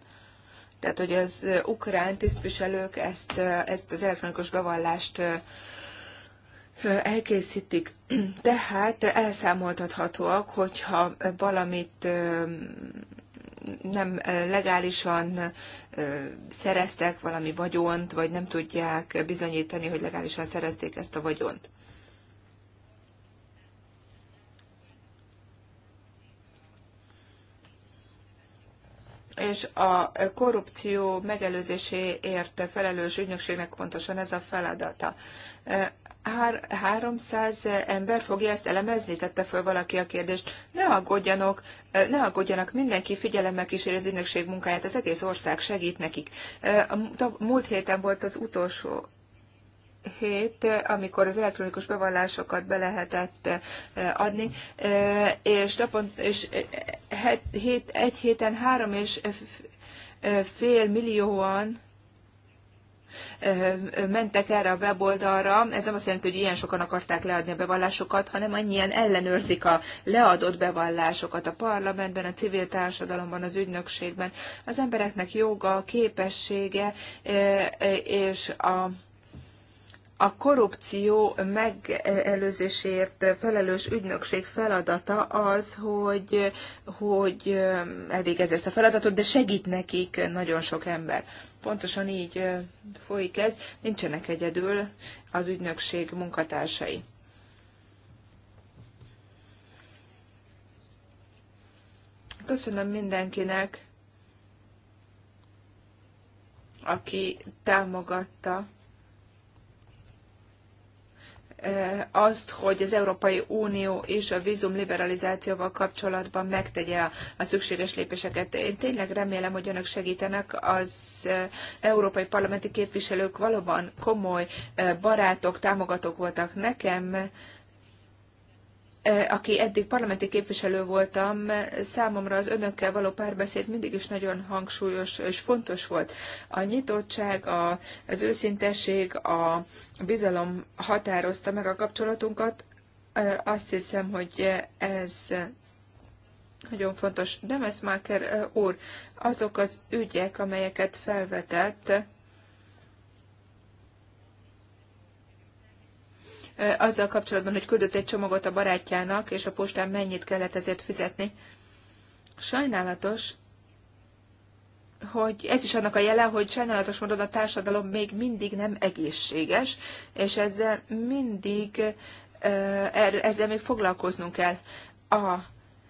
Tehát, hogy az ukrán tisztviselők ezt, ezt az elektronikus bevallást elkészítik. Tehát elszámoltathatóak, hogyha valamit nem legálisan szereztek valami vagyont, vagy nem tudják bizonyítani, hogy legálisan szerezték ezt a vagyont. és a korrupció megelőzéséért felelős ügynökségnek pontosan ez a feladata. 300 ember fogja ezt elemezni, tette föl valaki a kérdést. Ne aggódjanak, ne aggódjanak, mindenki figyelemmel kíséri az ügynökség munkáját, az egész ország segít nekik. Múlt héten volt az utolsó hét, amikor az elektronikus bevallásokat be lehetett eh, adni, eh, és, napon, és eh, het hét, egy héten három és fél millióan mentek erre a weboldalra. Ez nem azt jelenti, hogy ilyen sokan akarták leadni a bevallásokat, hanem annyian ellenőrzik a leadott bevallásokat a parlamentben, a civil társadalomban, az ügynökségben. Az embereknek joga, képessége és a a korrupció megelőzésért felelős ügynökség feladata az, hogy, hogy elvégezze ezt a feladatot, de segít nekik nagyon sok ember. Pontosan így folyik ez, nincsenek egyedül az ügynökség munkatársai. Köszönöm mindenkinek, aki támogatta azt, hogy az Európai Unió és a vízum liberalizációval kapcsolatban megtegye a szükséges lépéseket. Én tényleg remélem, hogy önök segítenek. Az európai parlamenti képviselők valóban komoly barátok, támogatók voltak nekem aki eddig parlamenti képviselő voltam, számomra az önökkel való párbeszéd mindig is nagyon hangsúlyos és fontos volt. A nyitottság, a, az őszintesség, a bizalom határozta meg a kapcsolatunkat. Azt hiszem, hogy ez nagyon fontos. Demesmaker úr, azok az ügyek, amelyeket felvetett, azzal kapcsolatban, hogy küldött egy csomagot a barátjának, és a postán mennyit kellett ezért fizetni. Sajnálatos, hogy ez is annak a jele, hogy sajnálatos módon a társadalom még mindig nem egészséges, és ezzel mindig, er, ezzel még foglalkoznunk kell. A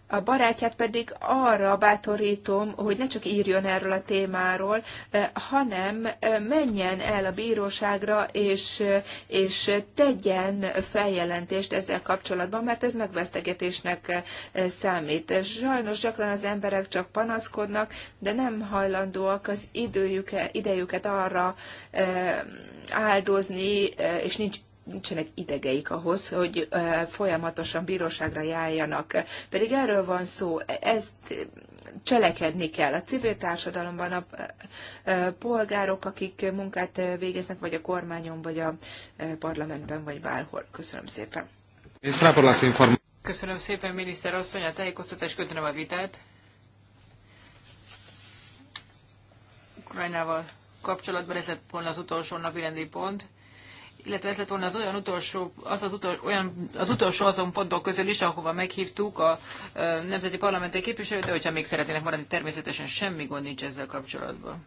a barátját pedig arra bátorítom, hogy ne csak írjon erről a témáról, eh, hanem eh, menjen el a bíróságra, és, eh, és tegyen feljelentést ezzel kapcsolatban, mert ez megvesztegetésnek számít. Sajnos gyakran az emberek csak panaszkodnak, de nem hajlandóak az időjüket, idejüket arra áldozni, és nincs nincsenek idegeik ahhoz, hogy folyamatosan bíróságra járjanak. Pedig erről van szó, ezt cselekedni kell. A civil társadalomban a polgárok, akik munkát végeznek, vagy a kormányon, vagy a parlamentben, vagy bárhol. Köszönöm szépen. Köszönöm szépen, miniszter asszony, a tájékoztatás köszönöm a vitát. Ukrajnával kapcsolatban ez lett volna az utolsó napi rendi pont illetve ez lett volna az olyan utolsó, az, az, utol, olyan, az utolsó azon pontok közül is, ahova meghívtuk a, a nemzeti parlamenti képviselőt, de hogyha még szeretnének maradni, természetesen semmi gond nincs ezzel kapcsolatban.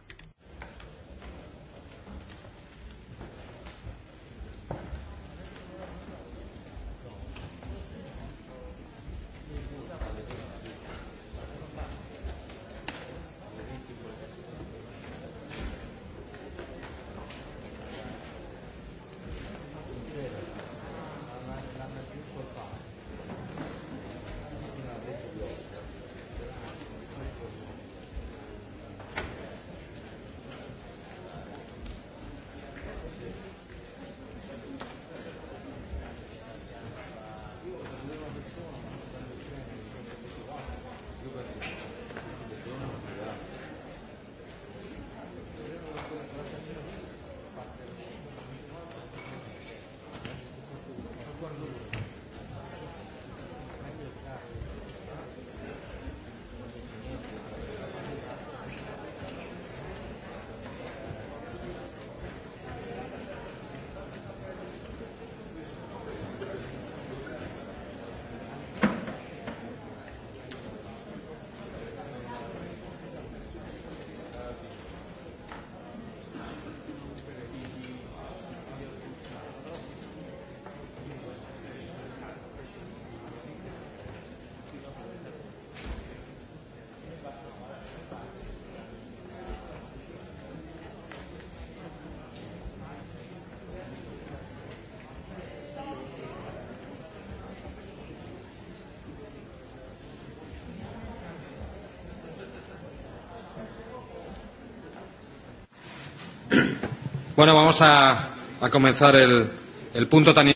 Bueno, vamos a, a comenzar el, el punto tan...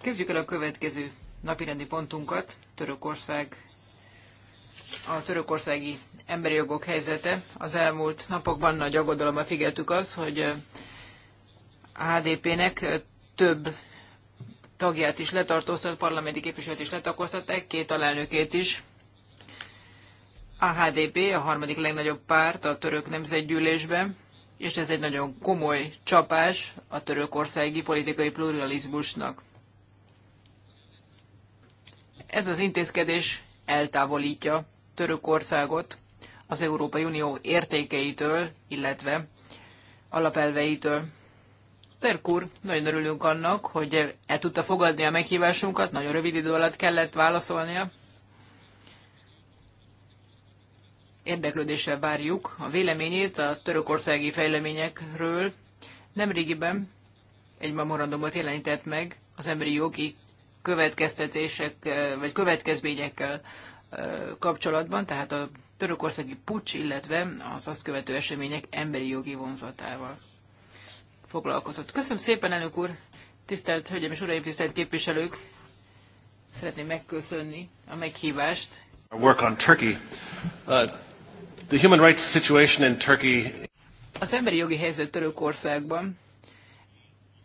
Kezdjük el a következő napirendi pontunkat, Törökország, a törökországi emberi jogok helyzete. Az elmúlt napokban nagy aggodalommal figyeltük az, hogy a HDP-nek több tagját is letartóztat, parlamenti képviselőt is letakoztatták, két alelnökét is. A HDP a harmadik legnagyobb párt a török nemzetgyűlésben, és ez egy nagyon komoly csapás a törökországi politikai pluralizmusnak. Ez az intézkedés eltávolítja Törökországot az Európai Unió értékeitől, illetve alapelveitől. Terkur, nagyon örülünk annak, hogy el tudta fogadni a meghívásunkat, nagyon rövid idő alatt kellett válaszolnia. Érdeklődéssel várjuk a véleményét a törökországi fejleményekről. Nemrégiben egy memorandumot jelenített meg az emberi jogi következtetések eh, vagy következményekkel eh, kapcsolatban, tehát a törökországi pucs, illetve az azt követő események emberi jogi vonzatával foglalkozott. Köszönöm szépen, elnök úr! Tisztelt Hölgyeim és Uraim, tisztelt képviselők! Szeretném megköszönni a meghívást. Work on Turkey. Uh, The human rights situation in Turkey. Az emberi jogi helyzet Törökországban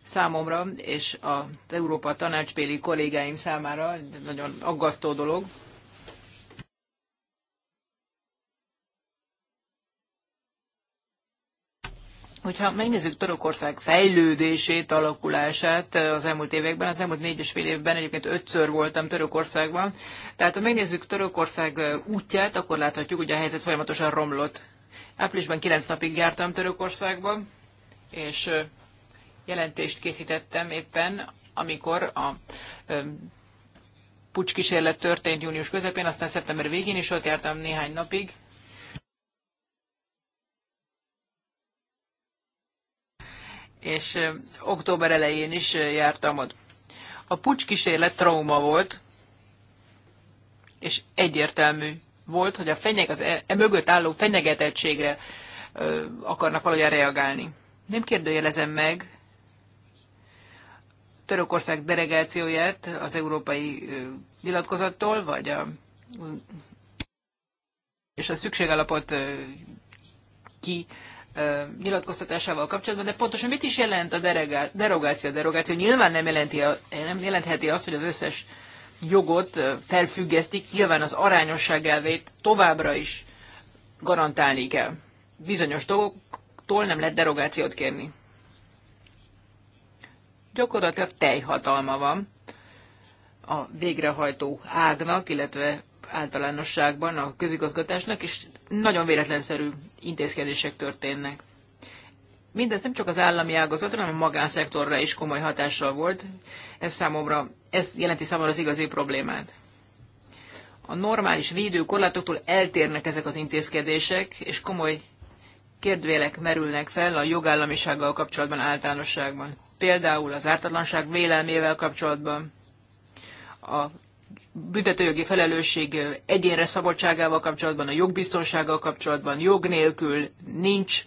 számomra és az Európa tanácsbéli kollégáim számára nagyon aggasztó dolog. Hogyha megnézzük Törökország fejlődését, alakulását eh, az elmúlt években, az elmúlt négy és fél évben egyébként ötször voltam Törökországban, tehát ha megnézzük Törökország eh, útját, akkor láthatjuk, hogy a helyzet folyamatosan romlott. Áprilisban kilenc napig jártam Törökországban, és eh, jelentést készítettem éppen, amikor a pucskísérlet történt június közepén, aztán szeptember végén is ott jártam néhány napig, és október elején is jártam ott. A pucs kísérlet trauma volt, és egyértelmű volt, hogy a fenyeg, az e, e, mögött álló fenyegetettségre ö, akarnak valahogy reagálni. Nem kérdőjelezem meg Törökország delegációját az európai ö, nyilatkozattól, vagy a, és a szükségállapot ö, ki nyilatkoztatásával kapcsolatban, de pontosan mit is jelent a derogáció? A derogáció nyilván nem, jelenti a, nem jelentheti azt, hogy az összes jogot felfüggesztik, nyilván az arányosság elvét továbbra is garantálni kell. Bizonyos dolgoktól nem lehet derogációt kérni. Gyakorlatilag teljhatalma van a végrehajtó ágnak, illetve általánosságban a közigazgatásnak, és nagyon véletlenszerű intézkedések történnek. Mindez nem csak az állami ágazatra, hanem a magánszektorra is komoly hatással volt. Ez számomra, ez jelenti számomra az igazi problémát. A normális védőkorlátoktól eltérnek ezek az intézkedések, és komoly kérdőjelek merülnek fel a jogállamisággal kapcsolatban általánosságban. Például az ártatlanság vélelmével kapcsolatban, a büntetőjogi felelősség egyénre szabadságával kapcsolatban, a jogbiztonsággal kapcsolatban, jog nélkül nincs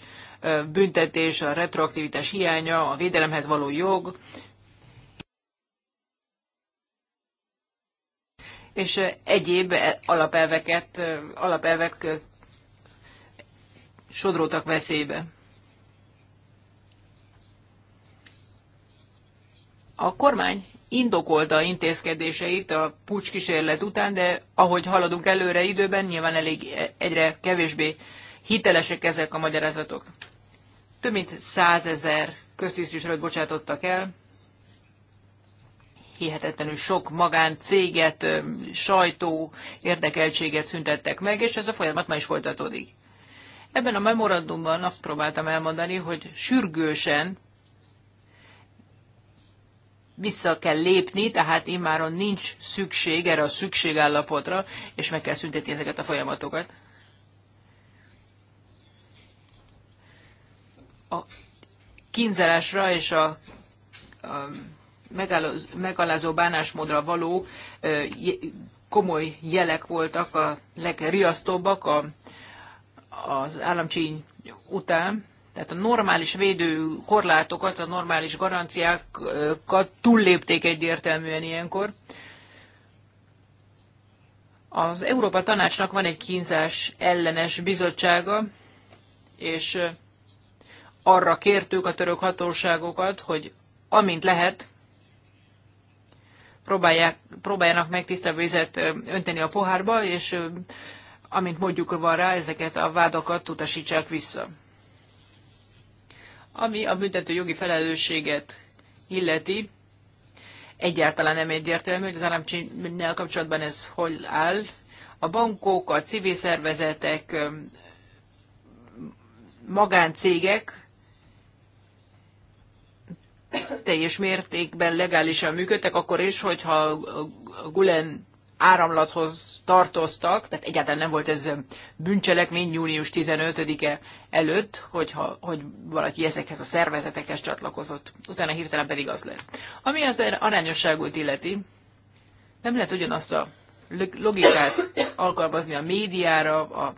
büntetés, a retroaktivitás hiánya, a védelemhez való jog. És egyéb e, alapelveket, alapelvek sodrótak veszélybe. A kormány indokolta intézkedéseit a pucskísérlet után, de ahogy haladunk előre időben, nyilván elég egyre kevésbé hitelesek ezek a magyarázatok. Több mint százezer köztisztviselőt bocsátottak el, hihetetlenül sok magán céget, sajtó érdekeltséget szüntettek meg, és ez a folyamat ma is folytatódik. Ebben a memorandumban azt próbáltam elmondani, hogy sürgősen vissza kell lépni, tehát immáron nincs szükség erre a szükségállapotra, és meg kell szüntetni ezeket a folyamatokat. A kínzelásra és a, a megalázó bánásmódra való komoly jelek voltak a legriasztóbbak a, az államcsíny után tehát a normális védő korlátokat, a normális garanciákat túllépték egyértelműen ilyenkor. Az Európa Tanácsnak van egy kínzás ellenes bizottsága, és arra kértük a török hatóságokat, hogy amint lehet, próbálják, próbáljanak meg tiszta vizet önteni a pohárba, és amint mondjuk van rá, ezeket a vádakat utasítsák vissza. Ami a büntető jogi felelősséget illeti, egyáltalán nem egyértelmű, hogy az államcsinnel kapcsolatban ez hol áll. A bankok, a civil szervezetek, magáncégek teljes mértékben legálisan működtek, akkor is, hogyha a Gulen áramlathoz tartoztak, tehát egyáltalán nem volt ez bűncselekmény június 15-e előtt, hogyha, hogy valaki ezekhez a szervezetekhez csatlakozott. Utána hirtelen pedig az lett. Ami az er- arányosságot illeti, nem lehet ugyanazt a logikát alkalmazni a médiára, a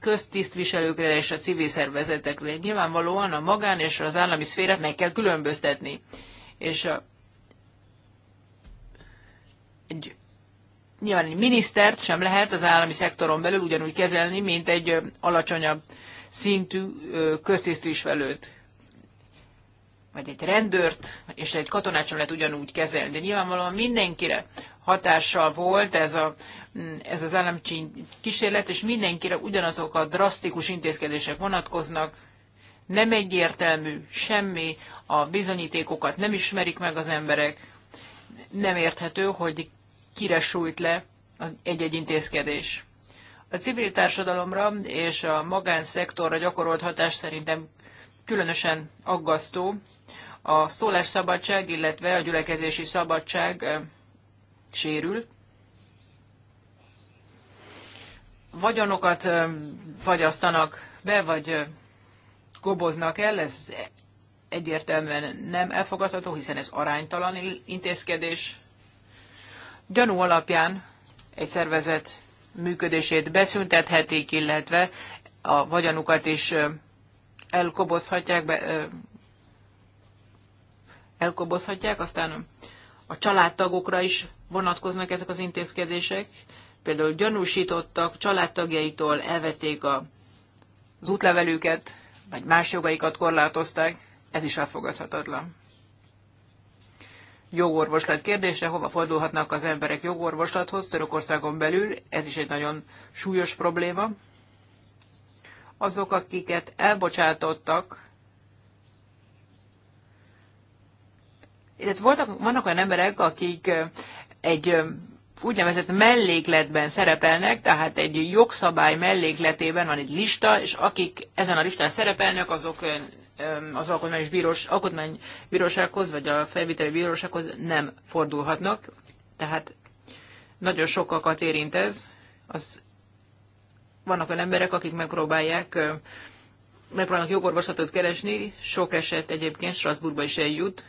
köztisztviselőkre és a civil szervezetekre. Nyilvánvalóan a magán és az állami szférát meg kell különböztetni. És a egy nyilván egy minisztert sem lehet az állami szektoron belül ugyanúgy kezelni, mint egy alacsonyabb szintű köztisztviselőt vagy egy rendőrt, és egy katonát sem lehet ugyanúgy kezelni. De nyilvánvalóan mindenkire hatással volt ez, a, ez az államcsin kísérlet, és mindenkire ugyanazok a drasztikus intézkedések vonatkoznak, nem egyértelmű semmi, a bizonyítékokat nem ismerik meg az emberek, nem érthető, hogy kire sújt le az egy-egy intézkedés. A civil társadalomra és a magánszektorra gyakorolt hatás szerintem különösen aggasztó. A szólásszabadság, illetve a gyülekezési szabadság eh, sérül. Vagyonokat eh, fagyasztanak be, vagy eh, goboznak el, ez egyértelműen nem elfogadható, hiszen ez aránytalan intézkedés gyanú alapján egy szervezet működését beszüntethetik, illetve a vagyonukat is elkobozhatják, be, elkobozhatják, aztán a családtagokra is vonatkoznak ezek az intézkedések. Például gyanúsítottak, családtagjaitól elvették a, az útlevelüket, vagy más jogaikat korlátozták. Ez is elfogadhatatlan jogorvoslat kérdése, hova fordulhatnak az emberek jogorvoslathoz Törökországon belül, ez is egy nagyon súlyos probléma. Azok, akiket elbocsátottak, illetve voltak, vannak olyan emberek, akik egy úgynevezett mellékletben szerepelnek, tehát egy jogszabály mellékletében van egy lista, és akik ezen a listán szerepelnek, azok az alkotmányos bírós, alkotmánybírósághoz, vagy a felviteli bírósághoz nem fordulhatnak. Tehát nagyon sokakat érint ez. Az, vannak olyan emberek, akik megpróbálják megpróbálnak jogorvoslatot keresni, sok eset egyébként Strasbourgba is eljut.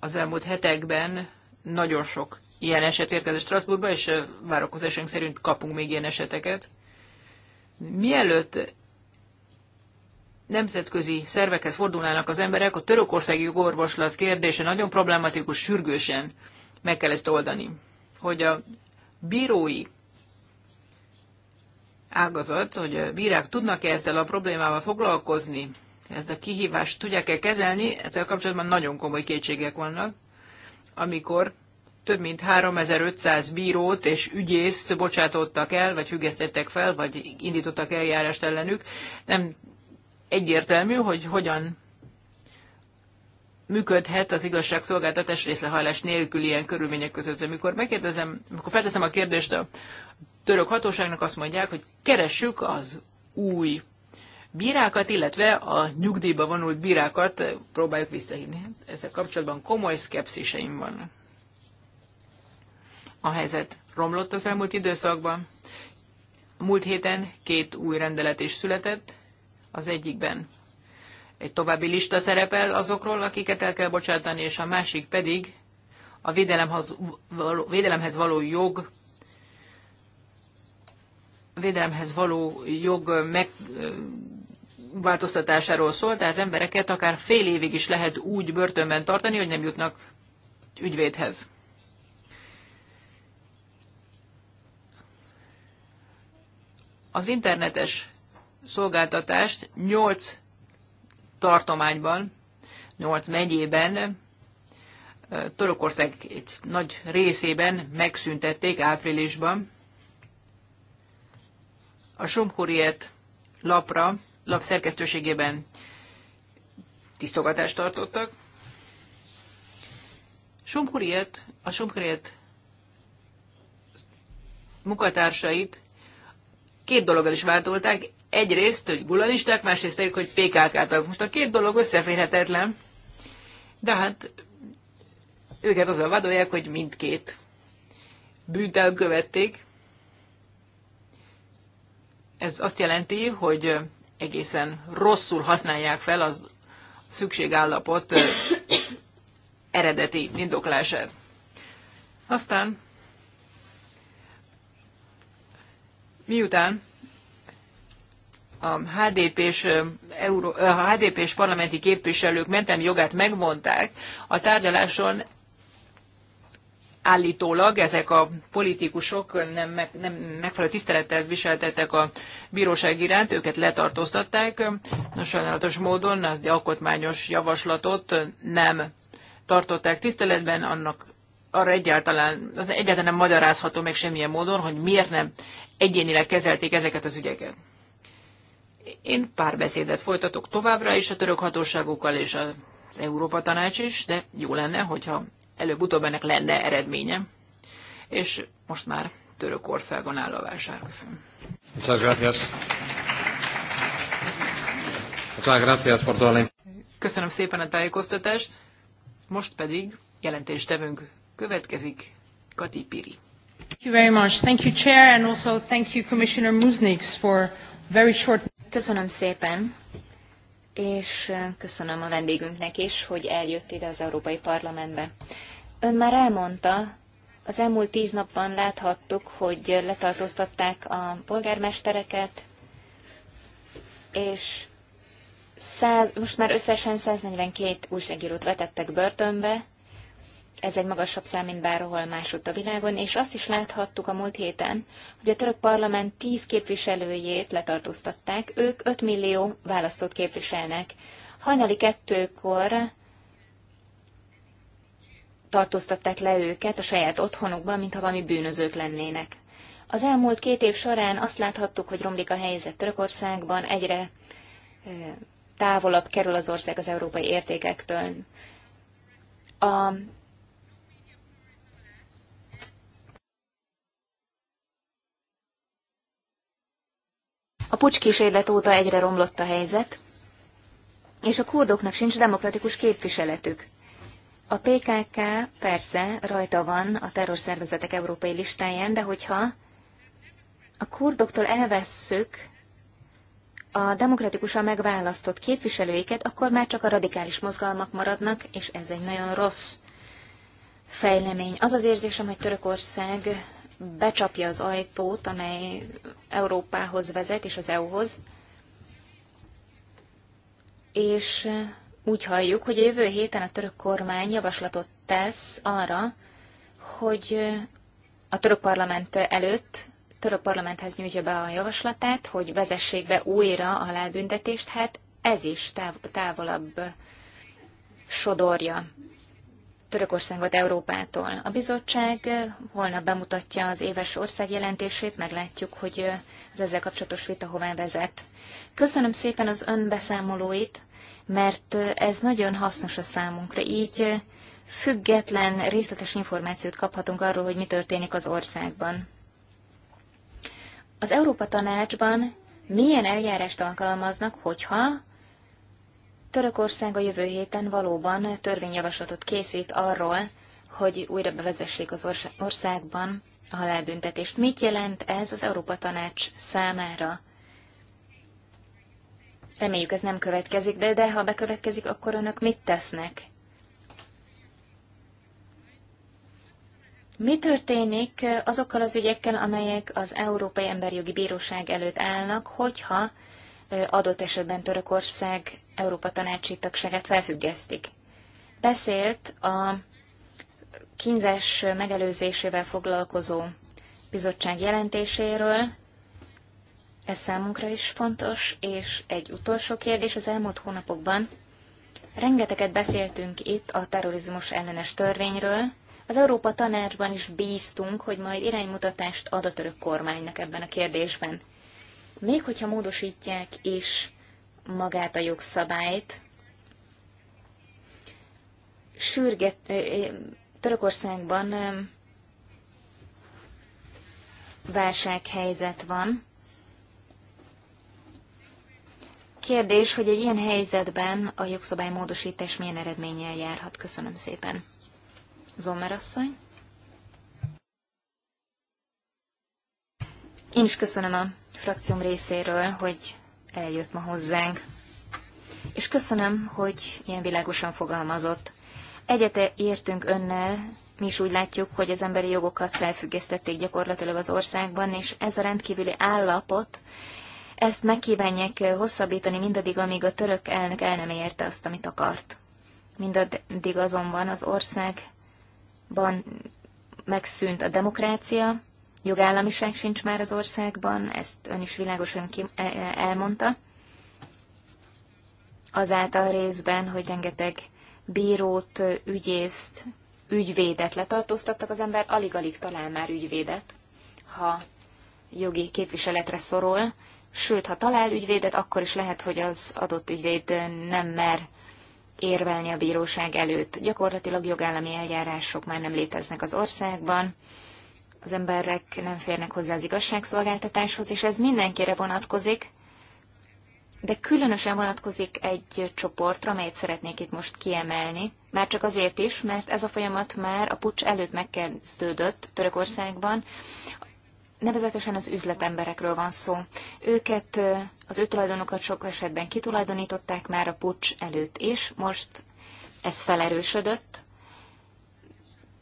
Az elmúlt hetekben nagyon sok ilyen eset érkezett Strasbourgba, és várakozásunk szerint kapunk még ilyen eseteket. Mielőtt nemzetközi szervekhez fordulnának az emberek, a törökországi jogorvoslat kérdése nagyon problematikus, sürgősen meg kell ezt oldani. Hogy a bírói ágazat, hogy a bírák tudnak -e ezzel a problémával foglalkozni, ezt a kihívást tudják-e kezelni, ezzel kapcsolatban nagyon komoly kétségek vannak, amikor több mint 3500 bírót és ügyészt bocsátottak el, vagy függesztettek fel, vagy indítottak eljárást ellenük. Nem egyértelmű, hogy hogyan működhet az igazságszolgáltatás részlehajlás nélkül ilyen körülmények között. Amikor megkérdezem, amikor felteszem a kérdést a török hatóságnak, azt mondják, hogy keressük az új bírákat, illetve a nyugdíjba vonult bírákat próbáljuk visszahívni. Ezzel kapcsolatban komoly szkepsziseim vannak. A helyzet romlott az elmúlt időszakban. A múlt héten két új rendelet is született, az egyikben egy további lista szerepel azokról, akiket el kell bocsátani, és a másik pedig a védelemhez való, védelemhez való jog védelemhez való jog meg, változtatásáról szól, tehát embereket akár fél évig is lehet úgy börtönben tartani, hogy nem jutnak ügyvédhez. Az internetes szolgáltatást 8 tartományban, 8 megyében, Törökország egy nagy részében megszüntették áprilisban. A Somkuriet lapra, lap szerkesztőségében tisztogatást tartottak. Somkuriet, a Somkuriet munkatársait két dologgal is váltolták. Egyrészt, hogy bulanisták, másrészt pedig, hogy pkk tag Most a két dolog összeférhetetlen, de hát őket azzal vadolják, hogy mindkét bűnt elkövették. Ez azt jelenti, hogy egészen rosszul használják fel az szükségállapot eredeti indoklását. Aztán miután a HDP-s, Euró, a hdp parlamenti képviselők mentem jogát megmondták, a tárgyaláson állítólag ezek a politikusok nem, meg, nem megfelelő tisztelettel viseltettek a bíróság iránt, őket letartóztatták. Nos, sajnálatos módon az alkotmányos javaslatot nem tartották tiszteletben, annak arra egyáltalán, az egyáltalán nem magyarázható meg semmilyen módon, hogy miért nem egyénileg kezelték ezeket az ügyeket. Én pár beszédet folytatok továbbra is a török hatóságokkal és az Európa Tanács is, de jó lenne, hogyha előbb-utóbb ennek lenne eredménye. És most már Törökországon áll a válság. Köszönöm szépen a tájékoztatást. Most pedig jelentéstevünk következik, Kati Piri. Thank you very much. Thank you, Chair, and also thank you, Commissioner Musniks, for very short... Köszönöm szépen, és köszönöm a vendégünknek is, hogy eljött ide az Európai Parlamentbe. Ön már elmondta, az elmúlt tíz napban láthattuk, hogy letartóztatták a polgármestereket, és 100, most már összesen 142 újságírót vetettek börtönbe, ez egy magasabb szám, mint bárhol másutt a világon, és azt is láthattuk a múlt héten, hogy a török parlament tíz képviselőjét letartóztatták, ők 5 millió választót képviselnek. Hajnali kettőkor tartóztatták le őket a saját otthonukban, mintha valami bűnözők lennének. Az elmúlt két év során azt láthattuk, hogy romlik a helyzet Törökországban, egyre távolabb kerül az ország az európai értékektől. A A pucskísérlet óta egyre romlott a helyzet, és a kurdoknak sincs demokratikus képviseletük. A PKK persze rajta van a terrorszervezetek európai listáján, de hogyha a kurdoktól elvesszük a demokratikusan megválasztott képviselőiket, akkor már csak a radikális mozgalmak maradnak, és ez egy nagyon rossz fejlemény. Az az érzésem, hogy Törökország becsapja az ajtót, amely Európához vezet és az EU-hoz. És eh, úgy halljuk, hogy a jövő héten a török kormány javaslatot tesz arra, hogy eh, a török parlament előtt török parlamenthez nyújtja be a javaslatát, hogy vezessék be újra a lábüntetést, hát ez is táv- távolabb eh, sodorja Törökországot Európától. A bizottság holnap bemutatja az éves országjelentését, meglátjuk, hogy az ezzel kapcsolatos vita hová vezet. Köszönöm szépen az ön beszámolóit, mert ez nagyon hasznos a számunkra. Így független, részletes információt kaphatunk arról, hogy mi történik az országban. Az Európa Tanácsban milyen eljárást alkalmaznak, hogyha Törökország a jövő héten valóban törvényjavaslatot készít arról, hogy újra bevezessék az országban a halálbüntetést. Mit jelent ez az Európa Tanács számára? Reméljük ez nem következik, de, de ha bekövetkezik, akkor önök mit tesznek? Mi történik azokkal az ügyekkel, amelyek az Európai Emberjogi Bíróság előtt állnak, hogyha adott esetben Törökország Európa tanácsi tagságát felfüggesztik. Beszélt a kínzás megelőzésével foglalkozó bizottság jelentéséről, ez számunkra is fontos, és egy utolsó kérdés az elmúlt hónapokban. Rengeteget beszéltünk itt a terrorizmus ellenes törvényről, az Európa Tanácsban is bíztunk, hogy majd iránymutatást ad a török kormánynak ebben a kérdésben még hogyha módosítják is magát a jogszabályt, sürget, Törökországban válsághelyzet van. Kérdés, hogy egy ilyen helyzetben a jogszabálymódosítás milyen eredménnyel járhat. Köszönöm szépen. Zomer asszony. Én is köszönöm a frakcióm részéről, hogy eljött ma hozzánk. És köszönöm, hogy ilyen világosan fogalmazott. Egyete értünk önnel, mi is úgy látjuk, hogy az emberi jogokat felfüggesztették gyakorlatilag az országban, és ez a rendkívüli állapot, ezt megkívánják hosszabbítani mindaddig, amíg a török elnök el nem érte azt, amit akart. Mindaddig azonban az országban megszűnt a demokrácia, jogállamiság sincs már az országban, ezt ön is világosan ki, e- e- elmondta. Azáltal részben, hogy rengeteg bírót, ügyészt, ügyvédet letartóztattak, az ember alig-alig talál már ügyvédet, ha jogi képviseletre szorul, sőt, ha talál ügyvédet, akkor is lehet, hogy az adott ügyvéd nem mer érvelni a bíróság előtt. Gyakorlatilag jogállami eljárások már nem léteznek az országban, az emberek nem férnek hozzá az igazságszolgáltatáshoz, és ez mindenkire vonatkozik, de különösen vonatkozik egy csoportra, amelyet szeretnék itt most kiemelni, már csak azért is, mert ez a folyamat már a pucs előtt megkezdődött Törökországban, nevezetesen az üzletemberekről van szó. Őket, az ő tulajdonokat sok esetben kitulajdonították már a pucs előtt is, most ez felerősödött,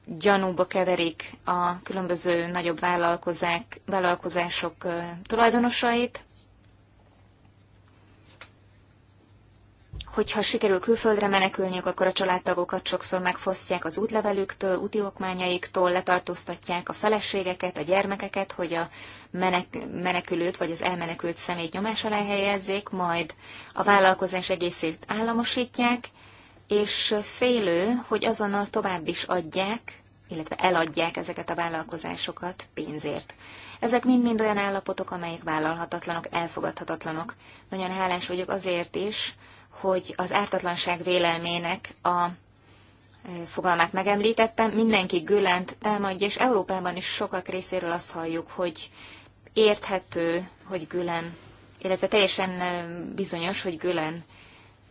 gyanúba keverik a különböző nagyobb vállalkozások tulajdonosait. Hogyha sikerül külföldre menekülniük, akkor a családtagokat sokszor megfosztják az útlevelüktől, úti okmányaiktól, letartóztatják a feleségeket, a gyermekeket, hogy a menek- menekülőt vagy az elmenekült személyt nyomás alá helyezzék, majd a vállalkozás egészét államosítják, és félő, hogy azonnal tovább is adják, illetve eladják ezeket a vállalkozásokat pénzért. Ezek mind-mind olyan állapotok, amelyek vállalhatatlanok, elfogadhatatlanok. Nagyon hálás vagyok azért is, hogy az ártatlanság vélelmének a e, fogalmát megemlítettem. Mindenki gülent támadja, és Európában is sokak részéről azt halljuk, hogy érthető, hogy Gülen, illetve teljesen e, bizonyos, hogy Gülen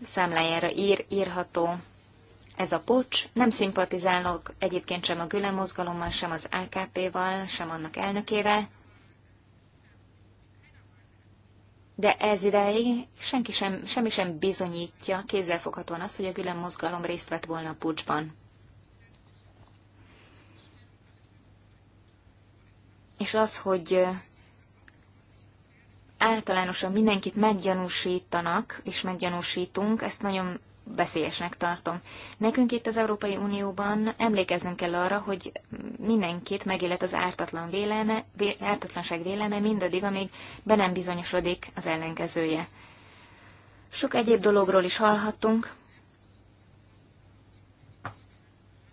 számlájára ír, írható ez a pucs. Nem szimpatizálok egyébként sem a Güle mozgalommal, sem az AKP-val, sem annak elnökével, de ez ideig senki sem, semmi sem bizonyítja kézzelfoghatóan azt, hogy a Gülen mozgalom részt vett volna a pucsban. És az, hogy általánosan mindenkit meggyanúsítanak, és meggyanúsítunk, ezt nagyon veszélyesnek tartom. Nekünk itt az Európai Unióban emlékeznünk kell arra, hogy mindenkit megélet az ártatlan véleme, vé, ártatlanság véleme mindaddig, amíg be nem bizonyosodik az ellenkezője. Sok egyéb dologról is hallhattunk.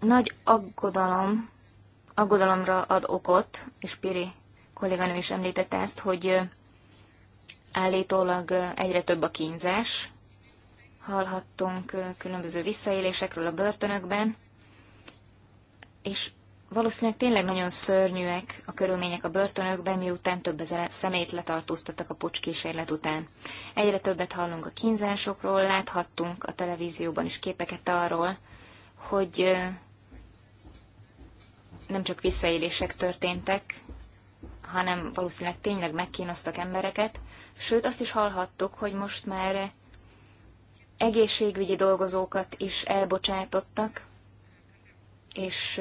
Nagy aggodalom, aggodalomra ad okot, és Piri kolléganő is említette ezt, hogy Állítólag egyre több a kínzás. Hallhattunk különböző visszaélésekről a börtönökben, és valószínűleg tényleg nagyon szörnyűek a körülmények a börtönökben, miután több ezer szemét letartóztattak a pucskísérlet után. Egyre többet hallunk a kínzásokról, láthattunk a televízióban is képeket arról, hogy nem csak visszaélések történtek, hanem valószínűleg tényleg megkínoztak embereket, Sőt, azt is hallhattuk, hogy most már egészségügyi dolgozókat is elbocsátottak, és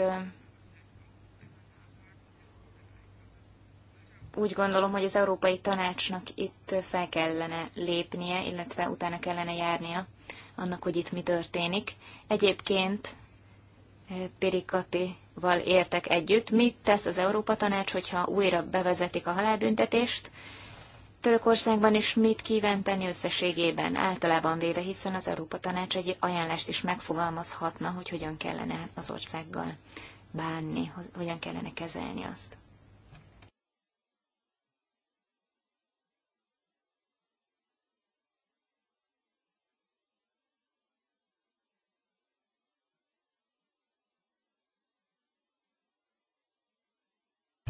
úgy gondolom, hogy az Európai Tanácsnak itt fel kellene lépnie, illetve utána kellene járnia annak, hogy itt mi történik. Egyébként Pirikatival értek együtt. Mit tesz az Európa Tanács, hogyha újra bevezetik a halálbüntetést? Törökországban is mit kíván tenni összességében, általában véve, hiszen az Európa Tanács egy ajánlást is megfogalmazhatna, hogy hogyan kellene az országgal bánni, hogyan kellene kezelni azt.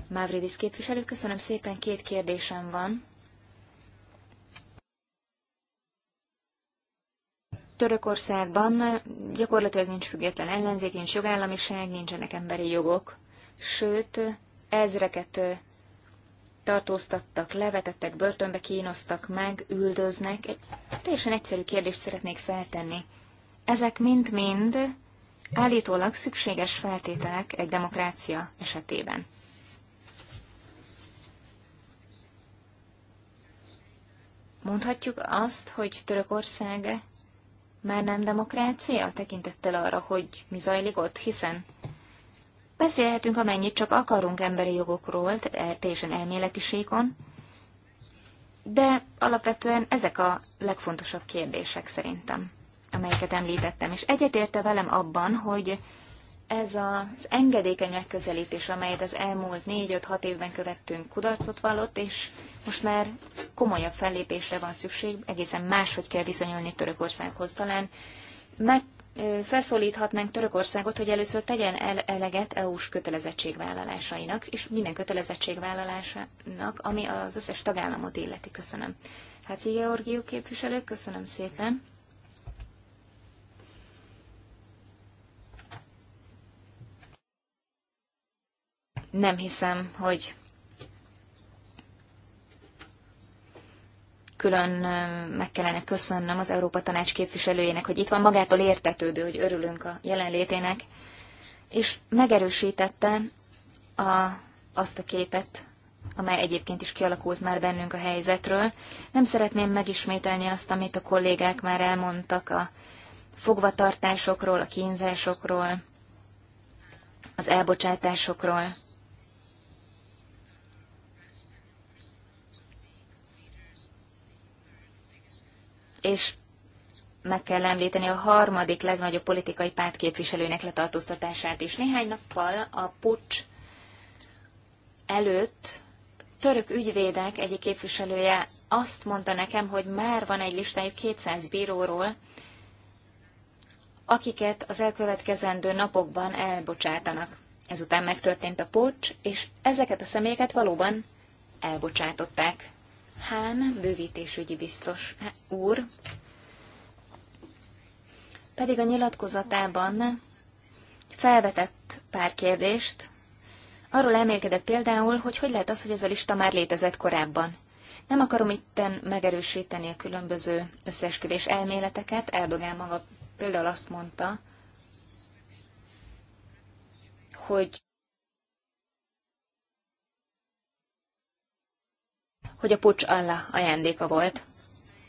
Mávridis képviselő, köszönöm szépen, két kérdésem van. Törökországban gyakorlatilag nincs független ellenzék, nincs jogállamiság, nincsenek emberi jogok, sőt, ezreket tartóztattak, levetettek, börtönbe kínoztak meg, üldöznek. Egy teljesen egyszerű kérdést szeretnék feltenni. Ezek mind-mind állítólag szükséges feltételek egy demokrácia esetében. Mondhatjuk azt, hogy Törökország már nem demokrácia, tekintettel arra, hogy mi zajlik ott, hiszen beszélhetünk amennyit csak akarunk emberi jogokról, e- teljesen elméletisékon, de alapvetően ezek a legfontosabb kérdések szerintem, amelyeket említettem. És egyetérte velem abban, hogy ez az engedékeny megközelítés, amelyet az elmúlt 4-5-6 évben követtünk, kudarcot vallott, és most már komolyabb fellépésre van szükség, egészen máshogy kell viszonyulni Törökországhoz talán. Meg felszólíthatnánk Törökországot, hogy először tegyen el eleget EU-s kötelezettségvállalásainak, és minden kötelezettségvállalásának, ami az összes tagállamot illeti. Köszönöm. Hát Georgiú képviselő, köszönöm szépen. Nem hiszem, hogy külön meg kellene köszönnöm az Európa Tanács képviselőjének, hogy itt van magától értetődő, hogy örülünk a jelenlétének, és megerősítette a, azt a képet, amely egyébként is kialakult már bennünk a helyzetről. Nem szeretném megismételni azt, amit a kollégák már elmondtak a fogvatartásokról, a kínzásokról, az elbocsátásokról. és meg kell említeni a harmadik legnagyobb politikai párt képviselőnek letartóztatását is. Néhány nappal a pucs előtt török ügyvédek egyik képviselője azt mondta nekem, hogy már van egy listájuk 200 bíróról, akiket az elkövetkezendő napokban elbocsátanak. Ezután megtörtént a pucs, és ezeket a személyeket valóban elbocsátották. Hán, bővítésügyi biztos eh, úr, pedig a nyilatkozatában felvetett pár kérdést, arról elmélkedett például, hogy hogy lehet az, hogy ez a lista már létezett korábban. Nem akarom itten megerősíteni a különböző összeesküvés elméleteket, Erdogán maga például azt mondta, hogy hogy a pucs alla ajándéka volt.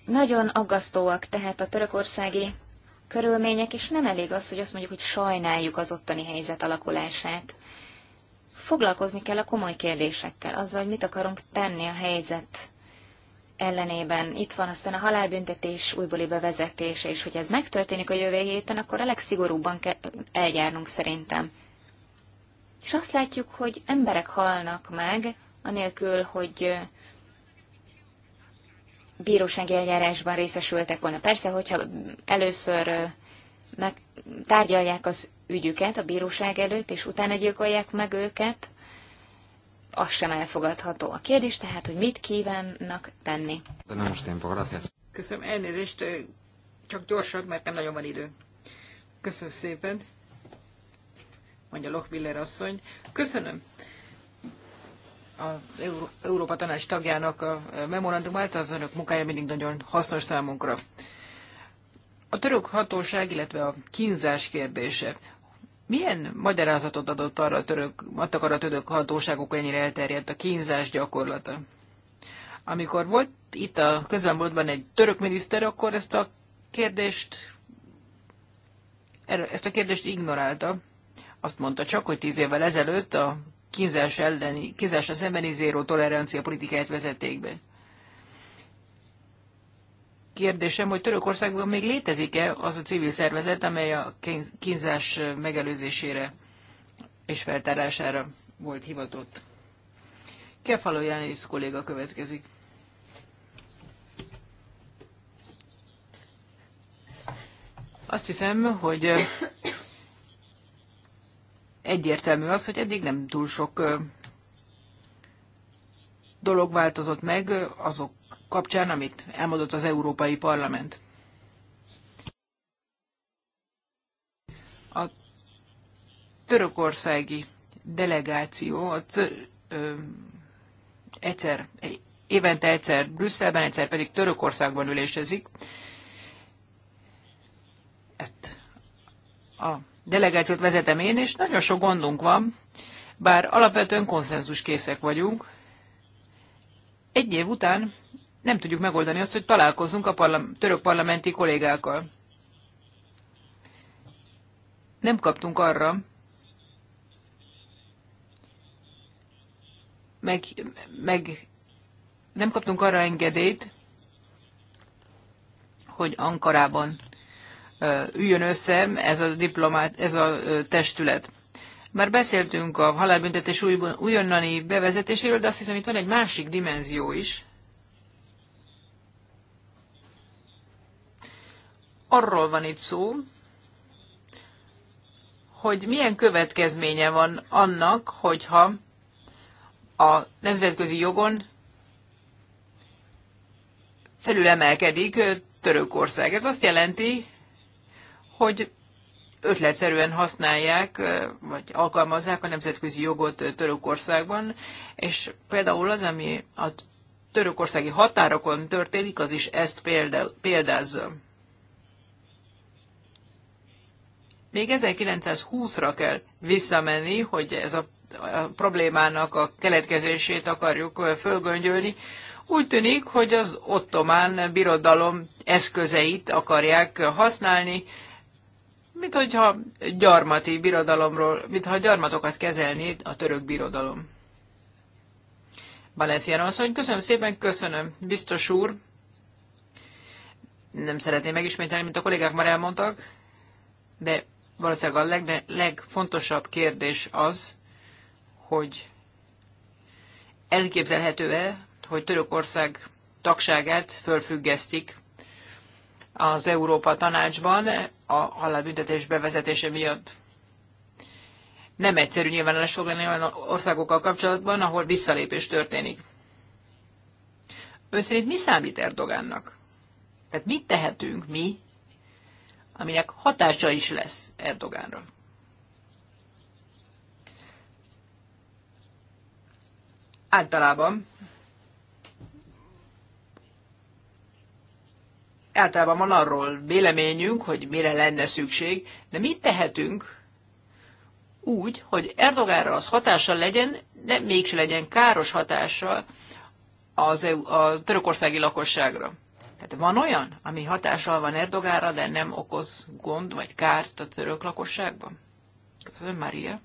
Nagyon aggasztóak tehát a törökországi körülmények, és nem elég az, hogy azt mondjuk, hogy sajnáljuk az ottani helyzet alakulását. Foglalkozni kell a komoly kérdésekkel, azzal, hogy mit akarunk tenni a helyzet ellenében. Itt van aztán a halálbüntetés újbóli bevezetése, és hogy ez megtörténik a jövő héten, akkor a legszigorúbban kell eljárnunk szerintem. És azt látjuk, hogy emberek halnak meg, anélkül, hogy bírósági eljárásban részesültek volna. Persze, hogyha először meg tárgyalják az ügyüket a bíróság előtt, és utána gyilkolják meg őket, az sem elfogadható. A kérdés tehát, hogy mit kívánnak tenni. Köszönöm, elnézést, csak gyorsan, mert nem nagyon van idő. Köszönöm szépen, mondja Lochmiller asszony. Köszönöm. Az Európa Tanács tagjának a memorandumát, az önök munkája mindig nagyon hasznos számunkra. A török hatóság, illetve a kínzás kérdése. Milyen magyarázatot adott arra a török, adtak arra a török hatóságok, ennyire elterjedt a kínzás gyakorlata? Amikor volt itt a közelmúltban egy török miniszter, akkor ezt a kérdést ezt a kérdést ignorálta. Azt mondta csak, hogy tíz évvel ezelőtt a kínzás elleni, a szembeni zéró tolerancia politikáját vezették be. Kérdésem, hogy Törökországban még létezik-e az a civil szervezet, amely a kínzás megelőzésére és feltárására volt hivatott. Kefalo Jánész kolléga következik. Azt hiszem, hogy egyértelmű az, hogy eddig nem túl sok dolog változott meg azok kapcsán, amit elmondott az Európai Parlament. A törökországi delegáció a tör, ö, egyszer, évente egyszer Brüsszelben, egyszer pedig Törökországban ülésezik. Ezt a delegációt vezetem én, és nagyon sok gondunk van, bár alapvetően konszenzuskészek vagyunk. Egy év után nem tudjuk megoldani azt, hogy találkozunk a parlam- török parlamenti kollégákkal. Nem kaptunk arra, meg, meg nem kaptunk arra engedélyt, hogy Ankarában üljön össze ez a, diplomát, ez a testület. Már beszéltünk a halálbüntetés újonnani bevezetéséről, de azt hiszem, itt van egy másik dimenzió is. Arról van itt szó, hogy milyen következménye van annak, hogyha a nemzetközi jogon felülemelkedik Törökország. Ez azt jelenti, hogy ötletszerűen használják, vagy alkalmazzák a nemzetközi jogot Törökországban, és például az, ami a törökországi határokon történik, az is ezt példázza. Még 1920-ra kell visszamenni, hogy ez a, a problémának a keletkezését akarjuk fölgöngyölni. Úgy tűnik, hogy az ottomán birodalom eszközeit akarják használni, mint hogyha gyarmati birodalomról, mintha gyarmatokat kezelni a török birodalom. Valenciano asszony, köszönöm szépen, köszönöm, biztos úr. Nem szeretném megismételni, mint a kollégák már elmondtak, de valószínűleg a leg, legfontosabb kérdés az, hogy elképzelhető-e, hogy Törökország tagságát fölfüggesztik az Európa Tanácsban a halálbüntetés bevezetése miatt. Nem egyszerű nyilvánulás foglalni olyan országokkal kapcsolatban, ahol visszalépés történik. Ön szerint mi számít Erdogánnak? Tehát mit tehetünk mi, aminek hatása is lesz Erdogánra? Általában általában van arról véleményünk, hogy mire lenne szükség, de mit tehetünk úgy, hogy Erdogánra az hatással legyen, de mégse legyen káros hatással az EU, a törökországi lakosságra. Tehát van olyan, ami hatással van Erdogára, de nem okoz gond vagy kárt a török lakosságban? Köszönöm, Maria.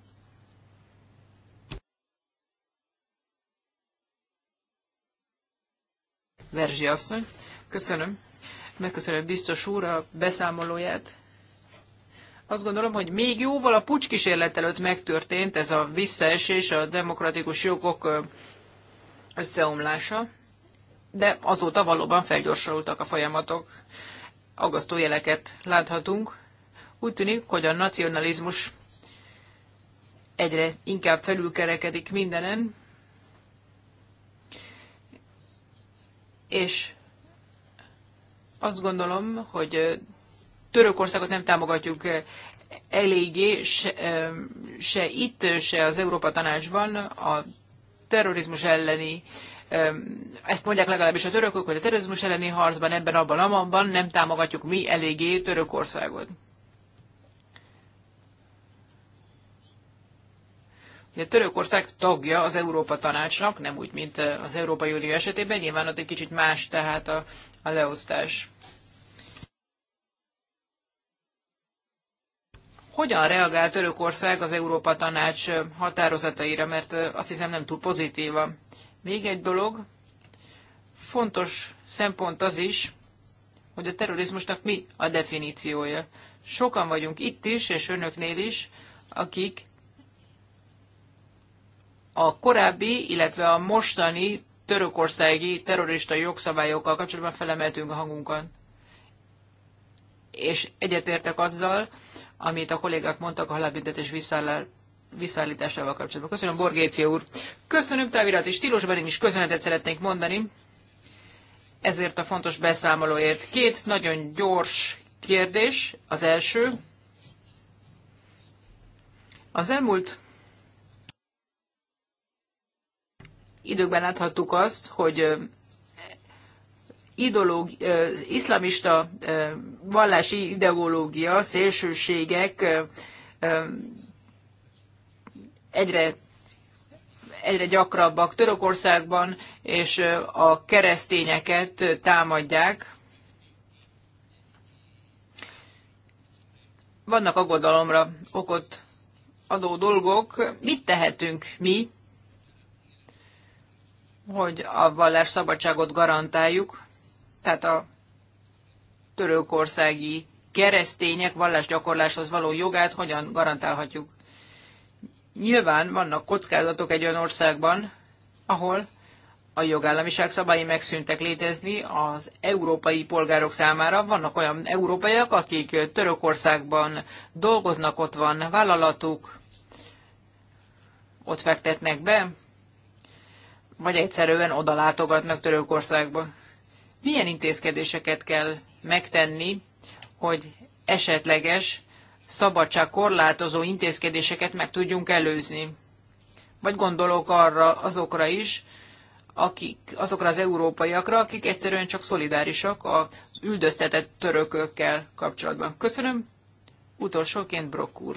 Verzsi asszony. Köszönöm. Megköszönöm biztos úr a beszámolóját. Azt gondolom, hogy még jóval a pucskísérlet előtt megtörtént ez a visszaesés, a demokratikus jogok összeomlása, de azóta valóban felgyorsultak a folyamatok. Agasztó jeleket láthatunk. Úgy tűnik, hogy a nacionalizmus egyre inkább felülkerekedik mindenen, és azt gondolom, hogy Törökországot nem támogatjuk eléggé se, se itt, se az Európa Tanácsban a terrorizmus elleni ezt mondják legalábbis a törökök, hogy a terrorizmus elleni harcban, ebben, abban, amabban nem támogatjuk mi eléggé Törökországot. Ugye Törökország tagja az Európa Tanácsnak, nem úgy, mint eh, az Európai Unió esetében, nyilván ott egy kicsit más tehát a, a leosztás. Hogyan reagál Törökország az Európa Tanács eh, határozataira, mert eh, azt hiszem nem túl pozitíva. Még egy dolog, fontos szempont az is, hogy a terrorizmusnak mi a definíciója. Sokan vagyunk itt is, és önöknél is, akik a korábbi, illetve a mostani törökországi terrorista jogszabályokkal kapcsolatban felemeltünk a hangunkat. És egyetértek azzal, amit a kollégák mondtak a halálbüntetés visszaállításával kapcsolatban. Köszönöm, Borgécia úr. Köszönöm, távirat és stílusban én is köszönetet szeretnénk mondani ezért a fontos beszámolóért. Két nagyon gyors kérdés. Az első. Az elmúlt időkben láthattuk azt, hogy ideológ, iszlamista vallási ideológia, szélsőségek egyre egyre gyakrabbak Törökországban, és a keresztényeket támadják. Vannak aggodalomra okot adó dolgok. Mit tehetünk mi hogy a vallás szabadságot garantáljuk, tehát a törökországi keresztények vallásgyakorláshoz való jogát hogyan garantálhatjuk. Nyilván vannak kockázatok egy olyan országban, ahol a jogállamiság szabályi megszűntek létezni az európai polgárok számára. Vannak olyan európaiak, akik Törökországban dolgoznak, ott van vállalatuk, ott fektetnek be, vagy egyszerűen oda látogatnak Törökországba. Milyen intézkedéseket kell megtenni, hogy esetleges szabadságkorlátozó intézkedéseket meg tudjunk előzni? Vagy gondolok arra azokra is, akik, azokra az európaiakra, akik egyszerűen csak szolidárisak a üldöztetett törökökkel kapcsolatban. Köszönöm. Utolsóként Brokk úr.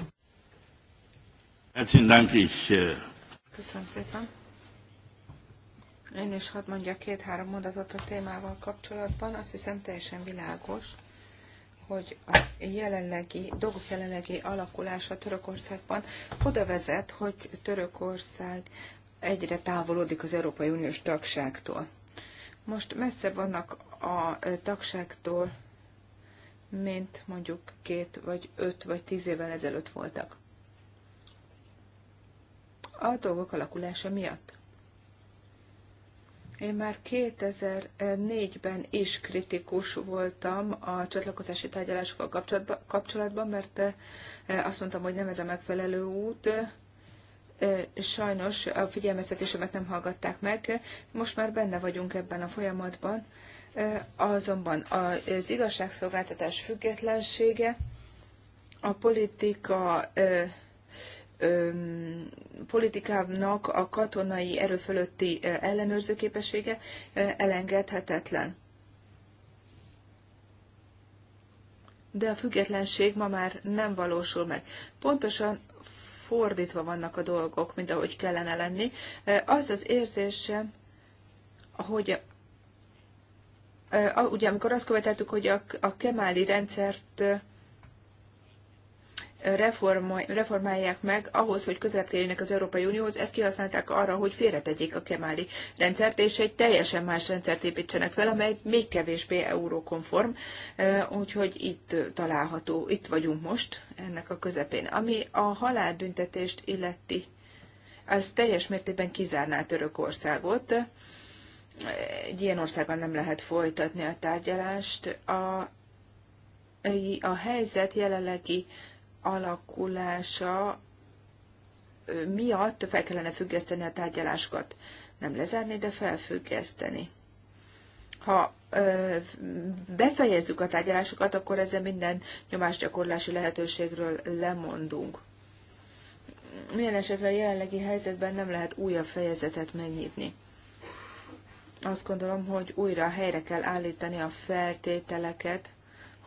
Äh, Köszönöm szépen. Én is hadd mondja két-három mondatot a témával kapcsolatban. Azt hiszem teljesen világos, hogy a jelenlegi, dolgok jelenlegi alakulása Törökországban oda vezet, hogy Törökország egyre távolodik az Európai Uniós tagságtól. Most messze vannak a tagságtól, mint mondjuk két, vagy öt, vagy tíz évvel ezelőtt voltak. A dolgok alakulása miatt. Én már 2004-ben is kritikus voltam a csatlakozási tárgyalásokkal kapcsolatban, mert eh, azt mondtam, hogy nem ez a megfelelő út. Eh, sajnos a figyelmeztetésemet nem hallgatták meg. Most már benne vagyunk ebben a folyamatban. Eh, azonban az igazságszolgáltatás függetlensége, a politika politikának a katonai erő fölötti ellenőrző képessége elengedhetetlen. De a függetlenség ma már nem valósul meg. Pontosan fordítva vannak a dolgok, mint ahogy kellene lenni. Az az érzésem, hogy ugye amikor azt követeltük, hogy a, a kemáli rendszert reformálják meg ahhoz, hogy közelebb kerüljenek az Európai Unióhoz, ezt kihasználták arra, hogy félretegyék a kemáli rendszert, és egy teljesen más rendszert építsenek fel, amely még kevésbé eurókonform, úgyhogy itt található, itt vagyunk most ennek a közepén. Ami a halálbüntetést illeti, az teljes mértékben kizárná Törökországot, egy ilyen országban nem lehet folytatni a tárgyalást. A, a helyzet jelenlegi alakulása miatt fel kellene függeszteni a tárgyalásokat. Nem lezárni, de felfüggeszteni. Ha ö, befejezzük a tárgyalásokat, akkor ezzel minden nyomásgyakorlási lehetőségről lemondunk. Milyen esetre a jelenlegi helyzetben nem lehet újabb fejezetet megnyitni? Azt gondolom, hogy újra helyre kell állítani a feltételeket,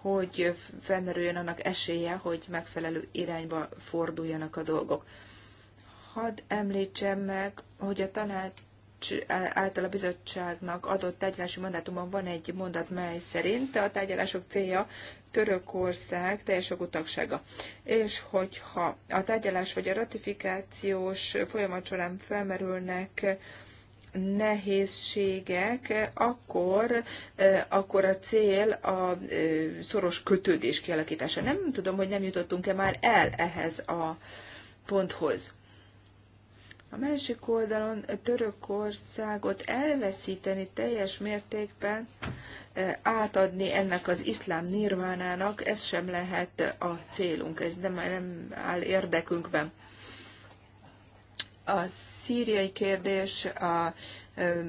hogy felmerüljön annak esélye, hogy megfelelő irányba forduljanak a dolgok. Hadd említsem meg, hogy a tanács által a bizottságnak adott tárgyalási mandátumon van egy mondat, mely szerint a tárgyalások célja Törökország teljes jogú tagsága. És hogyha a tárgyalás vagy a ratifikációs folyamat során felmerülnek nehézségek, akkor, akkor a cél a szoros kötődés kialakítása. Nem tudom, hogy nem jutottunk-e már el ehhez a ponthoz. A másik oldalon Törökországot elveszíteni teljes mértékben, átadni ennek az iszlám nirvánának, ez sem lehet a célunk, ez nem, nem áll érdekünkben a szíriai kérdés, a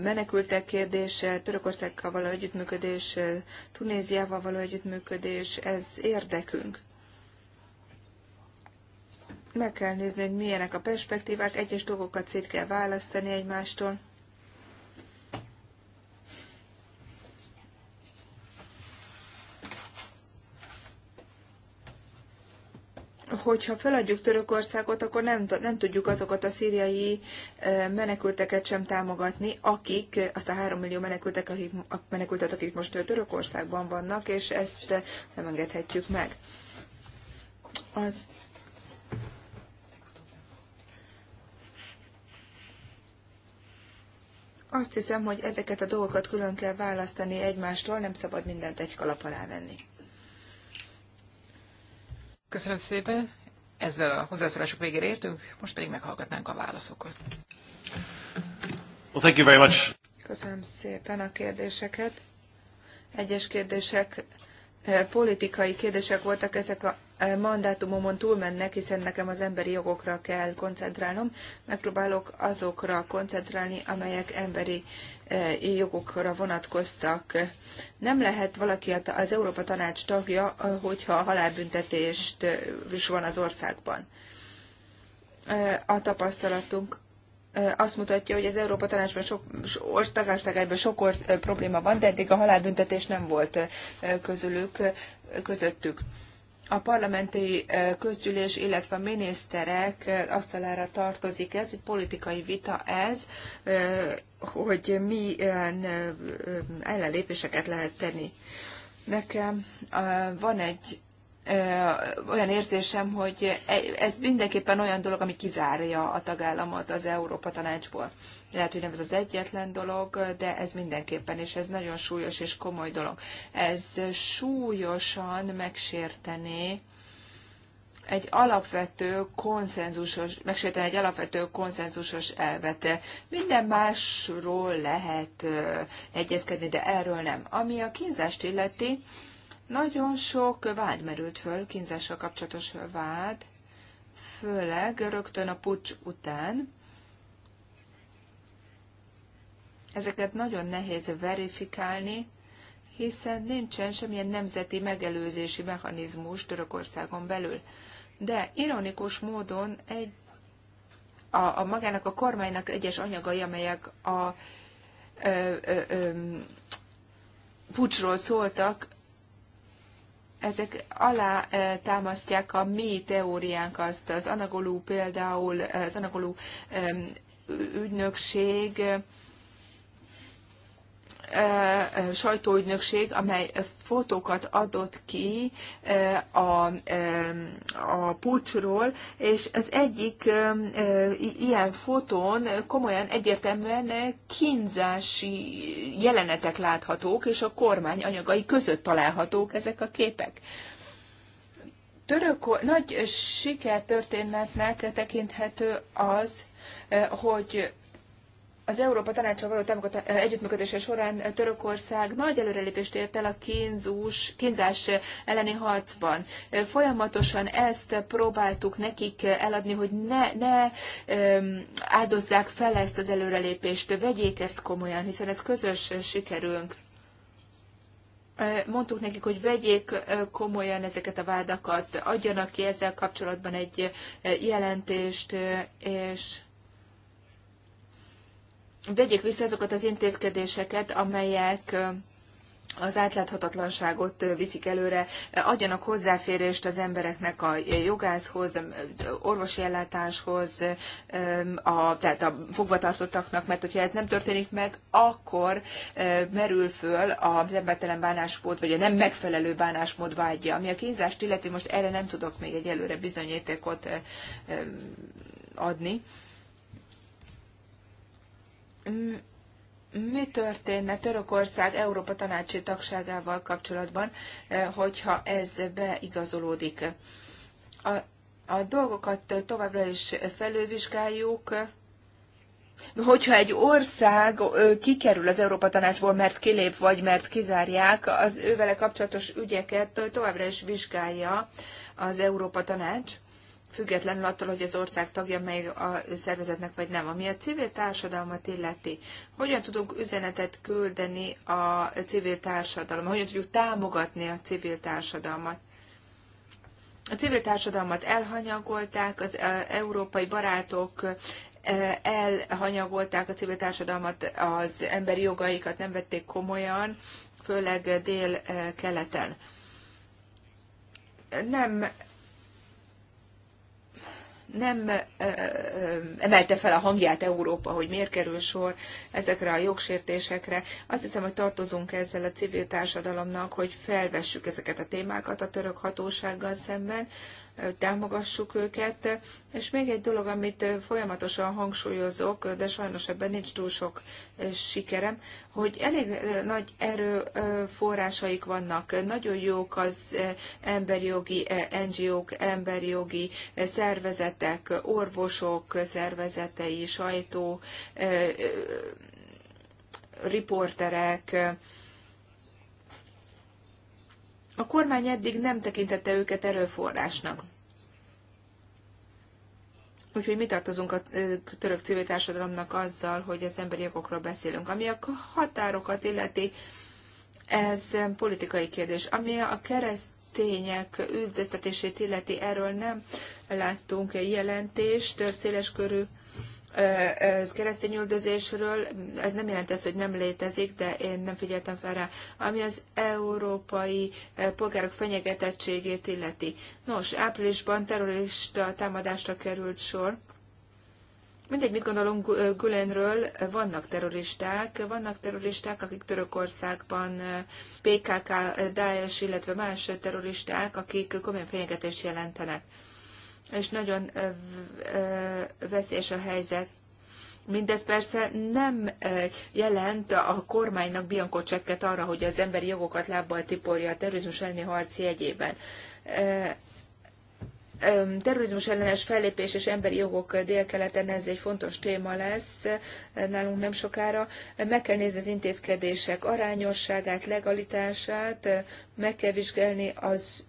menekültek kérdése, Törökországgal való együttműködés, Tunéziával való együttműködés, ez érdekünk. Meg kell nézni, hogy milyenek a perspektívák, egyes dolgokat szét kell választani egymástól. hogyha feladjuk Törökországot, akkor nem, nem tudjuk azokat a szíriai menekülteket sem támogatni, akik, azt a három millió menekültek, akik, menekültet, akik most Törökországban vannak, és ezt nem engedhetjük meg. Az Azt hiszem, hogy ezeket a dolgokat külön kell választani egymástól, nem szabad mindent egy kalap alá venni. Köszönöm szépen. Ezzel a hozzászólások végére értünk, most pedig meghallgatnánk a válaszokat. Well, thank you very much. Köszönöm szépen a kérdéseket. Egyes kérdések eh, politikai kérdések voltak, ezek a eh, mandátumomon túlmennek, hiszen nekem az emberi jogokra kell koncentrálnom. Megpróbálok azokra koncentrálni, amelyek emberi E, jogokra vonatkoztak. Nem lehet valaki az Európa Tanács tagja, e, hogyha a halálbüntetést e, is van az országban. A tapasztalatunk azt mutatja, hogy az Európa Tanácsban sok, sok tagországában sok orsz, probléma van, de eddig a halálbüntetés nem volt közülük, közöttük. A parlamenti közgyűlés, illetve a miniszterek asztalára tartozik ez, egy politikai vita ez, hogy milyen ellenlépéseket lehet tenni. Nekem van egy olyan érzésem, hogy e, ez mindenképpen olyan dolog, ami kizárja a tagállamot az Európa Tanácsból. Lehet, hogy nem ez az egyetlen dolog, de ez mindenképpen, és ez nagyon súlyos és komoly dolog. Ez súlyosan megsértené egy alapvető konszenzusos, megsérteni egy alapvető konszenzusos elvet. Minden másról lehet egyezkedni, de erről nem. Ami a kínzást illeti, nagyon sok vád merült föl, kínzással kapcsolatos vád, főleg rögtön a pucs után. Ezeket nagyon nehéz verifikálni, hiszen nincsen semmilyen nemzeti megelőzési mechanizmus Törökországon belül de ironikus módon egy, a, a magának a kormánynak egyes anyagai, amelyek a ö, ö, ö, pucsról szóltak, ezek alá támasztják a mi teóriánk azt, az Anagolú például, az Anagolú ügynökség, sajtóügynökség, amely fotókat adott ki a, a pucsról, és az egyik ilyen fotón komolyan egyértelműen kínzási jelenetek láthatók, és a kormány anyagai között találhatók ezek a képek török nagy sikertörténetnek tekinthető az, hogy az Európa Tanácsa való eh, együttműködése során Törökország nagy előrelépést ért el a kínzus, kínzás elleni harcban. Folyamatosan ezt próbáltuk nekik eladni, hogy ne, ne áldozzák fel ezt az előrelépést, vegyék ezt komolyan, hiszen ez közös sikerünk mondtuk nekik, hogy vegyék komolyan ezeket a vádakat, adjanak ki ezzel kapcsolatban egy jelentést, és vegyék vissza azokat az intézkedéseket, amelyek az átláthatatlanságot viszik előre, adjanak hozzáférést az embereknek a jogászhoz, orvosi ellátáshoz, a, tehát a fogvatartottaknak, mert hogyha ez nem történik meg, akkor merül föl az embertelen bánásmód, vagy a nem megfelelő bánásmód vágyja. Ami a kínzást illeti, most erre nem tudok még egy előre bizonyítékot adni mi történne Törökország Európa tanácsi tagságával kapcsolatban, eh, hogyha ez beigazolódik. A, a dolgokat továbbra is felővizsgáljuk. Hogyha egy ország kikerül az Európa Tanácsból, mert kilép, vagy mert kizárják, az ővele kapcsolatos ügyeket továbbra is vizsgálja az Európa Tanács függetlenül attól, hogy az ország tagja mely a szervezetnek vagy nem. Ami a civil társadalmat illeti, hogyan tudunk üzenetet küldeni a civil társadalom, hogyan tudjuk támogatni a civil társadalmat. A civil társadalmat elhanyagolták, az e, európai barátok e, elhanyagolták a civil társadalmat, az emberi jogaikat nem vették komolyan, főleg dél-keleten. Nem nem emelte fel a hangját Európa, hogy miért kerül sor ezekre a jogsértésekre. Azt hiszem, hogy tartozunk ezzel a civil társadalomnak, hogy felvessük ezeket a témákat a török hatósággal szemben, támogassuk őket. És még egy dolog, amit folyamatosan hangsúlyozok, de sajnos ebben nincs túl sok sikerem, hogy elég nagy erőforrásaik vannak, nagyon jók az emberjogi NGO-k, emberjogi szervezetek, orvosok szervezetei, sajtó, riporterek, a kormány eddig nem tekintette őket erőforrásnak. Úgyhogy mi tartozunk a török civil társadalomnak azzal, hogy az emberi jogokról beszélünk. Ami a határokat illeti, ez politikai kérdés. Ami a keresztények üldöztetését illeti, erről nem láttunk jelentést, széles körű keresztény üldözésről. Ez nem jelent ez, hogy nem létezik, de én nem figyeltem fel rá. Ami az európai polgárok fenyegetettségét illeti. Nos, áprilisban terrorista támadásra került sor. Mindegy, mit gondolunk Gülenről, vannak terroristák, vannak terroristák, akik Törökországban PKK, Daesh, illetve más terroristák, akik komolyan fenyegetést jelentenek és nagyon veszélyes a helyzet. Mindez persze nem jelent a kormánynak bianco csekket arra, hogy az emberi jogokat lábbal tiporja a terrorizmus elleni harc jegyében. Terrorizmus ellenes fellépés és emberi jogok délkeleten ez egy fontos téma lesz nálunk nem sokára. Meg kell nézni az intézkedések arányosságát, legalitását, meg kell vizsgálni az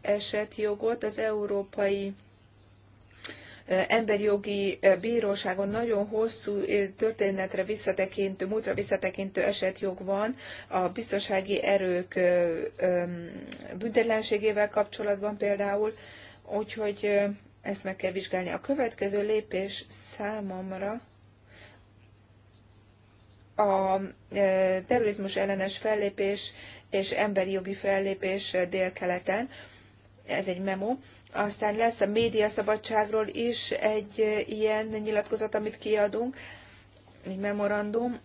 esetjogot, az európai emberi jogi bíróságon nagyon hosszú történetre visszatekintő, múltra visszatekintő esetjog van a biztonsági erők büntetlenségével kapcsolatban például, úgyhogy ezt meg kell vizsgálni. A következő lépés számomra a terrorizmus ellenes fellépés és emberi jogi fellépés délkeleten. Ez egy memo. Aztán lesz a médiaszabadságról is egy eh, ilyen nyilatkozat, amit kiadunk, egy memorandum.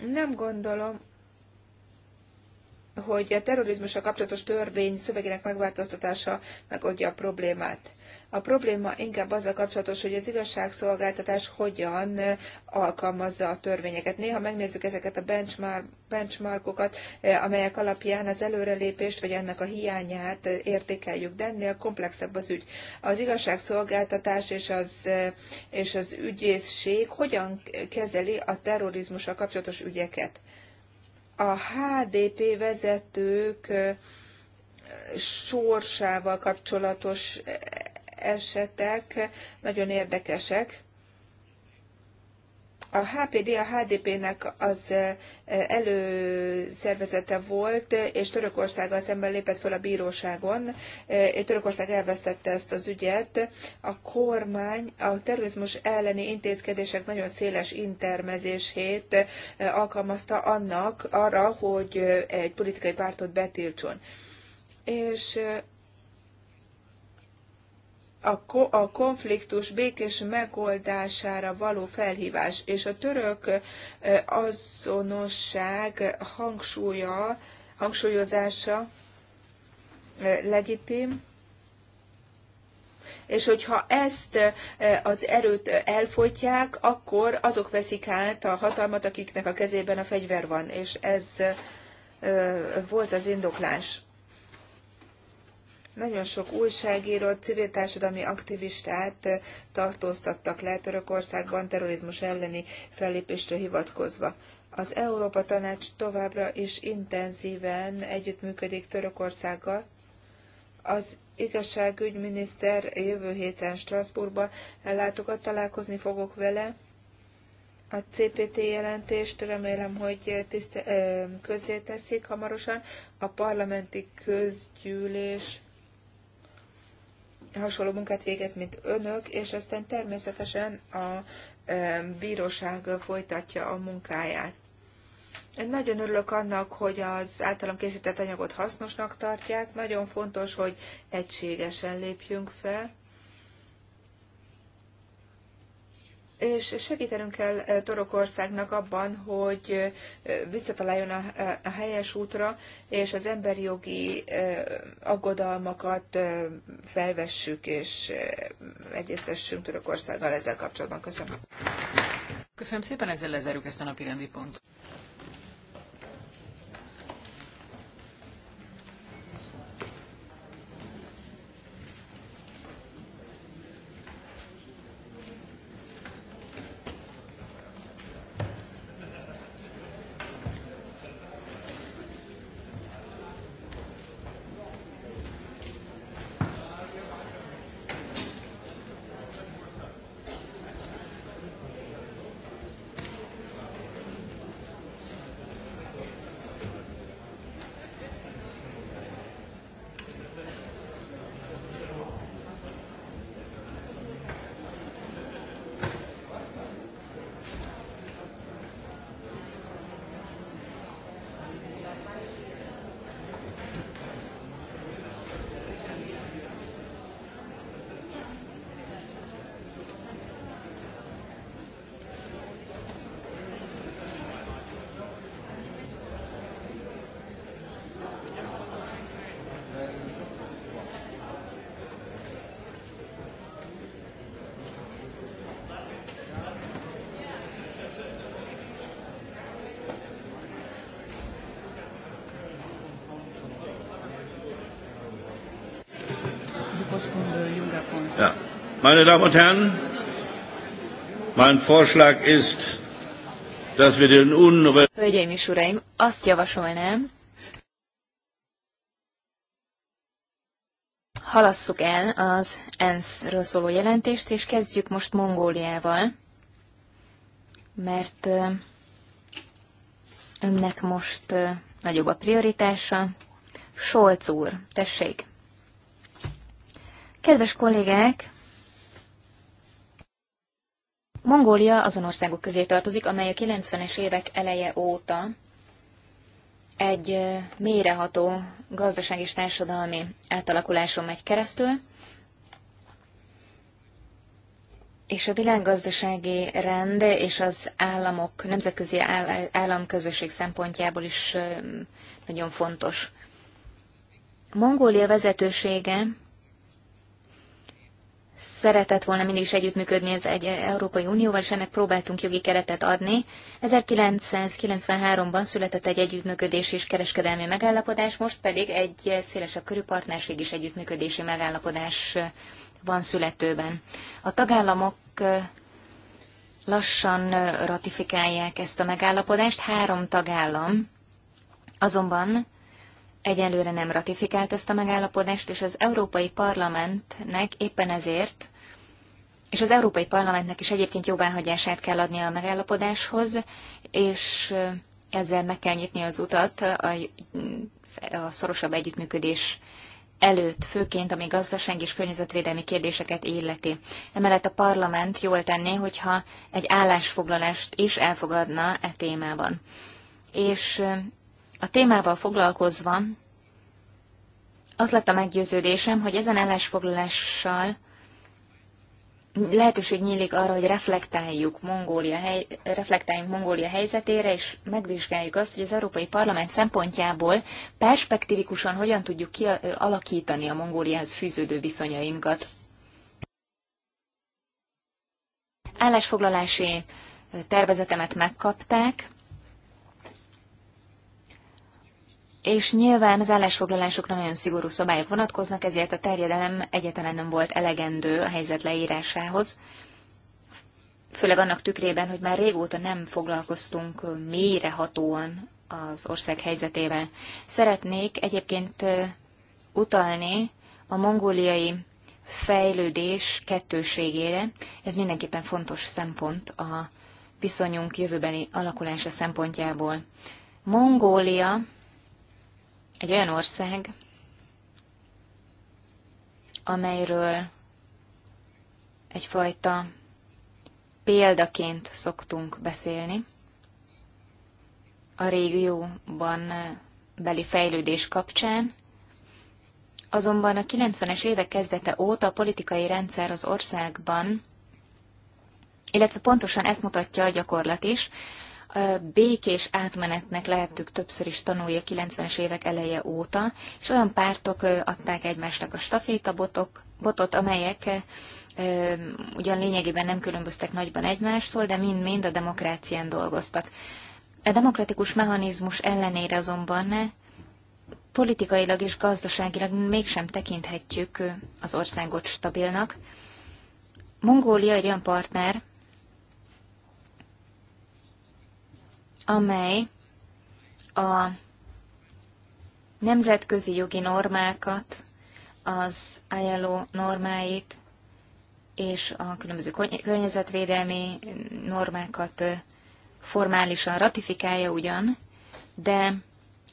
Nem gondolom, hogy a terrorizmusra kapcsolatos törvény szövegének megváltoztatása megoldja a problémát. A probléma inkább azzal kapcsolatos, hogy az igazságszolgáltatás hogyan alkalmazza a törvényeket. Néha megnézzük ezeket a benchmark, benchmarkokat, eh, amelyek alapján az előrelépést vagy ennek a hiányát értékeljük, de ennél komplexebb az ügy. Az igazságszolgáltatás és az, eh, és az ügyészség hogyan kezeli a terrorizmusra kapcsolatos ügyeket? a HDP vezetők sorsával kapcsolatos e- e- esetek nagyon érdekesek. A HPD a HDP-nek az előszervezete volt, és Törökországgal szemben lépett fel a bíróságon. Törökország elvesztette ezt az ügyet. A kormány a terrorizmus elleni intézkedések nagyon széles intermezését alkalmazta annak arra, hogy egy politikai pártot betiltson. És a, konfliktus békés megoldására való felhívás és a török azonosság hangsúlya, hangsúlyozása legitim, és hogyha ezt az erőt elfogyják, akkor azok veszik át a hatalmat, akiknek a kezében a fegyver van, és ez volt az indoklás. Nagyon sok újságírót, civil társadalmi aktivistát tartóztattak le Törökországban terrorizmus elleni fellépésre hivatkozva. Az Európa Tanács továbbra is intenzíven együttműködik Törökországgal. Az igazságügyminiszter jövő héten Strasbourgba ellátogat, találkozni fogok vele. A CPT jelentést remélem, hogy tiszte, közzé hamarosan. A parlamenti közgyűlés hasonló munkát végez, mint önök, és aztán természetesen a e, bíróság folytatja a munkáját. Én nagyon örülök annak, hogy az általam készített anyagot hasznosnak tartják. Nagyon fontos, hogy egységesen lépjünk fel. és segítenünk kell eh, Torokországnak abban, hogy eh, visszataláljon a helyes útra, és az emberi jogi eh, aggodalmakat felvessük, és egyeztessünk Törökországgal ezzel kapcsolatban. Köszönöm. Köszönöm szépen, ezzel lezárjuk ezt a napi rendi pontot. Meine Damen und Herren, mein Vorschlag ist, dass wir den Unruhen. és uraim, azt javasolnám, halasszuk el az ENSZ-ről szóló jelentést, és kezdjük most Mongóliával, mert önnek most nagyobb a prioritása. Solc úr, tessék! Kedves kollégák, Mongólia azon országok közé tartozik, amely a 90-es évek eleje óta egy méreható gazdaság és társadalmi átalakuláson megy keresztül, és a világgazdasági rend és az államok, nemzetközi államközösség szempontjából is nagyon fontos. Mongólia vezetősége szeretett volna mindig is együttműködni az egy Európai Unióval, és ennek próbáltunk jogi keretet adni. 1993-ban született egy együttműködés és kereskedelmi megállapodás, most pedig egy szélesebb körű partnerség és együttműködési megállapodás van születőben. A tagállamok lassan ratifikálják ezt a megállapodást, három tagállam azonban egyelőre nem ratifikált ezt a megállapodást, és az Európai Parlamentnek éppen ezért, és az Európai Parlamentnek is egyébként jóváhagyását kell adni a megállapodáshoz, és ezzel meg kell nyitni az utat a, a szorosabb együttműködés előtt, főként ami gazdaság és környezetvédelmi kérdéseket illeti. Emellett a parlament jól tenné, hogyha egy állásfoglalást is elfogadna e témában. És a témával foglalkozva az lett a meggyőződésem, hogy ezen ellensfoglalással lehetőség nyílik arra, hogy reflektáljuk Mongólia hely, reflektáljunk Mongólia helyzetére, és megvizsgáljuk azt, hogy az Európai Parlament szempontjából perspektívikusan hogyan tudjuk kialakítani a Mongóliához fűződő viszonyainkat. Állásfoglalási tervezetemet megkapták, és nyilván az állásfoglalásokra nagyon szigorú szabályok vonatkoznak, ezért a terjedelem egyetlen nem volt elegendő a helyzet leírásához, főleg annak tükrében, hogy már régóta nem foglalkoztunk mélyrehatóan az ország helyzetével. Szeretnék egyébként utalni a mongóliai fejlődés kettőségére. Ez mindenképpen fontos szempont a viszonyunk jövőbeni alakulása szempontjából. Mongólia egy olyan ország, amelyről egyfajta példaként szoktunk beszélni. A régióban beli fejlődés kapcsán, azonban a 90-es évek kezdete óta a politikai rendszer az országban, illetve pontosan ezt mutatja a gyakorlat is, békés átmenetnek lehettük többször is tanulja 90-es évek eleje óta, és olyan pártok adták egymásnak a stafétabotok, botot, amelyek ugyan lényegében nem különböztek nagyban egymástól, de mind-mind a demokrácián dolgoztak. A e demokratikus mechanizmus ellenére azonban politikailag és gazdaságilag mégsem tekinthetjük az országot stabilnak. Mongólia egy olyan partner, amely a nemzetközi jogi normákat, az ILO normáit és a különböző környezetvédelmi normákat formálisan ratifikálja ugyan, de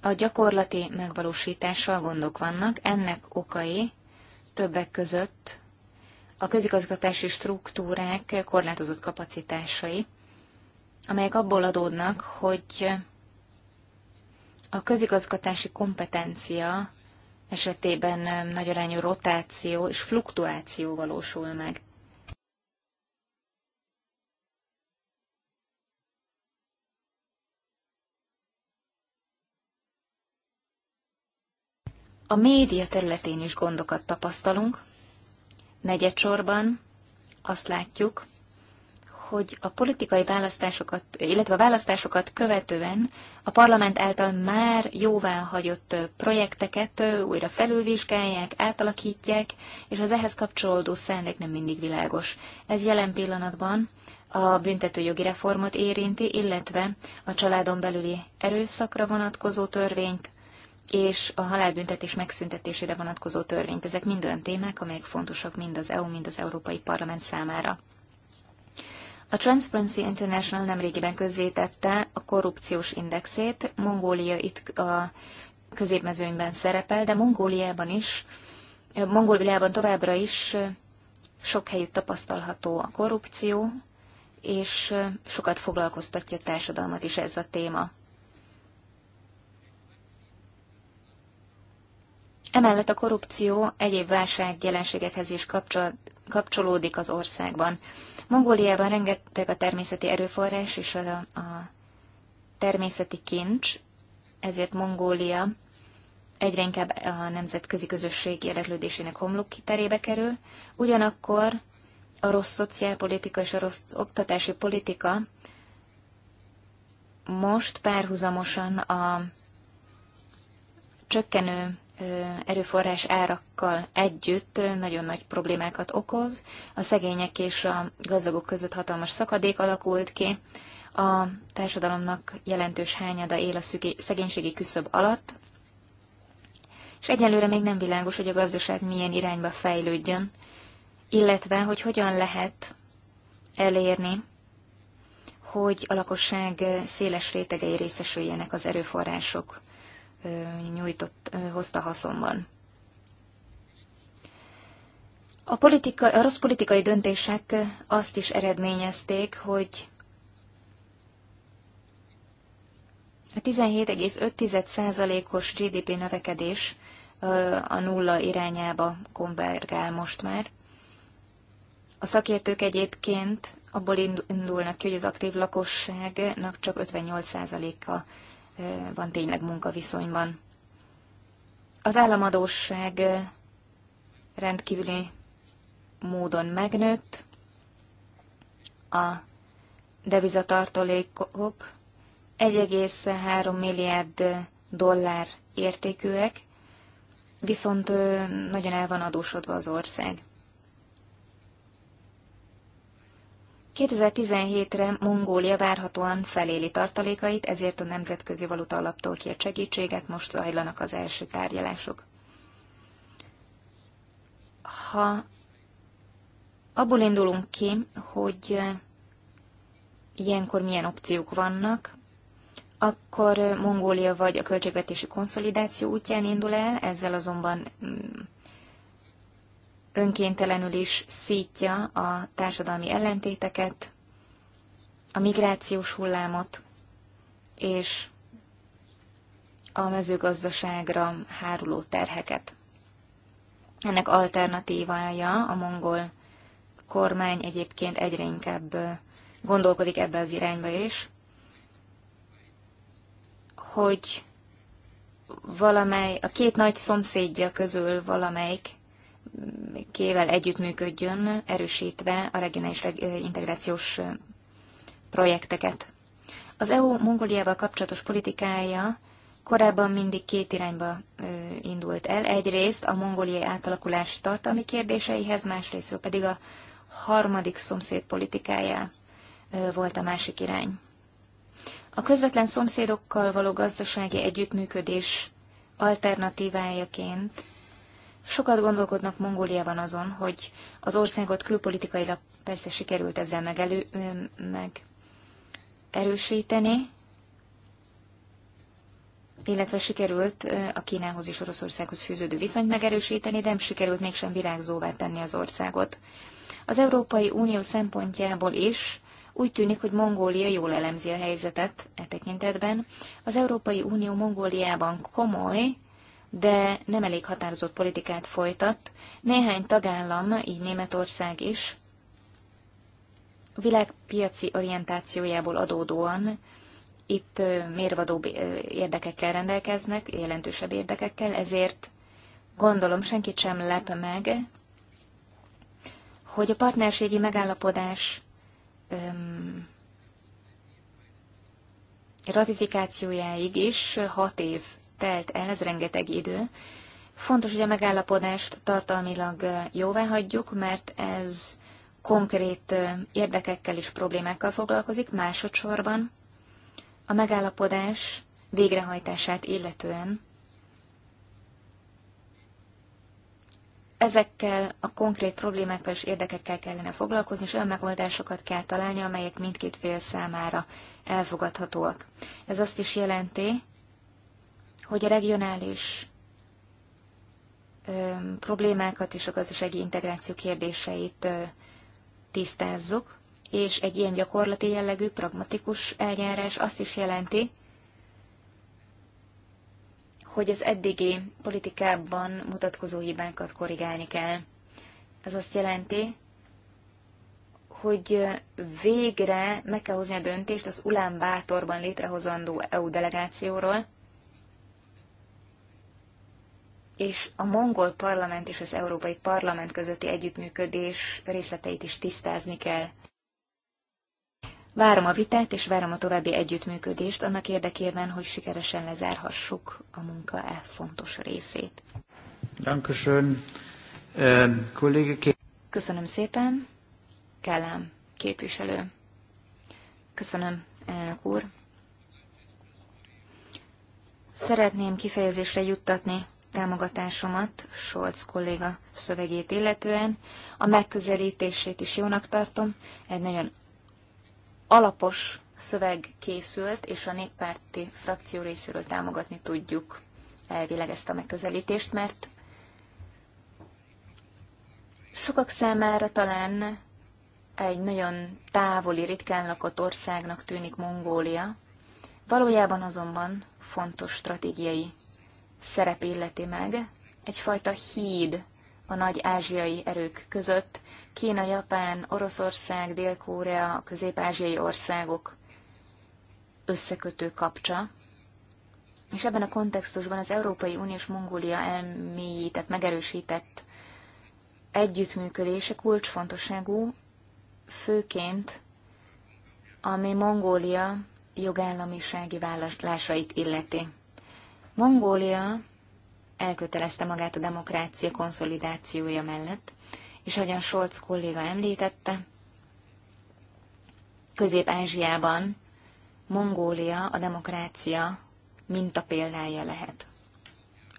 a gyakorlati megvalósítással gondok vannak, ennek okai többek között a közigazgatási struktúrák korlátozott kapacitásai, amelyek abból adódnak, hogy a közigazgatási kompetencia esetében um, nagyarányú rotáció és fluktuáció valósul meg. A média területén is gondokat tapasztalunk. Negyedsorban azt látjuk, hogy a politikai választásokat, illetve a választásokat követően a parlament által már jóvá hagyott projekteket újra felülvizsgálják, átalakítják, és az ehhez kapcsolódó szándék nem mindig világos. Ez jelen pillanatban a büntetőjogi reformot érinti, illetve a családon belüli erőszakra vonatkozó törvényt, és a halálbüntetés megszüntetésére vonatkozó törvényt. Ezek mind olyan témák, amelyek fontosak mind az EU, mind az Európai Parlament számára. A Transparency International nemrégiben közzétette a korrupciós indexét. Mongólia itt a középmezőnyben szerepel, de Mongóliában is, Mongóliában továbbra is sok helyütt tapasztalható a korrupció, és sokat foglalkoztatja a társadalmat is ez a téma. Emellett a korrupció egyéb jelenségekhez is kapcsolat, kapcsolódik az országban. Mongóliában rengeteg a természeti erőforrás és a, a természeti kincs, ezért Mongólia egyre inkább a nemzetközi közösség érdeklődésének homlok terébe kerül, ugyanakkor a rossz szociálpolitika és a rossz oktatási politika most párhuzamosan a csökkenő erőforrás árakkal együtt nagyon nagy problémákat okoz. A szegények és a gazdagok között hatalmas szakadék alakult ki. A társadalomnak jelentős hányada él a szegénységi küszöb alatt, és egyelőre még nem világos, hogy a gazdaság milyen irányba fejlődjön, illetve hogy hogyan lehet elérni, hogy a lakosság széles rétegei részesüljenek az erőforrások nyújtott, hozta haszonban. A, politika, a rossz politikai döntések azt is eredményezték, hogy a 17,5%-os GDP növekedés a nulla irányába konvergál most már. A szakértők egyébként abból indulnak ki, hogy az aktív lakosságnak csak 58%-a van tényleg munkaviszonyban. Az államadóság rendkívüli módon megnőtt, a devizatartalékok 1,3 milliárd dollár értékűek, viszont nagyon el van adósodva az ország. 2017-re Mongólia várhatóan feléli tartalékait, ezért a Nemzetközi Valuta Alaptól kért segítséget, most zajlanak az első tárgyalások. Ha abból indulunk ki, hogy ilyenkor milyen opciók vannak, akkor Mongólia vagy a költségvetési konszolidáció útján indul el, ezzel azonban mm, önkéntelenül is szítja a társadalmi ellentéteket, a migrációs hullámot és a mezőgazdaságra háruló terheket. Ennek alternatívája a mongol kormány egyébként egyre inkább gondolkodik ebbe az irányba is, hogy valamely, a két nagy szomszédja közül valamelyik kével együttműködjön, erősítve a regionális integrációs projekteket. Az EU Mongóliával kapcsolatos politikája korábban mindig két irányba indult el. Egyrészt a mongóliai átalakulás tartalmi kérdéseihez, másrésztről pedig a harmadik szomszéd politikája volt a másik irány. A közvetlen szomszédokkal való gazdasági együttműködés alternatívájaként Sokat gondolkodnak Mongóliában azon, hogy az országot külpolitikailag persze sikerült ezzel megelő, meg erősíteni, illetve sikerült a Kínához és Oroszországhoz fűződő viszonyt megerősíteni, de nem sikerült mégsem virágzóvá tenni az országot. Az Európai Unió szempontjából is úgy tűnik, hogy Mongólia jól elemzi a helyzetet e tekintetben. Az Európai Unió Mongóliában komoly de nem elég határozott politikát folytat. Néhány tagállam, így Németország is, világpiaci orientációjából adódóan itt mérvadóbb érdekekkel rendelkeznek, jelentősebb érdekekkel, ezért gondolom senkit sem lep meg, hogy a partnerségi megállapodás öm, ratifikációjáig is hat év telt el, ez rengeteg idő. Fontos, hogy a megállapodást tartalmilag jóvá hagyjuk, mert ez konkrét érdekekkel és problémákkal foglalkozik. Másodszorban a megállapodás végrehajtását illetően ezekkel a konkrét problémákkal és érdekekkel kellene foglalkozni, és olyan megoldásokat kell találni, amelyek mindkét fél számára elfogadhatóak. Ez azt is jelenti, hogy a regionális ö, problémákat és a gazdasági integráció kérdéseit ö, tisztázzuk, és egy ilyen gyakorlati jellegű, pragmatikus eljárás azt is jelenti, hogy az eddigi politikában mutatkozó hibákat korrigálni kell. Ez azt jelenti, hogy végre meg kell hozni a döntést az Ulán Bátorban létrehozandó EU delegációról, és a mongol parlament és az európai parlament közötti együttműködés részleteit is tisztázni kell. Várom a vitát, és várom a további együttműködést annak érdekében, hogy sikeresen lezárhassuk a munka -e fontos részét. Ehm, Köszönöm szépen. Kellám, képviselő. Köszönöm, elnök úr. Szeretném kifejezésre juttatni támogatásomat Scholz kolléga szövegét illetően. A megközelítését is jónak tartom. Egy nagyon alapos szöveg készült, és a néppárti frakció részéről támogatni tudjuk elvileg ezt a megközelítést, mert sokak számára talán egy nagyon távoli, ritkán lakott országnak tűnik Mongólia, valójában azonban fontos stratégiai szerep illeti meg, egyfajta híd a nagy ázsiai erők között, Kína, Japán, Oroszország, dél kórea közép-ázsiai országok összekötő kapcsa, és ebben a kontextusban az Európai uniós Mongólia elmélyített, megerősített együttműködése kulcsfontosságú, főként ami Mongólia jogállamisági vállásait illeti. Mongólia elkötelezte magát a demokrácia konszolidációja mellett, és ahogyan Scholz kolléga említette, Közép-Ázsiában Mongólia a demokrácia mintapéldája lehet.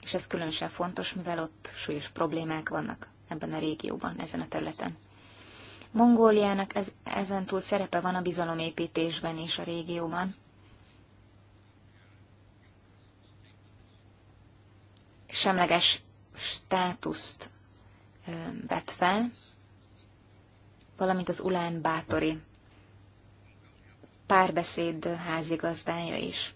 És ez különösen fontos, mivel ott súlyos problémák vannak ebben a régióban, ezen a területen. Mongóliának ez, ezentúl szerepe van a bizalomépítésben és a régióban, semleges státuszt vett fel, valamint az Ulán Bátori párbeszéd házigazdája is.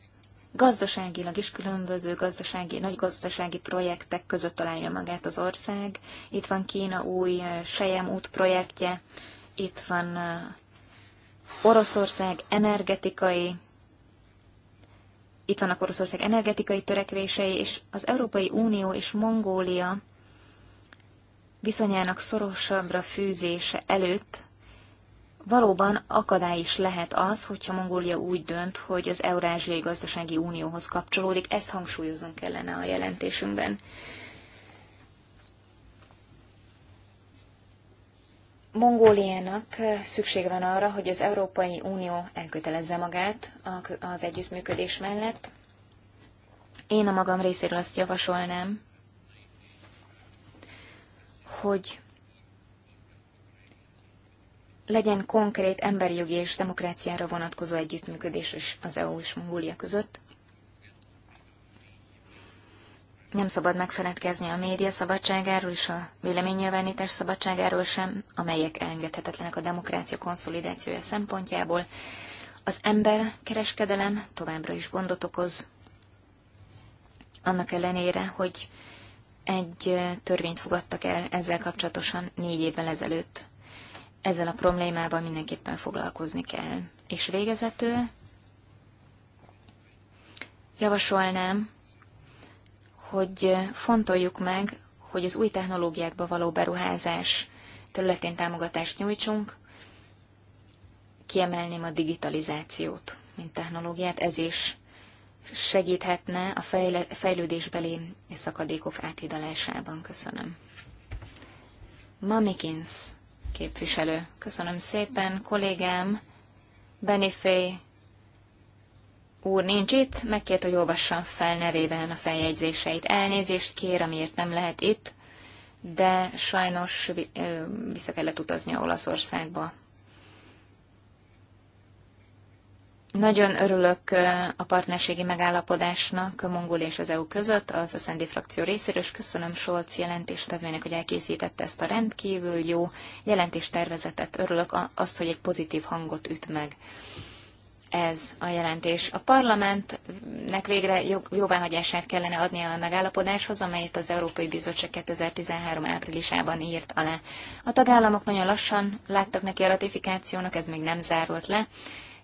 Gazdaságilag is különböző gazdasági, nagy gazdasági projektek között találja magát az ország. Itt van Kína új Sejem út projektje, itt van Oroszország energetikai itt vannak Oroszország energetikai törekvései, és az Európai Unió és Mongólia viszonyának szorosabbra fűzése előtt valóban akadály is lehet az, hogyha Mongólia úgy dönt, hogy az Eurázsiai Gazdasági Unióhoz kapcsolódik. Ezt hangsúlyozunk kellene a jelentésünkben. Mongóliának szüksége van arra, hogy az Európai Unió elkötelezze magát az együttműködés mellett. Én a magam részéről azt javasolnám, hogy legyen konkrét emberi jogi és demokráciára vonatkozó együttműködés is az EU és Mongólia között. Nem szabad megfeledkezni a média szabadságáról és a véleménynyilvánítás szabadságáról sem, amelyek elengedhetetlenek a demokrácia konszolidációja szempontjából. Az emberkereskedelem továbbra is gondot okoz, annak ellenére, hogy egy törvényt fogadtak el ezzel kapcsolatosan négy évvel ezelőtt. Ezzel a problémával mindenképpen foglalkozni kell. És végezetül javasolnám, hogy fontoljuk meg, hogy az új technológiákba való beruházás területén támogatást nyújtsunk. Kiemelném a digitalizációt, mint technológiát, ez is segíthetne a fejlődésbeli szakadékok áthidalásában. Köszönöm. Mamikins képviselő. Köszönöm szépen, kollégám. Benifé úr nincs itt, megkért, hogy olvassam fel nevében a feljegyzéseit. Elnézést kér, amiért nem lehet itt, de sajnos vissza kellett a Olaszországba. Nagyon örülök a partnerségi megállapodásnak a Mongol és az EU között, az a Szendi frakció részéről, és köszönöm Solc jelentéstevőnek, hogy elkészítette ezt a rendkívül jó jelentéstervezetet. Örülök azt, hogy egy pozitív hangot üt meg ez a jelentés. A parlamentnek végre jóváhagyását kellene adnia a megállapodáshoz, amelyet az Európai Bizottság 2013 áprilisában írt alá. A tagállamok nagyon lassan láttak neki a ratifikációnak, ez még nem zárult le.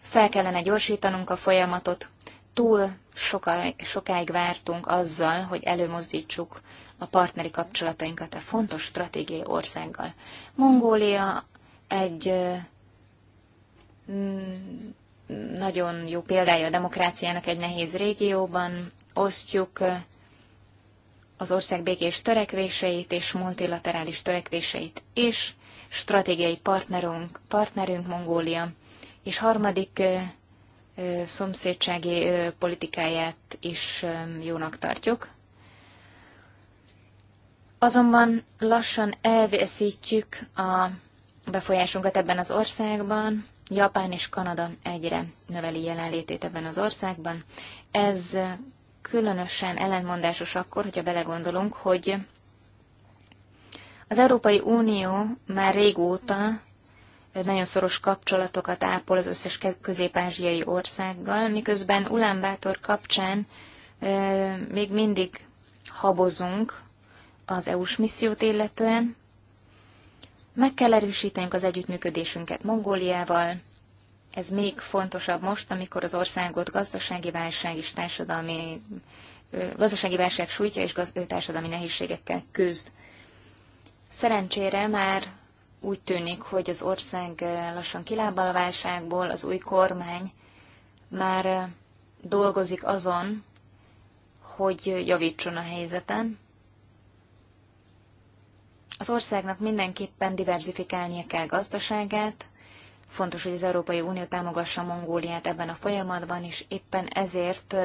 Fel kellene gyorsítanunk a folyamatot. Túl sokáig, sokáig vártunk azzal, hogy előmozdítsuk a partneri kapcsolatainkat a fontos stratégiai országgal. Mongólia egy nagyon jó példája a demokráciának egy nehéz régióban. Osztjuk az ország békés törekvéseit és multilaterális törekvéseit is. Stratégiai partnerünk, partnerünk Mongólia, és harmadik szomszédsági politikáját is jónak tartjuk. Azonban lassan elveszítjük a befolyásunkat ebben az országban, Japán és Kanada egyre növeli jelenlétét ebben az országban. Ez különösen ellenmondásos akkor, hogyha belegondolunk, hogy az Európai Unió már régóta nagyon szoros kapcsolatokat ápol az összes közép-ázsiai országgal, miközben Ulánbátor kapcsán még mindig habozunk az EU-s missziót illetően, meg kell erősítenünk az együttműködésünket Mongóliával. Ez még fontosabb most, amikor az országot gazdasági válság és társadalmi gazdasági válság sújtja és társadalmi nehézségekkel küzd. Szerencsére már úgy tűnik, hogy az ország lassan kilábal a válságból, az új kormány már dolgozik azon, hogy javítson a helyzeten, az országnak mindenképpen diverzifikálnia kell gazdaságát, fontos, hogy az Európai Unió támogassa Mongóliát ebben a folyamatban, és éppen ezért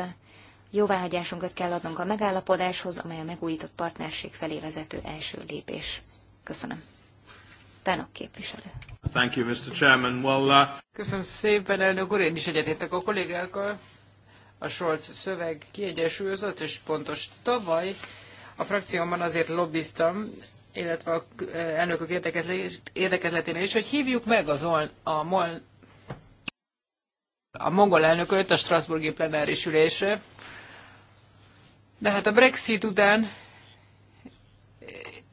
jóváhagyásunkat kell adnunk a megállapodáshoz, amely a megújított partnerség felé vezető első lépés. Köszönöm. Tánok képviselő. Thank you, Mr. Chairman. Well, uh... Köszönöm szépen, elnök úr, én is egyetértek a kollégákkal. A Scholz szöveg kiegyensúlyozott és pontos. Tavaly a frakciómban azért lobbiztam illetve a eh, elnökök érdeketletére is, hogy hívjuk meg az on, a, mol, a mongol elnököt a Strasburgi plenáris ülésre. De hát a Brexit után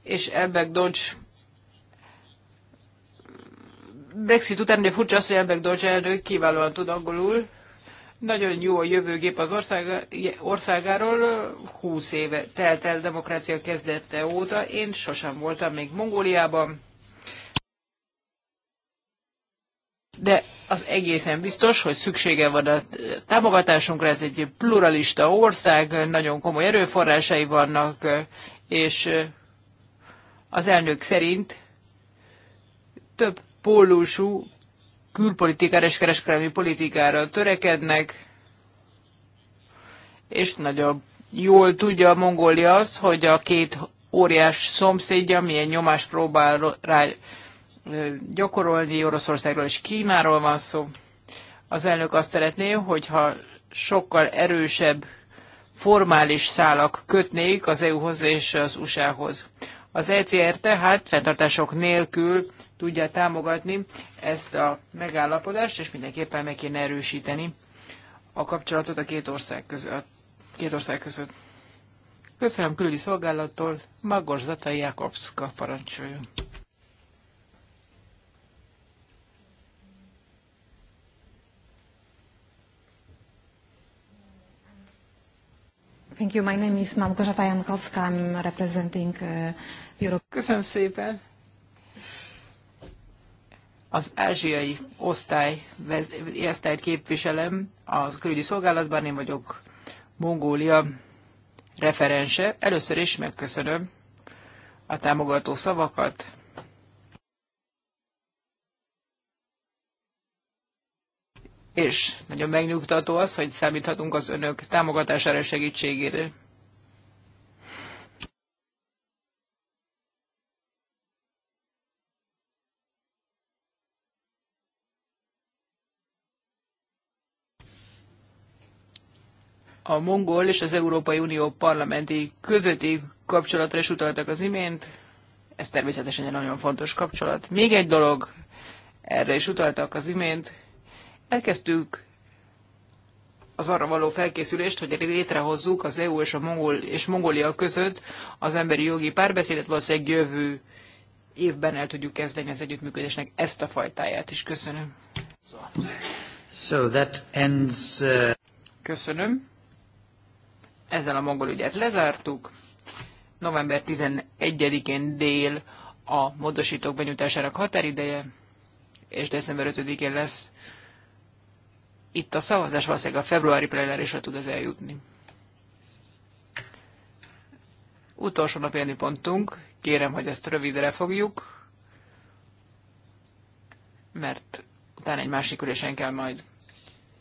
és Elbeck Dodge Brexit után ugye furcsa az, hogy Elbeck Dodge elnök kiválóan tud angolul, nagyon jó a jövőgép az ország, országáról, 20 éve telt el demokrácia kezdete óta, én sosem voltam még Mongóliában, de az egészen biztos, hogy szüksége van a támogatásunkra, ez egy pluralista ország, nagyon komoly erőforrásai vannak, és az elnök szerint több pólusú külpolitikára és kereskedelmi politikára törekednek, és nagyon jól tudja a Mongólia azt, hogy a két óriás szomszédja milyen nyomást próbál rá gyakorolni, Oroszországról és Kínáról van szó. Az elnök azt szeretné, hogyha sokkal erősebb formális szálak kötnék az EU-hoz és az USA-hoz. Az ECR tehát fenntartások nélkül tudja támogatni ezt a megállapodást, és mindenképpen meg kéne erősíteni a kapcsolatot a két ország között. Két ország között. Köszönöm külügyi szolgálattól, Magor Zatai Jakobszka parancsoljon. Thank you. My name is Małgorzata Jankowska. I'm representing uh, Europe. Köszönöm szépen az ázsiai osztály, osztályt képviselem az külügyi szolgálatban, én vagyok Mongólia referense. Először is megköszönöm a támogató szavakat. És nagyon megnyugtató az, hogy számíthatunk az önök támogatására segítségére. a mongol és az Európai Unió parlamenti közötti kapcsolatra is utaltak az imént. Ez természetesen egy nagyon fontos kapcsolat. Még egy dolog, erre is utaltak az imént. Elkezdtük az arra való felkészülést, hogy létrehozzuk az EU és a Mongol és Mongolia között az emberi jogi párbeszédet, valószínűleg jövő évben el tudjuk kezdeni az együttműködésnek ezt a fajtáját is. Köszönöm. So that ends, uh... Köszönöm. Ezzel a mongol ügyet lezártuk. November 11-én dél a módosítók benyújtásának határideje, és december 5-én lesz itt a szavazás, valószínűleg a februári plenárisra tud ez eljutni. Utolsó napi pontunk, kérem, hogy ezt rövidre fogjuk, mert utána egy másik ülésen kell majd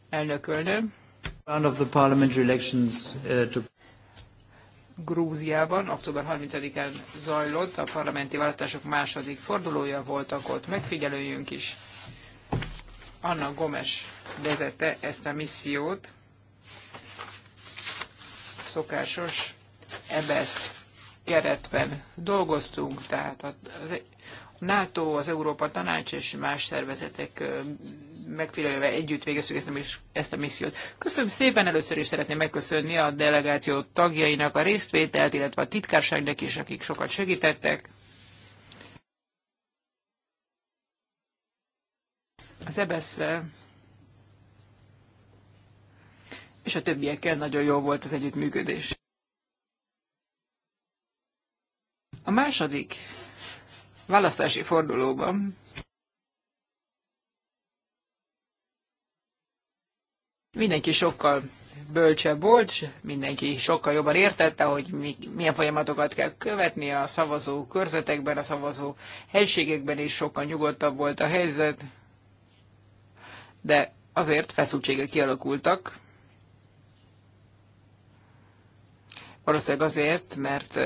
elnökölnöm. Round of the parliamentary elections uh, Grúziában október 30-án zajlott a parlamenti választások második fordulója, voltak ott megfigyelőjünk is. Anna Gomes vezette ezt a missziót, szokásos EBSZ e keretben dolgoztunk, tehát a NATO, az Európa Tanács és más szervezetek megfelelően együtt végeztük ezt a, ezt a missziót. Köszönöm szépen, először is szeretném megköszönni a delegáció tagjainak a résztvételt, illetve a titkárságnak is, akik sokat segítettek. Az ebesz és a többiekkel nagyon jó volt az együttműködés. A második választási fordulóban Mindenki sokkal bölcsebb volt, mindenki sokkal jobban értette, hogy mi, milyen folyamatokat kell követni a szavazó körzetekben, a szavazó helységekben is sokkal nyugodtabb volt a helyzet, de azért feszültségek kialakultak. Valószínűleg azért, mert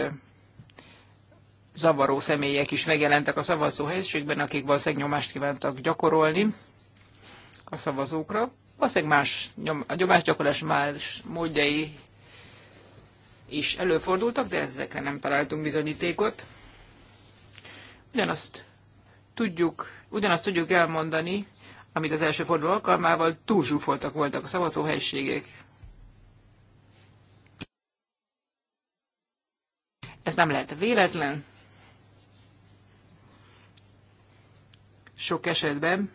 zavaró személyek is megjelentek a szavazó helységben, akik valószínűleg nyomást kívántak gyakorolni a szavazókra. Valószínűleg más nyom, a nyomásgyakorlás más módjai is előfordultak, de ezekre nem találtunk bizonyítékot. Ugyanazt tudjuk, ugyanazt tudjuk elmondani, amit az első forduló alkalmával zsúfoltak voltak a szavazóhelyiségek. Ez nem lehet véletlen. Sok esetben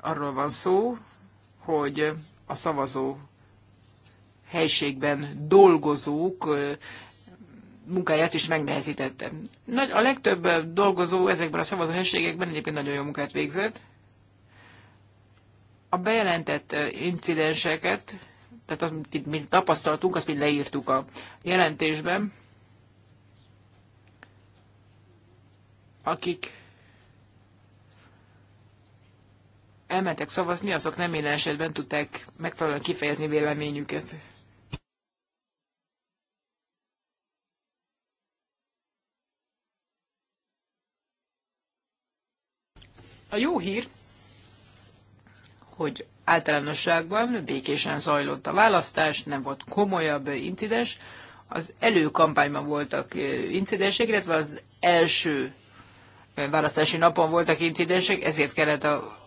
arról van szó, hogy a szavazó helységben dolgozók munkáját is megnehezítette. Nagy, a legtöbb dolgozó ezekben a szavazó helységekben egyébként nagyon jó munkát végzett. A bejelentett incidenseket, tehát amit mi tapasztaltunk, azt mi leírtuk a jelentésben, akik elmentek szavazni, azok nem minden esetben tudták megfelelően kifejezni véleményüket. A jó hír, hogy általánosságban békésen zajlott a választás, nem volt komolyabb incidens. Az előkampányban voltak incidensek, illetve az első választási napon voltak incidensek, ezért kellett a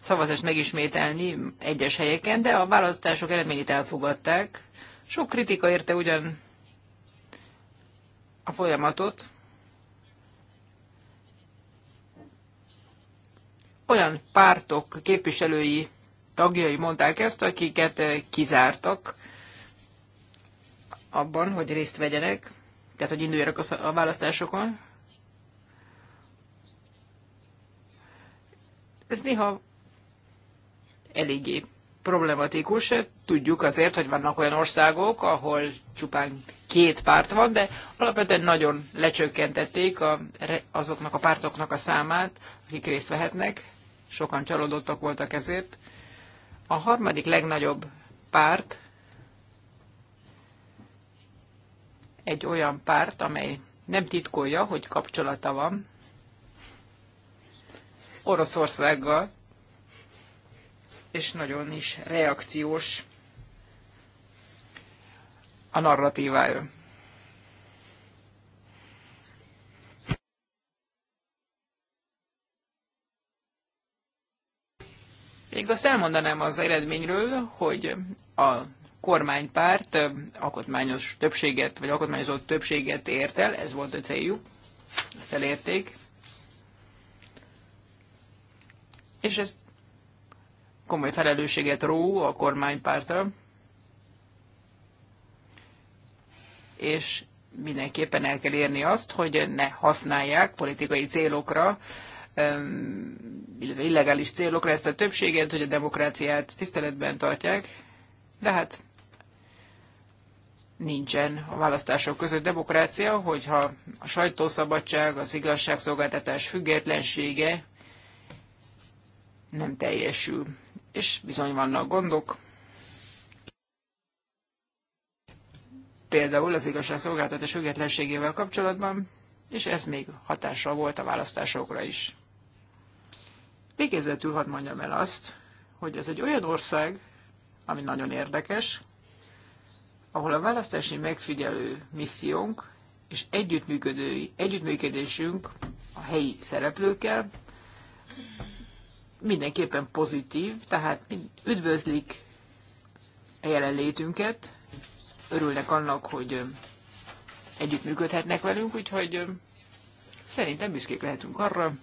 szavazást megismételni egyes helyeken, de a választások eredményét elfogadták. Sok kritika érte ugyan a folyamatot. Olyan pártok képviselői tagjai mondták ezt, akiket eh, kizártak abban, hogy részt vegyenek, tehát hogy induljanak a választásokon. Ez néha eléggé problematikus. Tudjuk azért, hogy vannak olyan országok, ahol csupán két párt van, de alapvetően nagyon lecsökkentették a, azoknak a pártoknak a számát, akik részt vehetnek. Sokan csalódottak voltak ezért. A harmadik legnagyobb párt egy olyan párt, amely nem titkolja, hogy kapcsolata van Oroszországgal, és nagyon is reakciós a narratívája. Még azt elmondanám az eredményről, hogy a kormánypárt alkotmányos többséget, vagy alkotmányozott többséget ért el, ez volt a céljuk, ezt elérték. És ezt komoly felelősséget ró a kormánypártra, és mindenképpen el kell érni azt, hogy ne használják politikai célokra, illetve illegális célokra ezt a többséget, hogy a demokráciát tiszteletben tartják, de hát nincsen a választások között demokrácia, hogyha a sajtószabadság, az igazságszolgáltatás függetlensége nem teljesül és bizony vannak gondok. Például az igazságszolgáltatás függetlenségével kapcsolatban, és ez még hatással volt a választásokra is. Végezetül hadd mondjam el azt, hogy ez egy olyan ország, ami nagyon érdekes, ahol a választási megfigyelő missziónk és együttműködői, együttműködésünk a helyi szereplőkkel mindenképpen pozitív, tehát üdvözlik a jelenlétünket, örülnek annak, hogy együttműködhetnek velünk, úgyhogy szerintem büszkék lehetünk arra,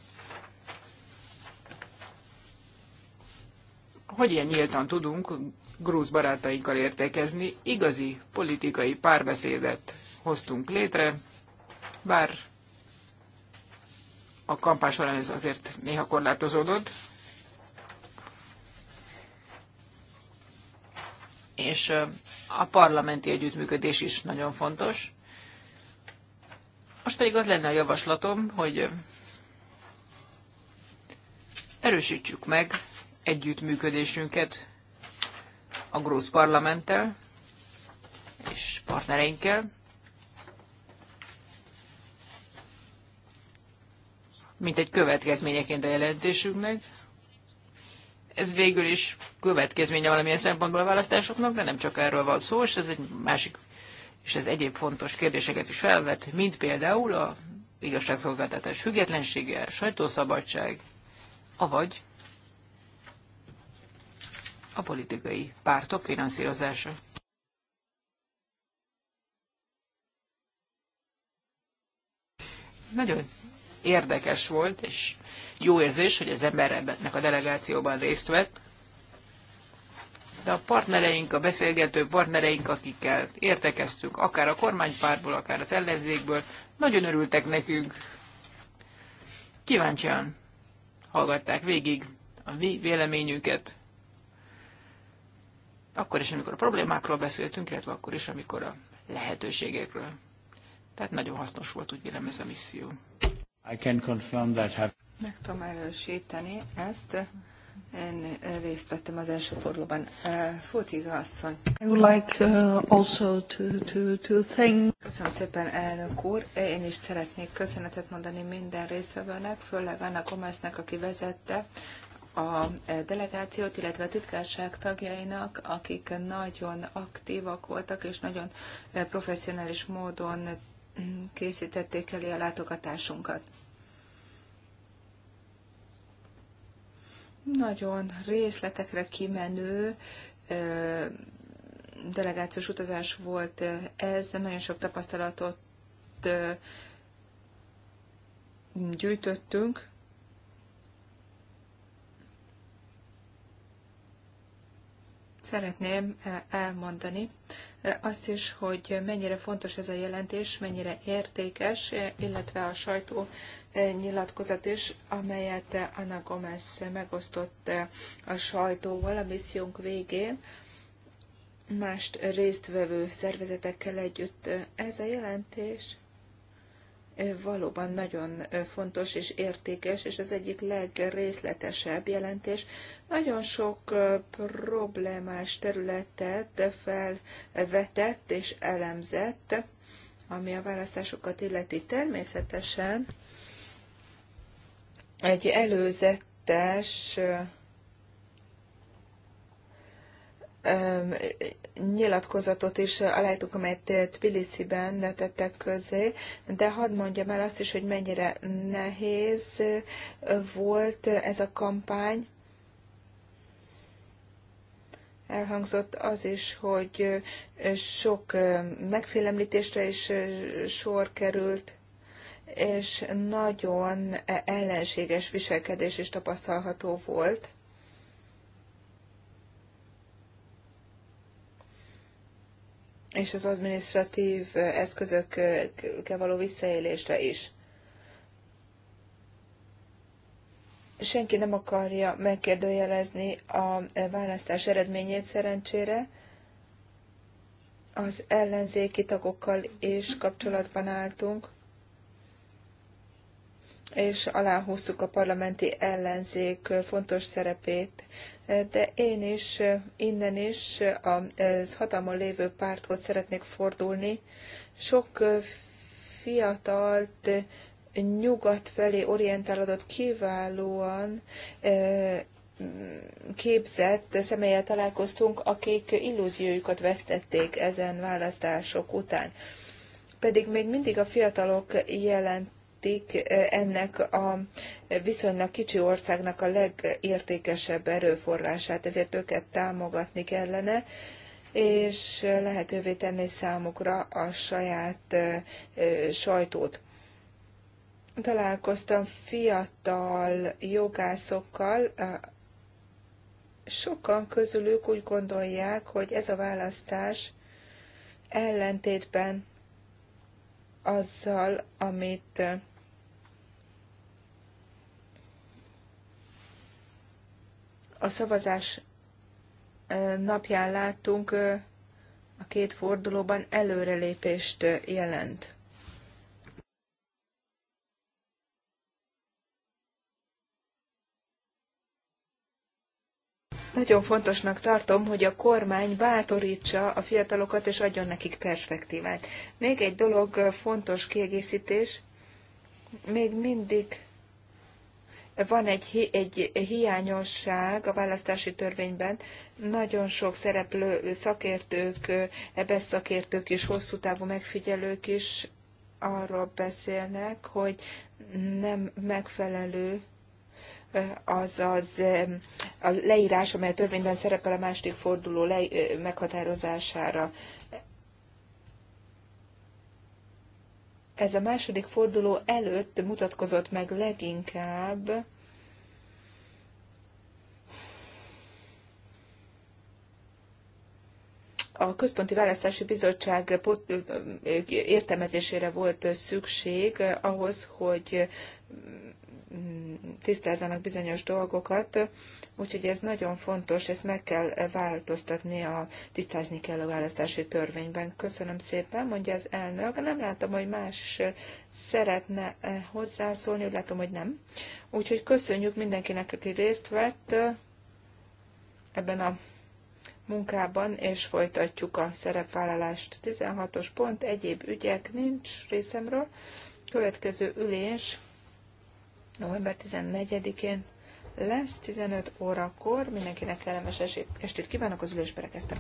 hogy ilyen nyíltan tudunk grúz barátainkkal értekezni, igazi politikai párbeszédet hoztunk létre, bár a kampány során ez azért néha korlátozódott, és a parlamenti együttműködés is nagyon fontos. Most pedig az lenne a javaslatom, hogy erősítsük meg együttműködésünket a Grósz Parlamenttel és partnereinkkel. Mint egy következményeként a jelentésünknek ez végül is következménye valamilyen szempontból a választásoknak, de nem csak erről van szó, és ez egy másik, és ez egyéb fontos kérdéseket is felvet, mint például a igazságszolgáltatás függetlensége, sajtószabadság, avagy a politikai pártok finanszírozása. Nagyon érdekes volt, és jó érzés, hogy az ember ennek a delegációban részt vett. De a partnereink, a beszélgető partnereink, akikkel értekeztünk, akár a kormánypárból, akár az ellenzékből, nagyon örültek nekünk. Kíváncsian hallgatták végig a mi véleményünket. Akkor is, amikor a problémákról beszéltünk, illetve akkor is, amikor a lehetőségekről. Tehát nagyon hasznos volt, úgy vélem, ez a misszió. I can confirm that have... Meg tudom erősíteni ezt. Én részt vettem az első fordulóban. Futiga asszony. I would like also to, to, to thank... Köszönöm szépen, elnök úr. Én is szeretnék köszönetet mondani minden résztvevőnek, főleg annak Gomeznek, aki vezette a delegációt, illetve a titkárság tagjainak, akik nagyon aktívak voltak és nagyon professzionális módon készítették elé a látogatásunkat. Nagyon részletekre kimenő delegációs utazás volt ez, nagyon sok tapasztalatot gyűjtöttünk. Szeretném elmondani, azt is, hogy mennyire fontos ez a jelentés, mennyire értékes, illetve a sajtó e, nyilatkozat is, amelyet Anna Gomez megosztott e, a sajtóval a missziónk végén, más résztvevő szervezetekkel együtt. E, ez a jelentés valóban nagyon fontos és értékes, és az egyik legrészletesebb jelentés. Nagyon sok problémás területet felvetett és elemzett, ami a választásokat illeti természetesen. Egy előzetes nyilatkozatot is aláírtuk amelyet Tbilisi-ben letettek közé, de hadd mondjam el azt is, hogy mennyire nehéz volt ez a kampány. Elhangzott az is, hogy sok megfélemlítésre is sor került, és nagyon ellenséges viselkedés is tapasztalható volt és az administratív eszközökkel való visszaélésre is. Senki nem akarja megkérdőjelezni a választás eredményét szerencsére. Az ellenzéki tagokkal is kapcsolatban álltunk, és aláhúztuk a parlamenti ellenzék fontos szerepét de én is innen is az hatalmon lévő párthoz szeretnék fordulni. Sok fiatalt nyugat felé orientálódott kiválóan képzett személlyel találkoztunk, akik illúziójukat vesztették ezen választások után. Pedig még mindig a fiatalok jelent tekintik ennek a viszonylag kicsi országnak a legértékesebb erőforrását, ezért őket támogatni kellene és lehetővé tenni számukra a saját sajtót. Találkoztam fiatal jogászokkal, sokan közülük úgy gondolják, hogy ez a választás ellentétben azzal, amit a szavazás napján láttunk a két fordulóban előrelépést jelent. Nagyon fontosnak tartom, hogy a kormány bátorítsa a fiatalokat és adjon nekik perspektívát. Még egy dolog fontos kiegészítés, még mindig van egy, egy hiányosság a választási törvényben, nagyon sok szereplő, szakértők, ebesz szakértők is, hosszú távú megfigyelők is arról beszélnek, hogy nem megfelelő az, az a leírás, amely a törvényben szerepel a második forduló le, meghatározására. ez a második forduló előtt mutatkozott meg leginkább, a Központi Választási Bizottság értelmezésére volt szükség ahhoz, hogy tisztázzanak bizonyos dolgokat, úgyhogy ez nagyon fontos, ezt meg kell változtatni, a, tisztázni kell a választási törvényben. Köszönöm szépen, mondja az elnök. Nem látom, hogy más szeretne eh, hozzászólni, úgy látom, hogy nem. Úgyhogy köszönjük mindenkinek, aki részt vett eh, ebben a munkában, és folytatjuk a szerepvállalást. 16-os pont, egyéb ügyek nincs részemről. Következő ülés november 14-én lesz 15 órakor. Mindenkinek kellemes estét kívánok, az ülésbe rekeztem.